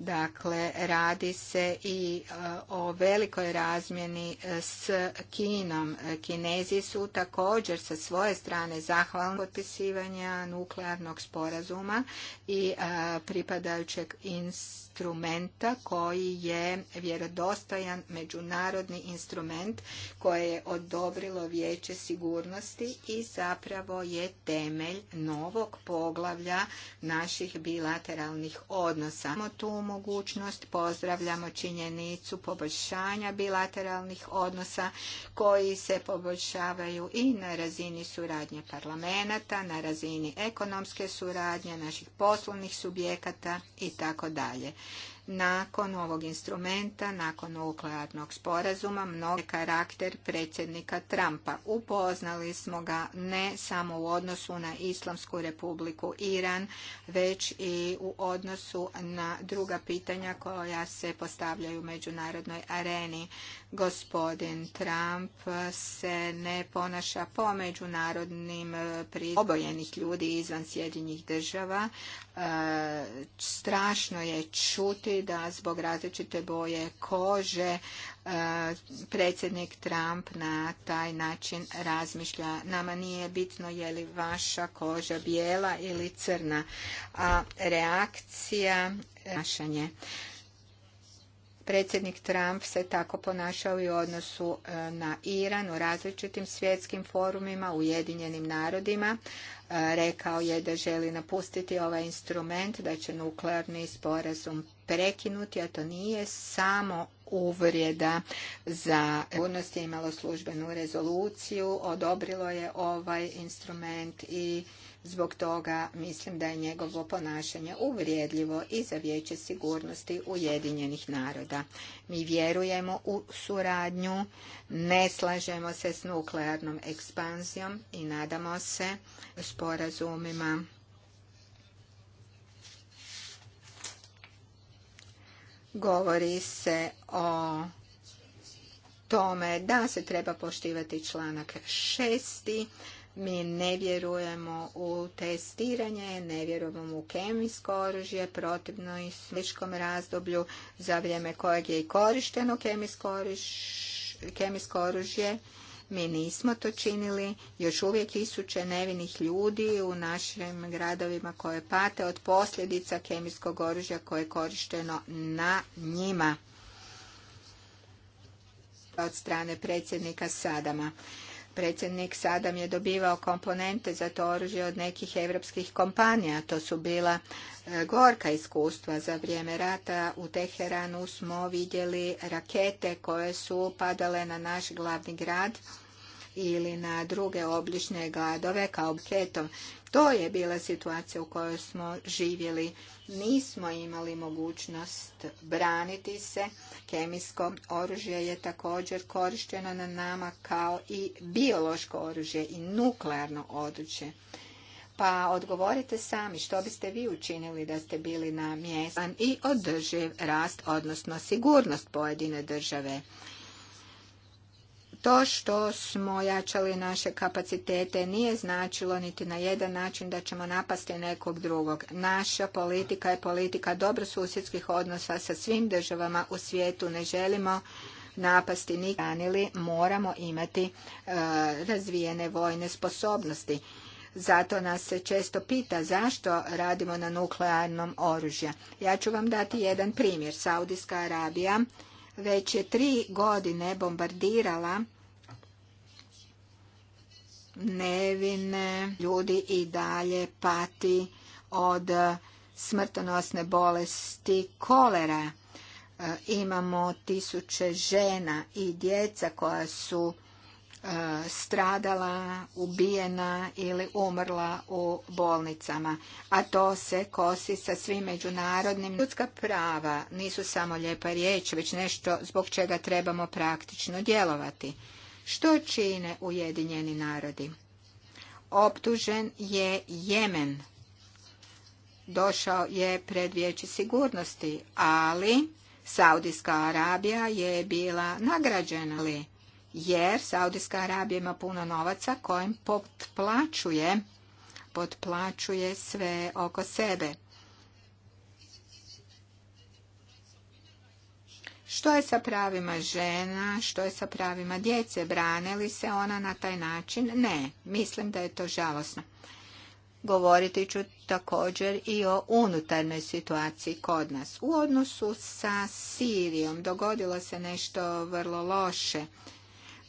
Dakle, radi se i e, o velikoj razmjeni e, s Kinom. Kinezi su također sa svoje strane zahvalni potpisivanja nuklearnog sporazuma i e, pripadajućeg instrumenta koji je vjerodostojan međunarodni instrument koje je odobrilo Vijeće sigurnosti i zapravo je temelj novog poglavlja naših bilateralnih odnosa. Tu mogućnost, pozdravljamo činjenicu poboljšanja bilateralnih odnosa koji se poboljšavaju i na razini suradnje parlamenta, na razini ekonomske suradnje, naših poslovnih subjekata i tako dalje. Nakon ovog instrumenta, nakon nuklearnog sporazuma, mnog karakter predsjednika Trumpa. Upoznali smo ga ne samo u odnosu na Islamsku republiku Iran, već i u odnosu na druga pitanja koja se postavljaju u međunarodnoj areni. Gospodin Trump se ne ponaša po međunarodnim eh, pri obojenih ljudi izvan Sjedinjih država, E, strašno je čuti da zbog različite boje kože e, predsjednik Trump na taj način razmišlja. Nama nije bitno je li vaša koža bijela ili crna, a reakcija našanje. Predsjednik Trump se tako ponašao i u odnosu e, na Iran u različitim svjetskim forumima, Ujedinjenim narodima, rekao je da želi napustiti ovaj instrument, da će nuklearni sporazum prekinuti, a to nije samo uvrijeda za sigurnost je imalo službenu rezoluciju, odobrilo je ovaj instrument i Zbog toga mislim da je njegovo ponašanje uvrijedljivo i za vijeće sigurnosti Ujedinjenih naroda. Mi vjerujemo u suradnju, ne slažemo se s nuklearnom ekspanzijom i nadamo se sporazumima govori se o tome da se treba poštivati članak šesti mi ne vjerujemo u testiranje, ne vjerujemo u kemijsko oružje, protivno i sličkom razdoblju za vrijeme kojeg je i korišteno kemijsko, kemijsko oružje. Mi nismo to činili, još uvijek tisuće nevinih ljudi u našim gradovima koje pate od posljedica kemijskog oružja koje je korišteno na njima od strane predsjednika Sadama predsjednik Sadam je dobivao komponente za to oružje od nekih evropskih kompanija. To su bila e, gorka iskustva za vrijeme rata. U Teheranu smo vidjeli rakete koje su padale na naš glavni grad ili na druge oblične gladove kao ketom. To je bila situacija u kojoj smo živjeli. Nismo imali mogućnost braniti se. Kemijsko oružje je također korišteno na nama kao i biološko oružje i nuklearno oružje. Pa odgovorite sami što biste vi učinili da ste bili na mjestu i održiv rast, odnosno sigurnost pojedine države. To što smo jačali naše kapacitete nije značilo niti na jedan način da ćemo napasti nekog drugog. Naša politika je politika dobrosusjedskih odnosa sa svim državama u svijetu. Ne želimo napasti ni ranili, moramo imati e, razvijene vojne sposobnosti. Zato nas se često pita zašto radimo na nuklearnom oružju. Ja ću vam dati jedan primjer. Saudijska Arabija već je tri godine bombardirala nevine ljudi i dalje pati od smrtonosne bolesti kolera. E, imamo tisuće žena i djeca koja su E, stradala, ubijena ili umrla u bolnicama. A to se kosi sa svim međunarodnim. Ljudska prava nisu samo lijepa riječ, već nešto zbog čega trebamo praktično djelovati. Što čine Ujedinjeni narodi? Optužen je Jemen. Došao je pred vijeće sigurnosti, ali Saudijska Arabija je bila nagrađena li jer Saudijska Arabija ima puno novaca kojim potplaćuje, potplaćuje sve oko sebe. Što je sa pravima žena, što je sa pravima djece, brane li se ona na taj način? Ne, mislim da je to žalosno. Govoriti ću također i o unutarnjoj situaciji kod nas. U odnosu sa Sirijom dogodilo se nešto vrlo loše.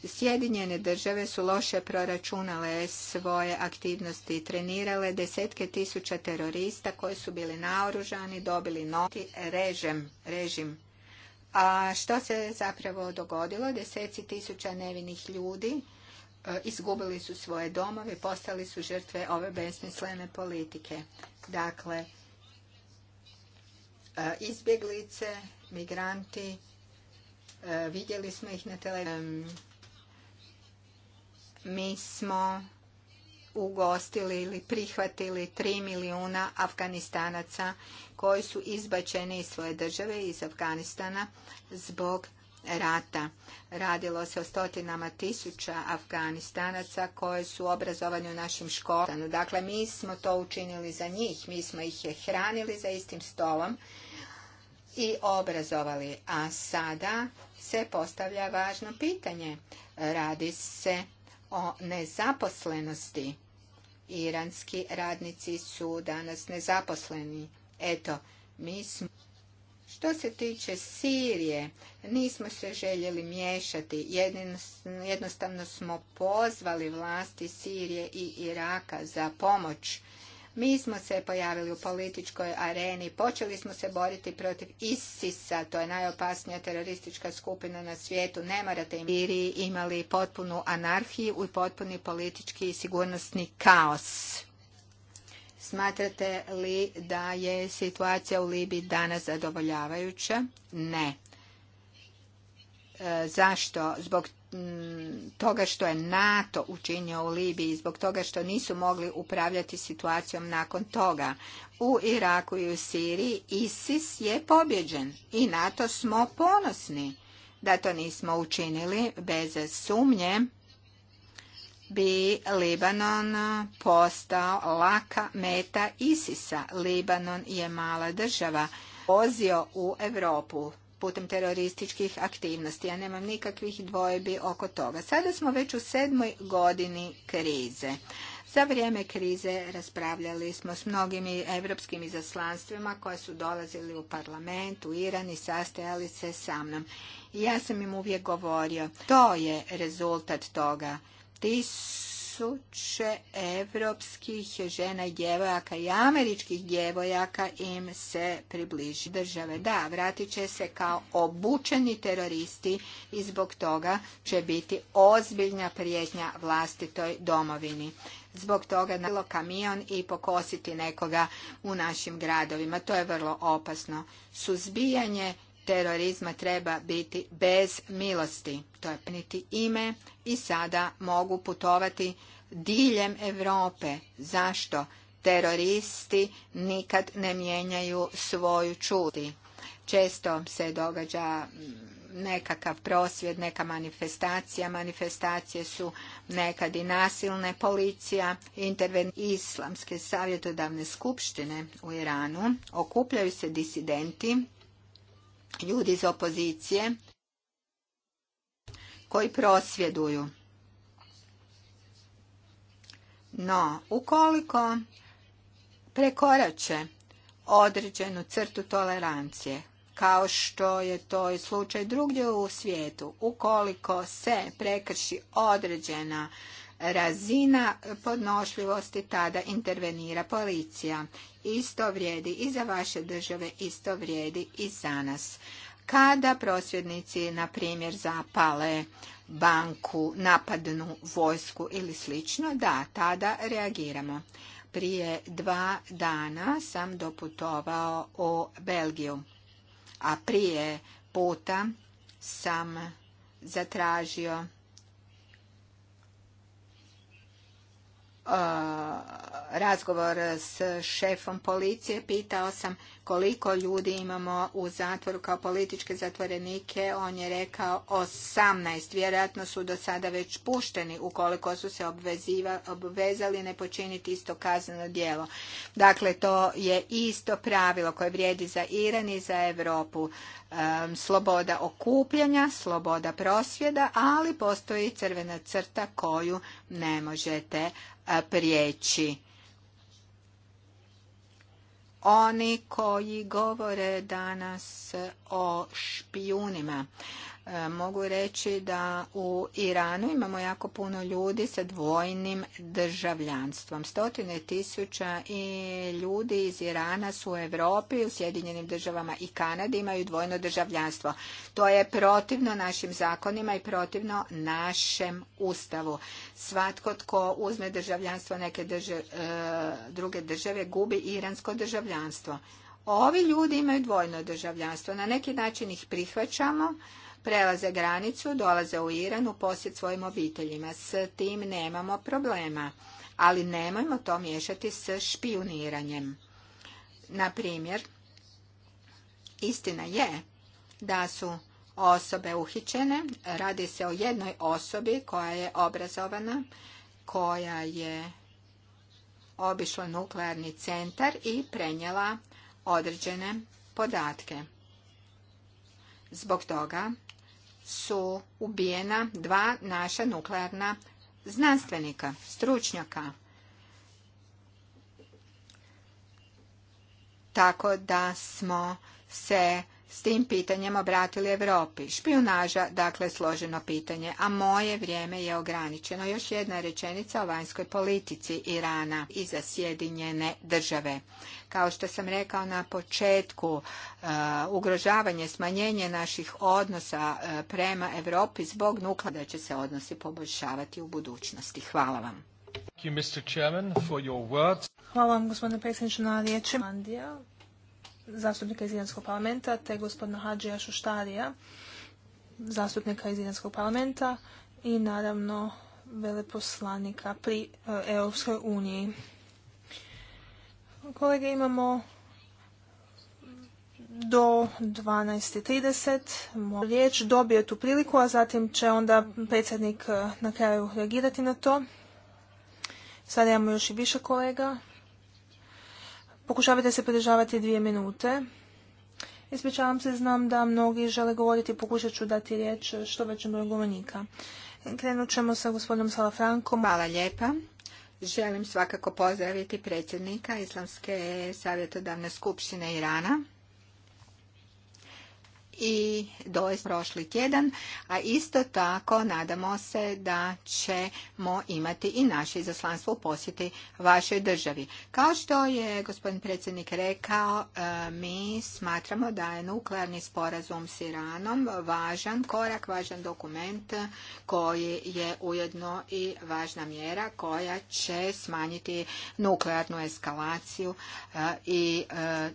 Sjedinjene države su loše proračunale svoje aktivnosti i trenirale desetke tisuća terorista koji su bili naoružani, dobili noti režim. režim. A što se zapravo dogodilo? Deseci tisuća nevinih ljudi e, izgubili su svoje domove, postali su žrtve ove besmislene politike. Dakle, e, izbjeglice, migranti, e, vidjeli smo ih na televiziji mi smo ugostili ili prihvatili 3 milijuna Afganistanaca koji su izbačeni iz svoje države, iz Afganistana, zbog rata. Radilo se o stotinama tisuća Afganistanaca koji su obrazovani u našim školama. Dakle, mi smo to učinili za njih, mi smo ih je hranili za istim stolom i obrazovali. A sada se postavlja važno pitanje. Radi se o nezaposlenosti. Iranski radnici su danas nezaposleni. Eto, mi smo... Što se tiče Sirije, nismo se željeli miješati, jednostavno smo pozvali vlasti Sirije i Iraka za pomoć mi smo se pojavili u političkoj areni, počeli smo se boriti protiv ISIS-a, to je najopasnija teroristička skupina na svijetu. Ne morate im imali potpunu anarhiju i potpuni politički i sigurnosni kaos. Smatrate li da je situacija u Libiji danas zadovoljavajuća? Ne. E, zašto? Zbog Mm, toga što je NATO učinio u Libiji, zbog toga što nisu mogli upravljati situacijom nakon toga. U Iraku i u Siriji ISIS je pobjeđen i NATO smo ponosni da to nismo učinili bez sumnje bi Libanon postao laka meta ISISA. Libanon je mala država. ozio u Europu putem terorističkih aktivnosti. Ja nemam nikakvih dvojbi oko toga. Sada smo već u sedmoj godini krize. Za vrijeme krize raspravljali smo s mnogim evropskim izaslanstvima koje su dolazili u parlament, u Iran i sastajali se sa mnom. I ja sam im uvijek govorio, to je rezultat toga. Ti tisuće evropskih žena i djevojaka i američkih djevojaka im se približi države. Da, vratit će se kao obučeni teroristi i zbog toga će biti ozbiljna prijetnja vlastitoj domovini. Zbog toga bilo kamion i pokositi nekoga u našim gradovima. To je vrlo opasno. Suzbijanje terorizma treba biti bez milosti. To je niti ime i sada mogu putovati diljem Europe. Zašto? Teroristi nikad ne mijenjaju svoju čuti. Često se događa mm, nekakav prosvjed, neka manifestacija. Manifestacije su nekad i nasilne policija, interven islamske savjetodavne skupštine u Iranu. Okupljaju se disidenti ljudi iz opozicije koji prosvjeduju. No, ukoliko prekorače određenu crtu tolerancije, kao što je to i slučaj drugdje u svijetu, ukoliko se prekrši određena razina podnošljivosti tada intervenira policija. Isto vrijedi i za vaše države, isto vrijedi i za nas. Kada prosvjednici, na primjer, zapale banku, napadnu vojsku ili slično, da, tada reagiramo. Prije dva dana sam doputovao u Belgiju, a prije puta sam zatražio razgovor s šefom policije pitao sam koliko ljudi imamo u zatvoru kao političke zatvorenike. On je rekao 18. Vjerojatno su do sada već pušteni ukoliko su se obvezali ne počiniti isto kazneno djelo. Dakle, to je isto pravilo koje vrijedi za Iran i za Europu. sloboda okupljanja, sloboda prosvjeda, ali postoji crvena crta koju ne možete prijeći. Oni koji govore danas o špijunima E, mogu reći da u Iranu imamo jako puno ljudi sa dvojnim državljanstvom. Stotine tisuća i ljudi iz Irana su u Europi, u Sjedinjenim državama i Kanadi imaju dvojno državljanstvo. To je protivno našim zakonima i protivno našem ustavu. Svatko tko uzme državljanstvo neke e, druge države gubi iransko državljanstvo. Ovi ljudi imaju dvojno državljanstvo. Na neki način ih prihvaćamo, prelaze granicu, dolaze u Iran u posjet svojim obiteljima. S tim nemamo problema, ali nemojmo to miješati s špioniranjem. Na primjer, istina je da su osobe uhićene, radi se o jednoj osobi koja je obrazovana, koja je obišla nuklearni centar i prenijela određene podatke. Zbog toga su ubijena dva naša nuklearna znanstvenika, stručnjaka. Tako da smo se s tim pitanjem obratili Europi. Špionaža, dakle, složeno pitanje, a moje vrijeme je ograničeno. Još jedna rečenica o vanjskoj politici Irana i za Sjedinjene države. Kao što sam rekao na početku, e, ugrožavanje, smanjenje naših odnosa e, prema Europi zbog nuklada da će se odnosi poboljšavati u budućnosti. Hvala vam. Hvala vam, gospodine predsjedniče, na riječi zastupnika iz Iranskog parlamenta te gospodina Hadžija Šuštarija, zastupnika iz Iranskog parlamenta i naravno veleposlanika pri eh, Europskoj uniji. Kolege, imamo do 12.30 riječ, dobio tu priliku, a zatim će onda predsjednik eh, na kraju reagirati na to. Sada imamo još i više kolega. Pokušavate se pridržavati dvije minute. Ispričavam se, znam da mnogi žele govoriti, pokušat ću dati riječ što većem broju govornika. Krenut ćemo sa gospodinom Salafrankom. Hvala lijepa. Želim svakako pozdraviti predsjednika Islamske savjetodavne skupštine Irana i doista prošli tjedan, a isto tako nadamo se da ćemo imati i naše izaslanstvo u posjeti vašoj državi. Kao što je gospodin predsjednik rekao, e, mi smatramo da je nuklearni sporazum s Iranom važan korak, važan dokument koji je ujedno i važna mjera koja će smanjiti nuklearnu eskalaciju e, i e,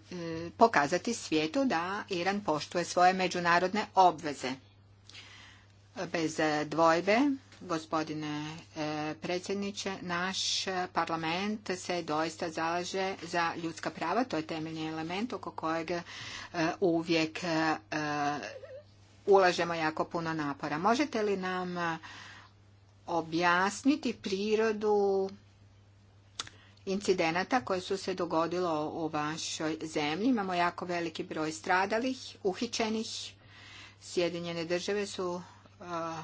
pokazati svijetu da Iran poštuje svoje međunarodne obveze. Bez dvojbe, gospodine e, predsjedniče, naš parlament se doista zalaže za ljudska prava. To je temeljni element oko kojeg e, uvijek e, ulažemo jako puno napora. Možete li nam objasniti prirodu incidenata koje su se dogodilo u vašoj zemlji. Imamo jako veliki broj stradalih, uhićenih. Sjedinjene države su, eh,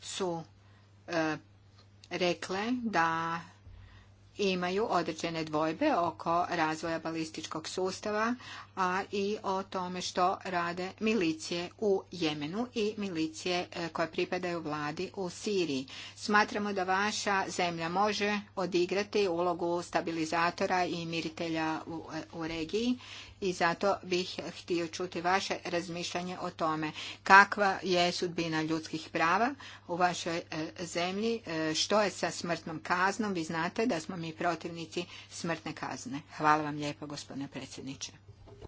su eh, rekle da imaju određene dvojbe oko razvoja balističkog sustava, a i o tome što rade milicije u Jemenu i milicije e, koje pripadaju vladi u Siriji. Smatramo da vaša zemlja može odigrati ulogu stabilizatora i miritelja u, e, regiji i zato bih htio čuti vaše razmišljanje o tome kakva je sudbina ljudskih prava u vašoj e, zemlji, e, što je sa smrtnom kaznom. Vi znate da smo mi protivnici smrtne kazne. Hvala vam lijepo gospodine predsjedniče. Hvala vam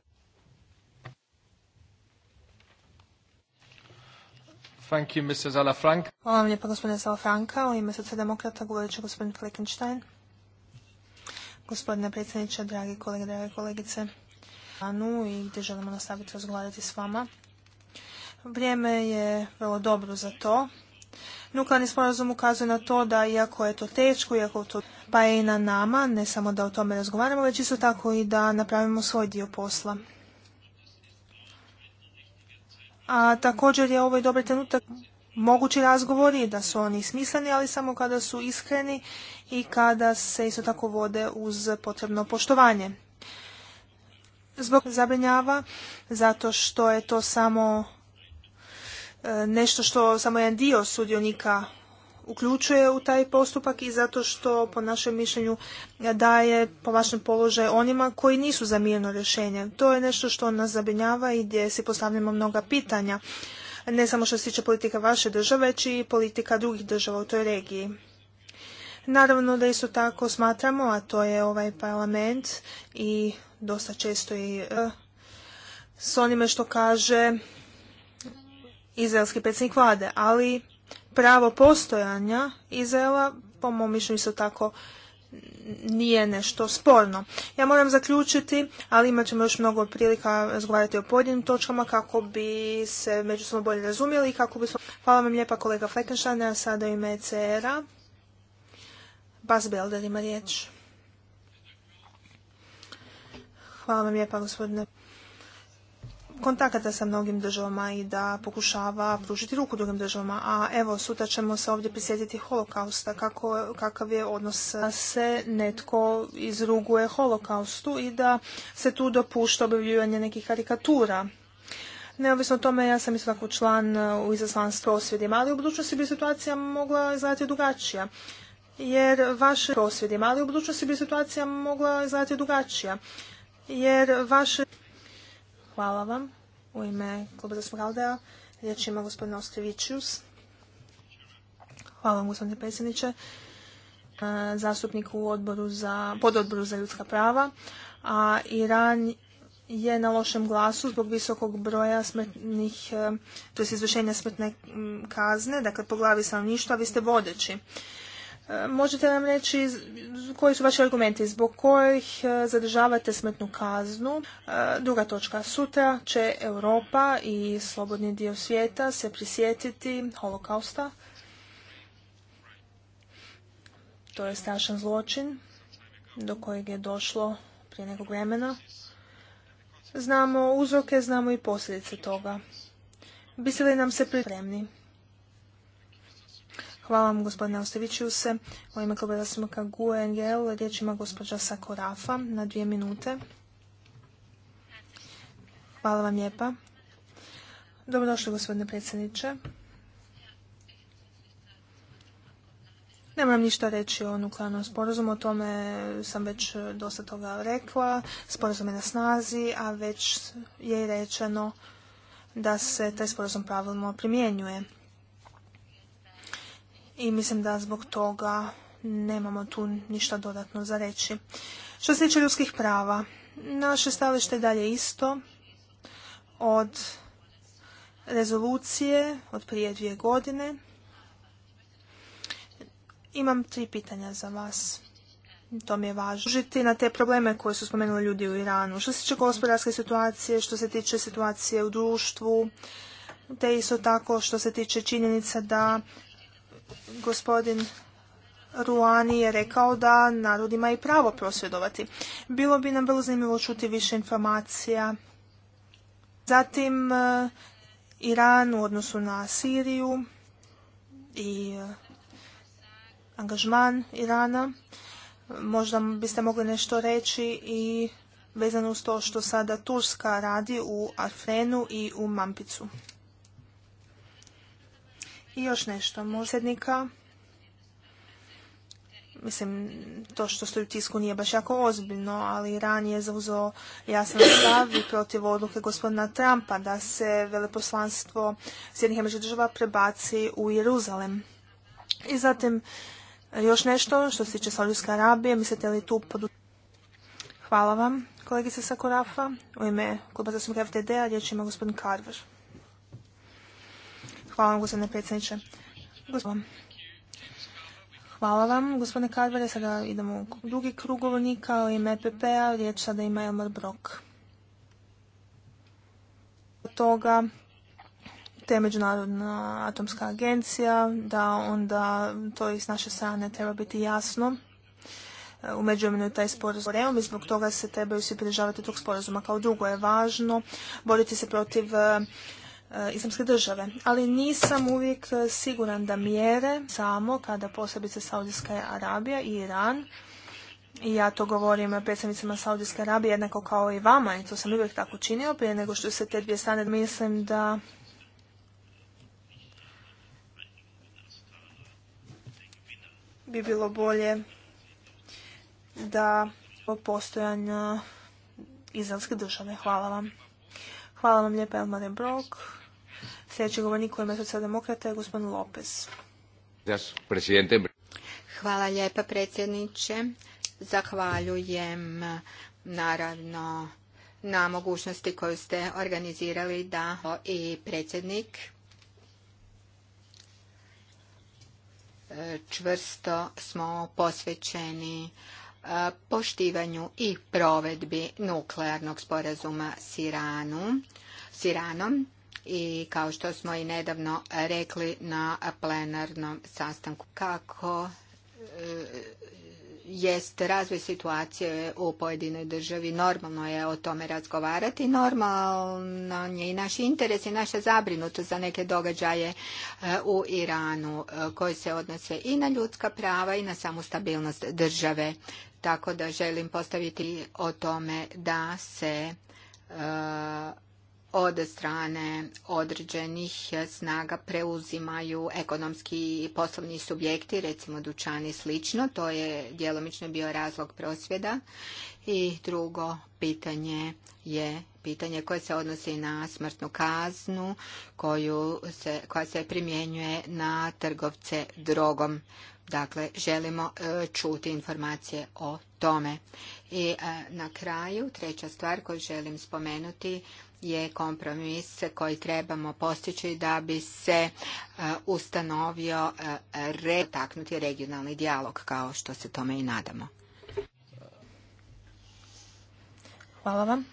lijepo, gospodine Zalafranka. U ime socijaldemokrata govorit će gospodin Fleckenstein. Gospodine predsjedniče, dragi kolege, drage kolegice anu i gdje želimo nastaviti razgovarati s vama. Vrijeme je vrlo dobro za to. Nuklearni sporazum ukazuje na to da iako je to teško, iako to pa je i na nama, ne samo da o tome razgovaramo, već isto tako i da napravimo svoj dio posla. A također je ovaj dobar trenutak mogući razgovori, da su oni smisleni, ali samo kada su iskreni i kada se isto tako vode uz potrebno poštovanje zbog zabrinjava, zato što je to samo e, nešto što samo jedan dio sudionika uključuje u taj postupak i zato što po našem mišljenju daje po vašem položaju onima koji nisu za mirno rješenje. To je nešto što nas zabrinjava i gdje si postavljamo mnoga pitanja. Ne samo što se tiče politika vaše države, već i politika drugih država u toj regiji. Naravno da isto tako smatramo, a to je ovaj parlament i dosta često i e, s onime što kaže izraelski predsjednik vlade, ali pravo postojanja Izraela, po mom mišljenju isto tako, nije nešto sporno. Ja moram zaključiti, ali imat ćemo još mnogo prilika razgovarati o pojedinim točkama kako bi se međusobno bolje razumjeli i kako Hvala vam lijepa kolega Fleckenstein, a sada ime CR-a. Bas Belder ima riječ. Hvala vam lijepa, gospodine. Kontakata sa mnogim državama i da pokušava pružiti ruku drugim državama. A evo, sutra ćemo se ovdje prisjetiti holokausta, kako, kakav je odnos da se netko izruguje holokaustu i da se tu dopušta objavljivanje nekih karikatura. Neovisno o tome, ja sam isto tako član uh, u izaslanstvu osvjedima, ali u budućnosti bi situacija mogla izgledati drugačija. Jer vaše osvjedima, ali u budućnosti bi situacija mogla izgledati drugačija jer vaše... Hvala vam. U ime Kluba za riječ ima gospodin Ostrovićius. Hvala vam gospodine predsjedniče. E, zastupnik u odboru za, pododboru za ljudska prava. A Iran je na lošem glasu zbog visokog broja smrtnih, to je izvršenja smrtne kazne, dakle po glavi stanovništva, vi ste vodeći. Možete nam reći koji su vaši argumenti zbog kojih e, zadržavate smrtnu kaznu? E, druga točka. Sutra će Europa i slobodni dio svijeta se prisjetiti holokausta. To je strašan zločin do kojeg je došlo prije nekog vremena. Znamo uzroke, znamo i posljedice toga. Biste li nam se pripremni? Hvala vam gospodine Ostaviću se. U ime kluba zastupnika GUE NGL riječ ima gospođa Sakorafa na dvije minute. Hvala vam lijepa. Dobrodošli gospodine predsjedniče. Nemam ništa reći o nuklearnom sporazumu, o tome sam već dosta toga rekla. Sporazum je na snazi, a već je i rečeno da se taj sporazum pravilno primjenjuje i mislim da zbog toga nemamo tu ništa dodatno za reći. Što se tiče ljudskih prava, naše stavište je dalje isto od rezolucije od prije dvije godine. Imam tri pitanja za vas. To mi je važno. Užiti na te probleme koje su spomenuli ljudi u Iranu. Što se tiče gospodarske situacije, što se tiče situacije u društvu, te isto tako što se tiče činjenica da Gospodin Ruani je rekao da narod ima i pravo prosvjedovati. Bilo bi nam vrlo zanimljivo čuti više informacija. Zatim e, Iran u odnosu na Siriju i e, angažman Irana. Možda biste mogli nešto reći i vezano uz to što sada Turska radi u Arfrenu i u Mampicu. I još nešto, sednika, Mislim, to što stoji u tisku nije baš jako ozbiljno, ali ranije je zauzeo jasan stav i protiv odluke gospodina Trumpa da se veleposlanstvo Sjednih država prebaci u Jeruzalem. I zatim, još nešto što se tiče Saudijske Arabije, mislite li tu pod... Hvala vam, kolegice Sakorafa. U ime kluba zastupnika FTD-a riječ ima gospodin Karver. Hvala vam, gospodine predsjedniče. Hvala vam, gospodine Karvere. Sada idemo u drugi krug govornika u ime EPP-a. Riječ sada ima Elmar Brok. Od toga te Međunarodna atomska agencija, da onda to iz naše strane treba biti jasno. U međuvremenu taj sporazum reom i zbog toga se trebaju svi pridržavati tog sporazuma. Kao drugo je važno boriti se protiv Eh, islamske države. Ali nisam uvijek eh, siguran da mjere samo kada posebice Saudijska Arabija i Iran i ja to govorim predstavnicima Saudijske Arabije jednako kao i vama i to sam uvijek tako činio prije nego što se te dvije strane mislim da bi bilo bolje da postojanja izraelske države. Hvala vam. Hvala vam lijepa Elmare Brok. Sljedeći govornik u je gospodin Lopez. Hvala lijepa predsjedniče. Zahvaljujem naravno na mogućnosti koju ste organizirali da i predsjednik čvrsto smo posvećeni poštivanju i provedbi nuklearnog sporazuma s s Iranom i kao što smo i nedavno rekli na plenarnom sastanku. Kako e, jest razvoj situacije u pojedinoj državi. Normalno je o tome razgovarati. Normalno je i naš interes i naša zabrinutost za neke događaje e, u Iranu e, koji se odnose i na ljudska prava i na samu stabilnost države. Tako da želim postaviti o tome da se od strane određenih snaga preuzimaju ekonomski i poslovni subjekti, recimo dućani slično. To je djelomično bio razlog prosvjeda. I drugo pitanje je pitanje koje se odnosi na smrtnu kaznu koju se, koja se primjenjuje na trgovce drogom. Dakle, želimo e, čuti informacije o tome. I e, na kraju, treća stvar koju želim spomenuti je kompromis koji trebamo postići da bi se e, ustanovio e, retaknuti regionalni dijalog kao što se tome i nadamo. Hvala vam.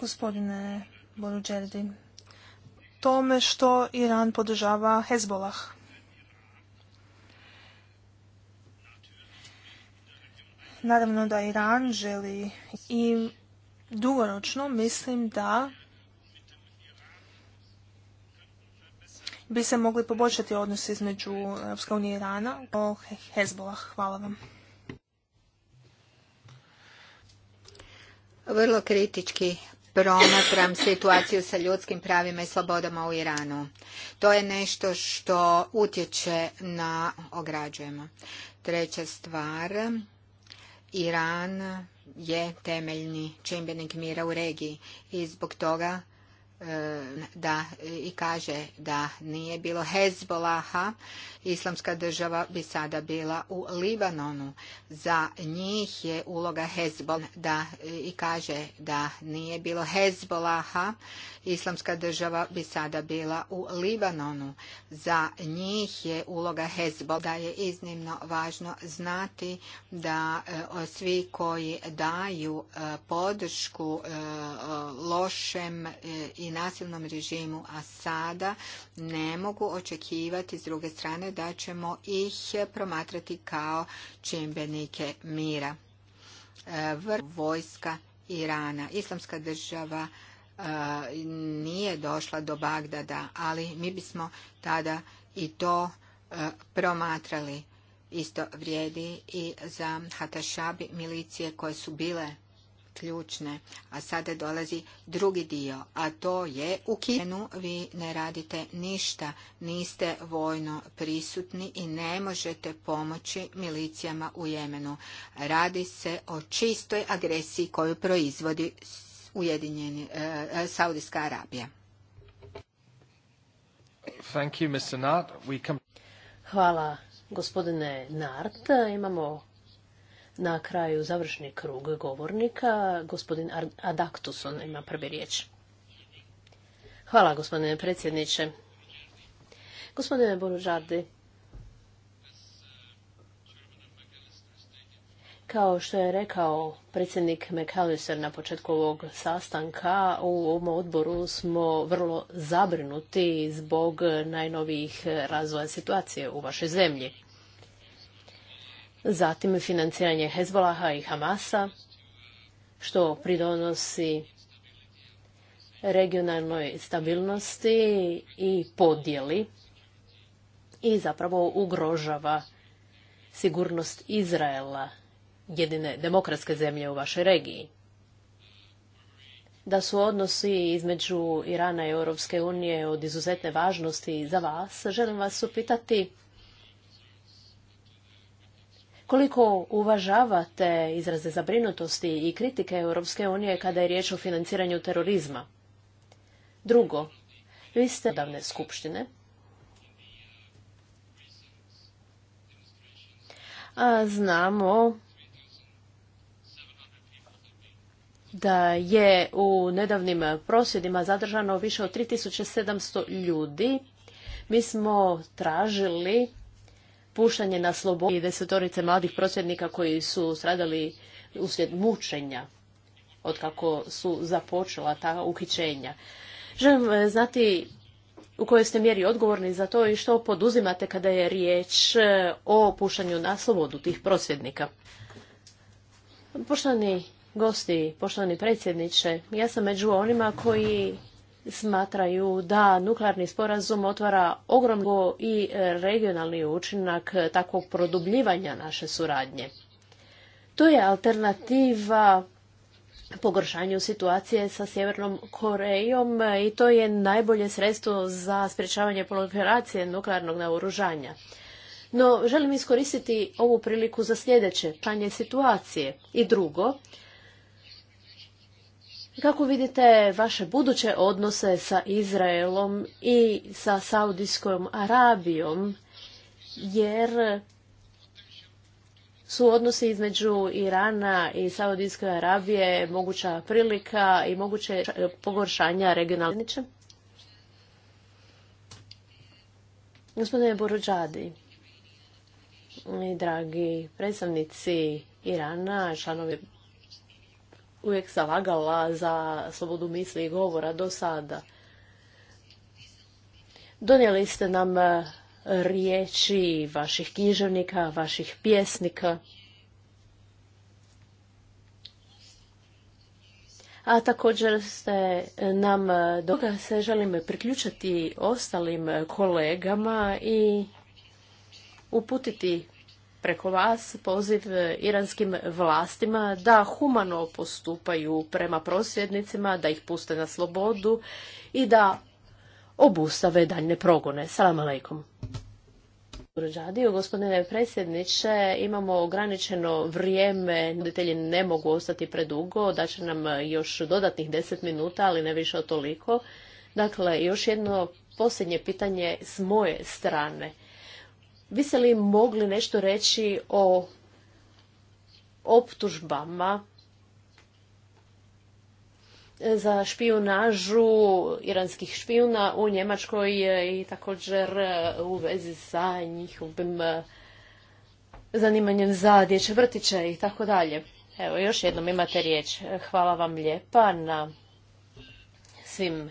Gospodine Boruđerdi, tome što Iran podržava Hezbolah. Naravno da Iran želi i dugoročno mislim da bi se mogli poboljšati odnosi između Europske unije i Irana o Hezbollah. Hvala vam. Vrlo kritički promatram situaciju sa ljudskim pravima i slobodama u Iranu. To je nešto što utječe na ograđujemo. Treća stvar, Iran je temeljni čimbenik mira u regiji i zbog toga e, da i kaže da nije bilo Hezbolaha, islamska država bi sada bila u Libanonu. Za njih je uloga Hezbol da i kaže da nije bilo Hezbolaha, Islamska država bi sada bila u Libanonu. Za njih je uloga hezbol, Da je iznimno važno znati da e, svi koji daju e, podršku e, lošem i nasilnom režimu Asada ne mogu očekivati s druge strane da ćemo ih promatrati kao čimbenike mira. Vojska Irana, islamska država nije došla do Bagdada, ali mi bismo tada i to e, promatrali. Isto vrijedi i za Hatašabi milicije koje su bile ključne, a sada dolazi drugi dio, a to je u Kijenu vi ne radite ništa, niste vojno prisutni i ne možete pomoći milicijama u Jemenu. Radi se o čistoj agresiji koju proizvodi Ujedinjeni, e, e, Saudijska Arabija. Hvala, gospodine Nart. Imamo na kraju završni krug govornika. Gospodin Adaktuson ima prvi riječ. Hvala, gospodine predsjedniče. Gospodine Borujardi, Kao što je rekao predsjednik McAllister na početku ovog sastanka, u ovom odboru smo vrlo zabrinuti zbog najnovijih razvoja situacije u vašoj zemlji. Zatim financiranje Hezbolaha i Hamasa, što pridonosi regionalnoj stabilnosti i podjeli i zapravo ugrožava sigurnost Izraela jedine demokratske zemlje u vašoj regiji. Da su odnosi između Irana i Europske unije od izuzetne važnosti za vas, želim vas upitati koliko uvažavate izraze zabrinutosti i kritike Europske unije kada je riječ o financiranju terorizma? Drugo, vi ste davne skupštine. A znamo da je u nedavnim prosvjedima zadržano više od 3700 ljudi. Mi smo tražili puštanje na slobodu i desetorice mladih prosvjednika koji su stradali uslijed mučenja od kako su započela ta uhićenja. Želim e, znati u kojoj ste mjeri odgovorni za to i što poduzimate kada je riječ e, o pušanju na slobodu tih prosvjednika. Poštovani gosti, poštovani predsjedniče. Ja sam među onima koji smatraju da nuklearni sporazum otvara ogromno i regionalni učinak takvog produbljivanja naše suradnje. To je alternativa pogoršanju situacije sa Sjevernom Korejom i to je najbolje sredstvo za sprječavanje proliferacije nuklearnog naoružanja. No, želim iskoristiti ovu priliku za sljedeće, planje situacije. I drugo, kako vidite vaše buduće odnose sa Izraelom i sa Saudijskom Arabijom, jer su odnosi između Irana i Saudijske Arabije moguća prilika i moguće pogoršanja regionalne Gospodine Boruđadi, dragi predstavnici Irana, članovi uvijek zalagala za slobodu misli i govora do sada. Donijeli ste nam e, riječi vaših književnika, vaših pjesnika. A također ste nam e, doga se želim priključiti ostalim kolegama i uputiti preko vas poziv iranskim vlastima da humano postupaju prema prosvjednicima, da ih puste na slobodu i da obustave daljne progone. Salam alaikum. Rađadio, gospodine predsjedniče, imamo ograničeno vrijeme, roditelji ne mogu ostati predugo, da će nam još dodatnih deset minuta, ali ne više od toliko. Dakle, još jedno posljednje pitanje s moje strane. Biste li mogli nešto reći o optužbama e, za špionažu iranskih špijuna u Njemačkoj e, i također e, u vezi sa njihovim zanimanjem za dječje vrtiće i tako dalje. Evo, još jednom imate riječ. Hvala vam lijepa na svim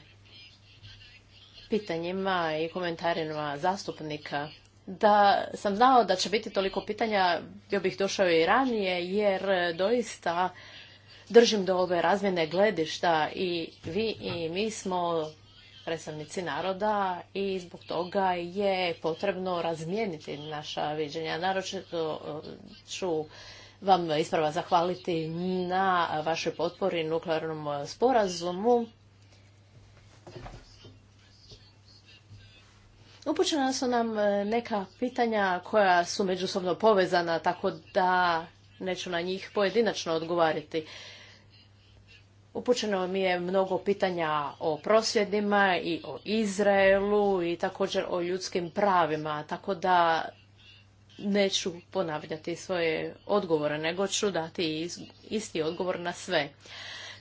pitanjima i komentarima zastupnika. Da sam znao da će biti toliko pitanja, bio bih došao i ranije, jer doista držim do ove razmjene gledišta i vi i mi smo predstavnici naroda i zbog toga je potrebno razmijeniti naša viđenja. Naročito eh, ću vam isprava zahvaliti na vašoj potpori nuklearnom sporazumu Upućena su nam e, neka pitanja koja su međusobno povezana, tako da neću na njih pojedinačno odgovariti. Upućeno mi je mnogo pitanja o prosvjedima i o Izraelu i također o ljudskim pravima, tako da neću ponavljati svoje odgovore, nego ću dati isti odgovor na sve.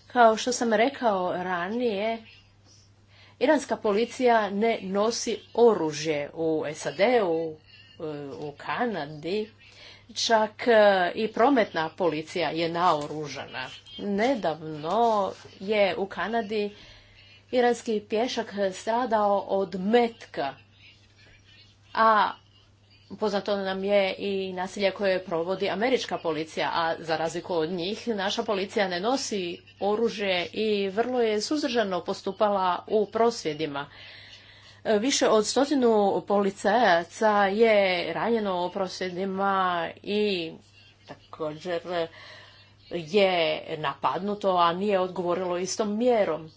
Kao što sam rekao ranije, Iranska policija ne nosi oružje u SAD-u, u Kanadi, čak e, i prometna policija je naoružana. Nedavno je u Kanadi iranski pješak stradao od metka, a Poznato nam je i nasilje koje provodi američka policija, a za razliku od njih naša policija ne nosi oružje i vrlo je suzdržano postupala u prosvjedima. Više od stotinu policajaca je ranjeno u prosvjedima i također je napadnuto, a nije odgovorilo istom mjerom.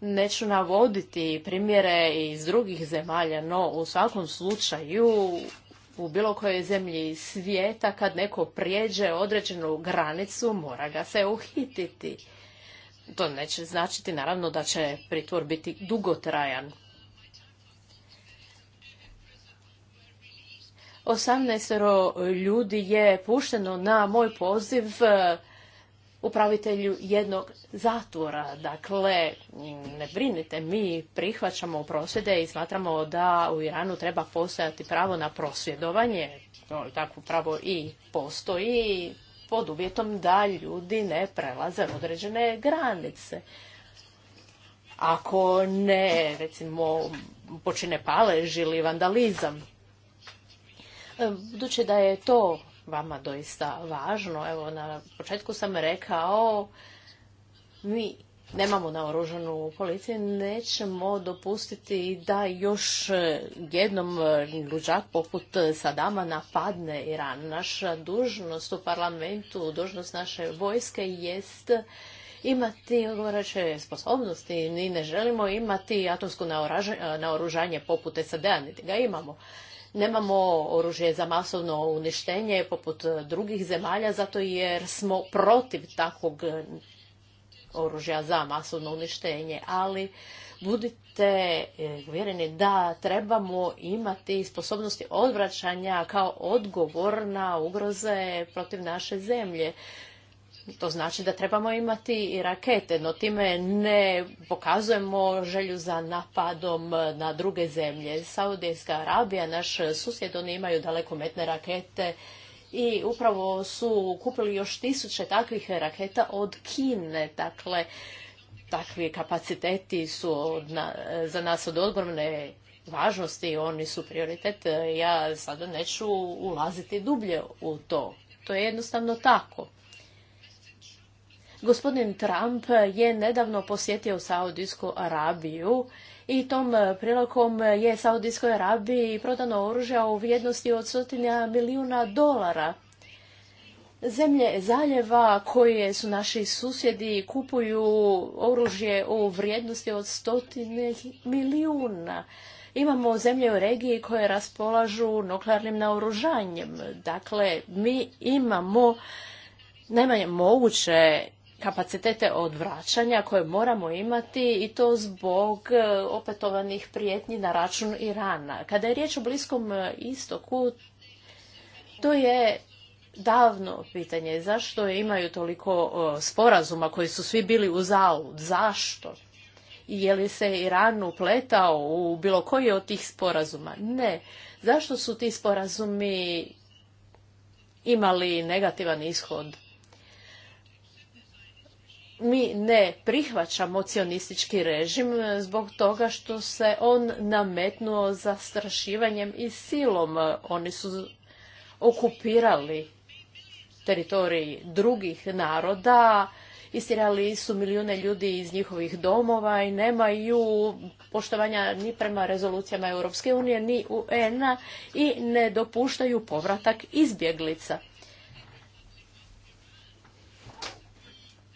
Neću navoditi primjere iz drugih zemalja, no u svakom slučaju u bilo kojoj zemlji svijeta kad neko prijeđe određenu granicu mora ga se uhititi. To neće značiti naravno da će pritvor biti dugotrajan. 18 ljudi je pušteno na moj poziv upravitelju jednog zatvora. Dakle, ne brinite, mi prihvaćamo prosvjede i smatramo da u Iranu treba postojati pravo na prosvjedovanje. No, takvo pravo i postoji pod uvjetom da ljudi ne prelaze određene granice. Ako ne, recimo, počine palež ili vandalizam. Budući da je to vama doista važno. Evo, na početku sam rekao, mi nemamo naoružanu policiju, nećemo dopustiti da još jednom luđak poput Sadama napadne Iran. Naša dužnost u parlamentu, dužnost naše vojske jest imati odgovarajuće sposobnosti. mi ne želimo imati atomsko naoružanje poput SAD-a, niti ga imamo nemamo oružje za masovno uništenje poput drugih zemalja zato jer smo protiv takvog oružja za masovno uništenje, ali budite e, uvjereni da trebamo imati sposobnosti odvraćanja kao odgovor na ugroze protiv naše zemlje. To znači da trebamo imati i rakete, no time ne pokazujemo želju za napadom na druge zemlje. Saudijska Arabija, naš susjed, oni imaju dalekometne rakete i upravo su kupili još tisuće takvih raketa od Kine. Dakle, takvi kapaciteti su za nas od ogromne važnosti, oni su prioritet. Ja sada neću ulaziti dublje u to. To je jednostavno tako. Gospodin Trump je nedavno posjetio Saudijsku Arabiju i tom prilikom je Saudijskoj Arabiji prodano oružje u vrijednosti od stotinja milijuna dolara. Zemlje zaljeva koje su naši susjedi kupuju oružje u vrijednosti od stotine milijuna. Imamo zemlje u regiji koje raspolažu nuklearnim naoružanjem. Dakle, mi imamo najmanje moguće kapacitete odvraćanja koje moramo imati i to zbog e, opetovanih prijetnji na račun Irana. Kada je riječ o Bliskom e, istoku, to je davno pitanje. Zašto imaju toliko e, sporazuma koji su svi bili u zaud? Zašto? Je li se Iran upletao u bilo koji od tih sporazuma? Ne. Zašto su ti sporazumi imali negativan ishod? mi ne prihvaćamo cionistički režim zbog toga što se on nametnuo zastrašivanjem i silom. Oni su okupirali teritoriji drugih naroda, istirali su milijune ljudi iz njihovih domova i nemaju poštovanja ni prema rezolucijama Europske unije ni UN-a i ne dopuštaju povratak izbjeglica.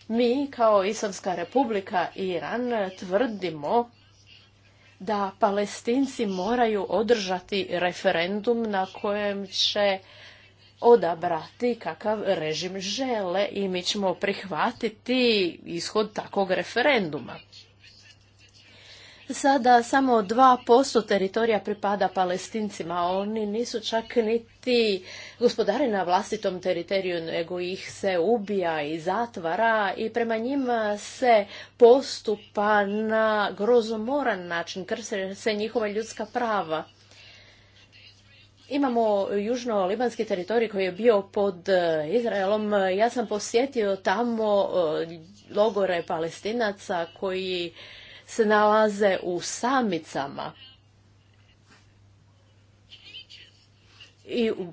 Mi kao Islamska republika Iran tvrdimo da palestinci moraju održati referendum na kojem će odabrati kakav režim žele i mi ćemo prihvatiti ishod takvog referenduma sada samo 2% teritorija pripada palestincima. Oni nisu čak niti gospodari na vlastitom teritoriju, nego ih se ubija i zatvara i prema njima se postupa na grozomoran način, krse se njihova ljudska prava. Imamo južno-libanski teritorij koji je bio pod e, Izraelom. Ja sam posjetio tamo e, logore palestinaca koji se nalaze u samicama i u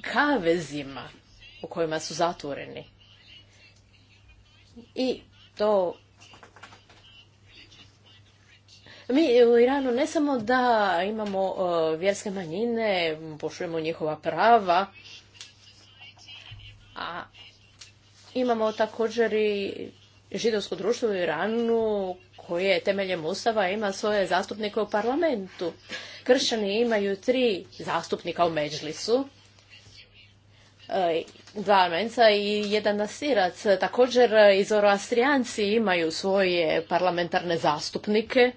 kavezima u kojima su zatvoreni. I to mi u Iranu ne samo da imamo e, vjerske manjine, pošujemo njihova prava, a imamo također i židovsko društvo u Iranu je temeljem Ustava ima svoje zastupnike u parlamentu. Kršćani imaju tri zastupnika u Međlisu, e, dva Armenca i jedan Nasirac. Također e, i Zoroastrijanci imaju svoje parlamentarne zastupnike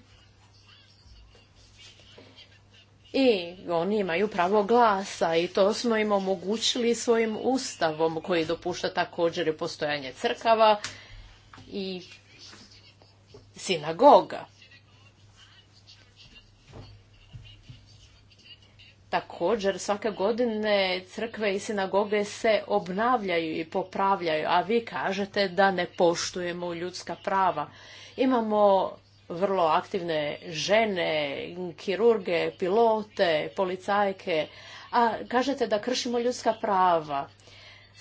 i oni imaju pravo glasa i to smo im omogućili svojim ustavom koji dopušta također i postojanje crkava i sinagoga. Također svake godine crkve i sinagoge se obnavljaju i popravljaju, a vi kažete da ne poštujemo ljudska prava. Imamo vrlo aktivne žene, kirurge, pilote, policajke, a kažete da kršimo ljudska prava.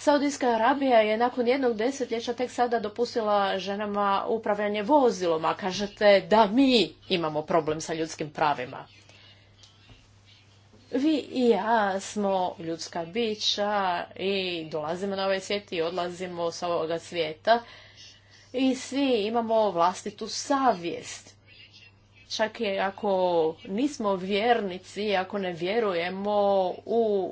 Saudijska Arabija je nakon jednog desetljeća tek sada dopustila ženama upravljanje vozilom, a kažete da mi imamo problem sa ljudskim pravima. Vi i ja smo ljudska bića i dolazimo na ovaj svijet i odlazimo sa ovoga svijeta i svi imamo vlastitu savjest. Čak i ako nismo vjernici, ako ne vjerujemo u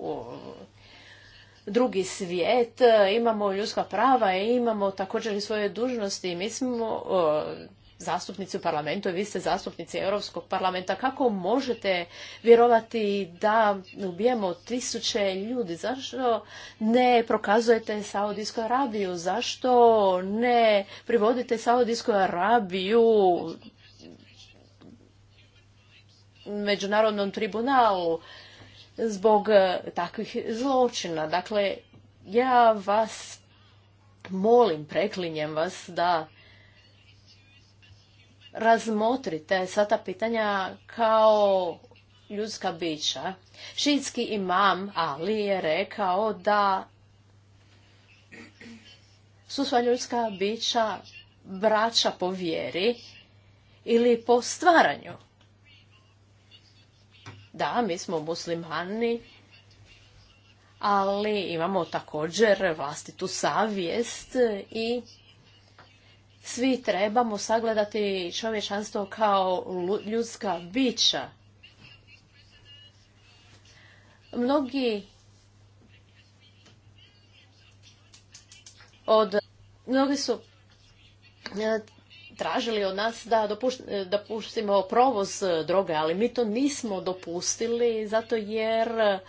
drugi svijet, e, imamo ljudska prava i imamo također i svoje dužnosti. Mi smo e, zastupnici u parlamentu i vi ste zastupnici Europskog parlamenta. Kako možete vjerovati da ubijemo tisuće ljudi? Zašto ne prokazujete Saudijsku Arabiju? Zašto ne privodite Saudijsku Arabiju međunarodnom tribunalu? zbog e, takvih zločina. Dakle, ja vas molim, preklinjem vas da razmotrite sva ta pitanja kao ljudska bića. Šitski imam Ali je rekao da su sva ljudska bića braća po vjeri ili po stvaranju. Da, mi smo muslimani, ali imamo također vlastitu savjest i svi trebamo sagledati čovječanstvo kao ljudska bića. Mnogi od mnogi su tražili od nas da dopustimo provoz e, droge, ali mi to nismo dopustili zato jer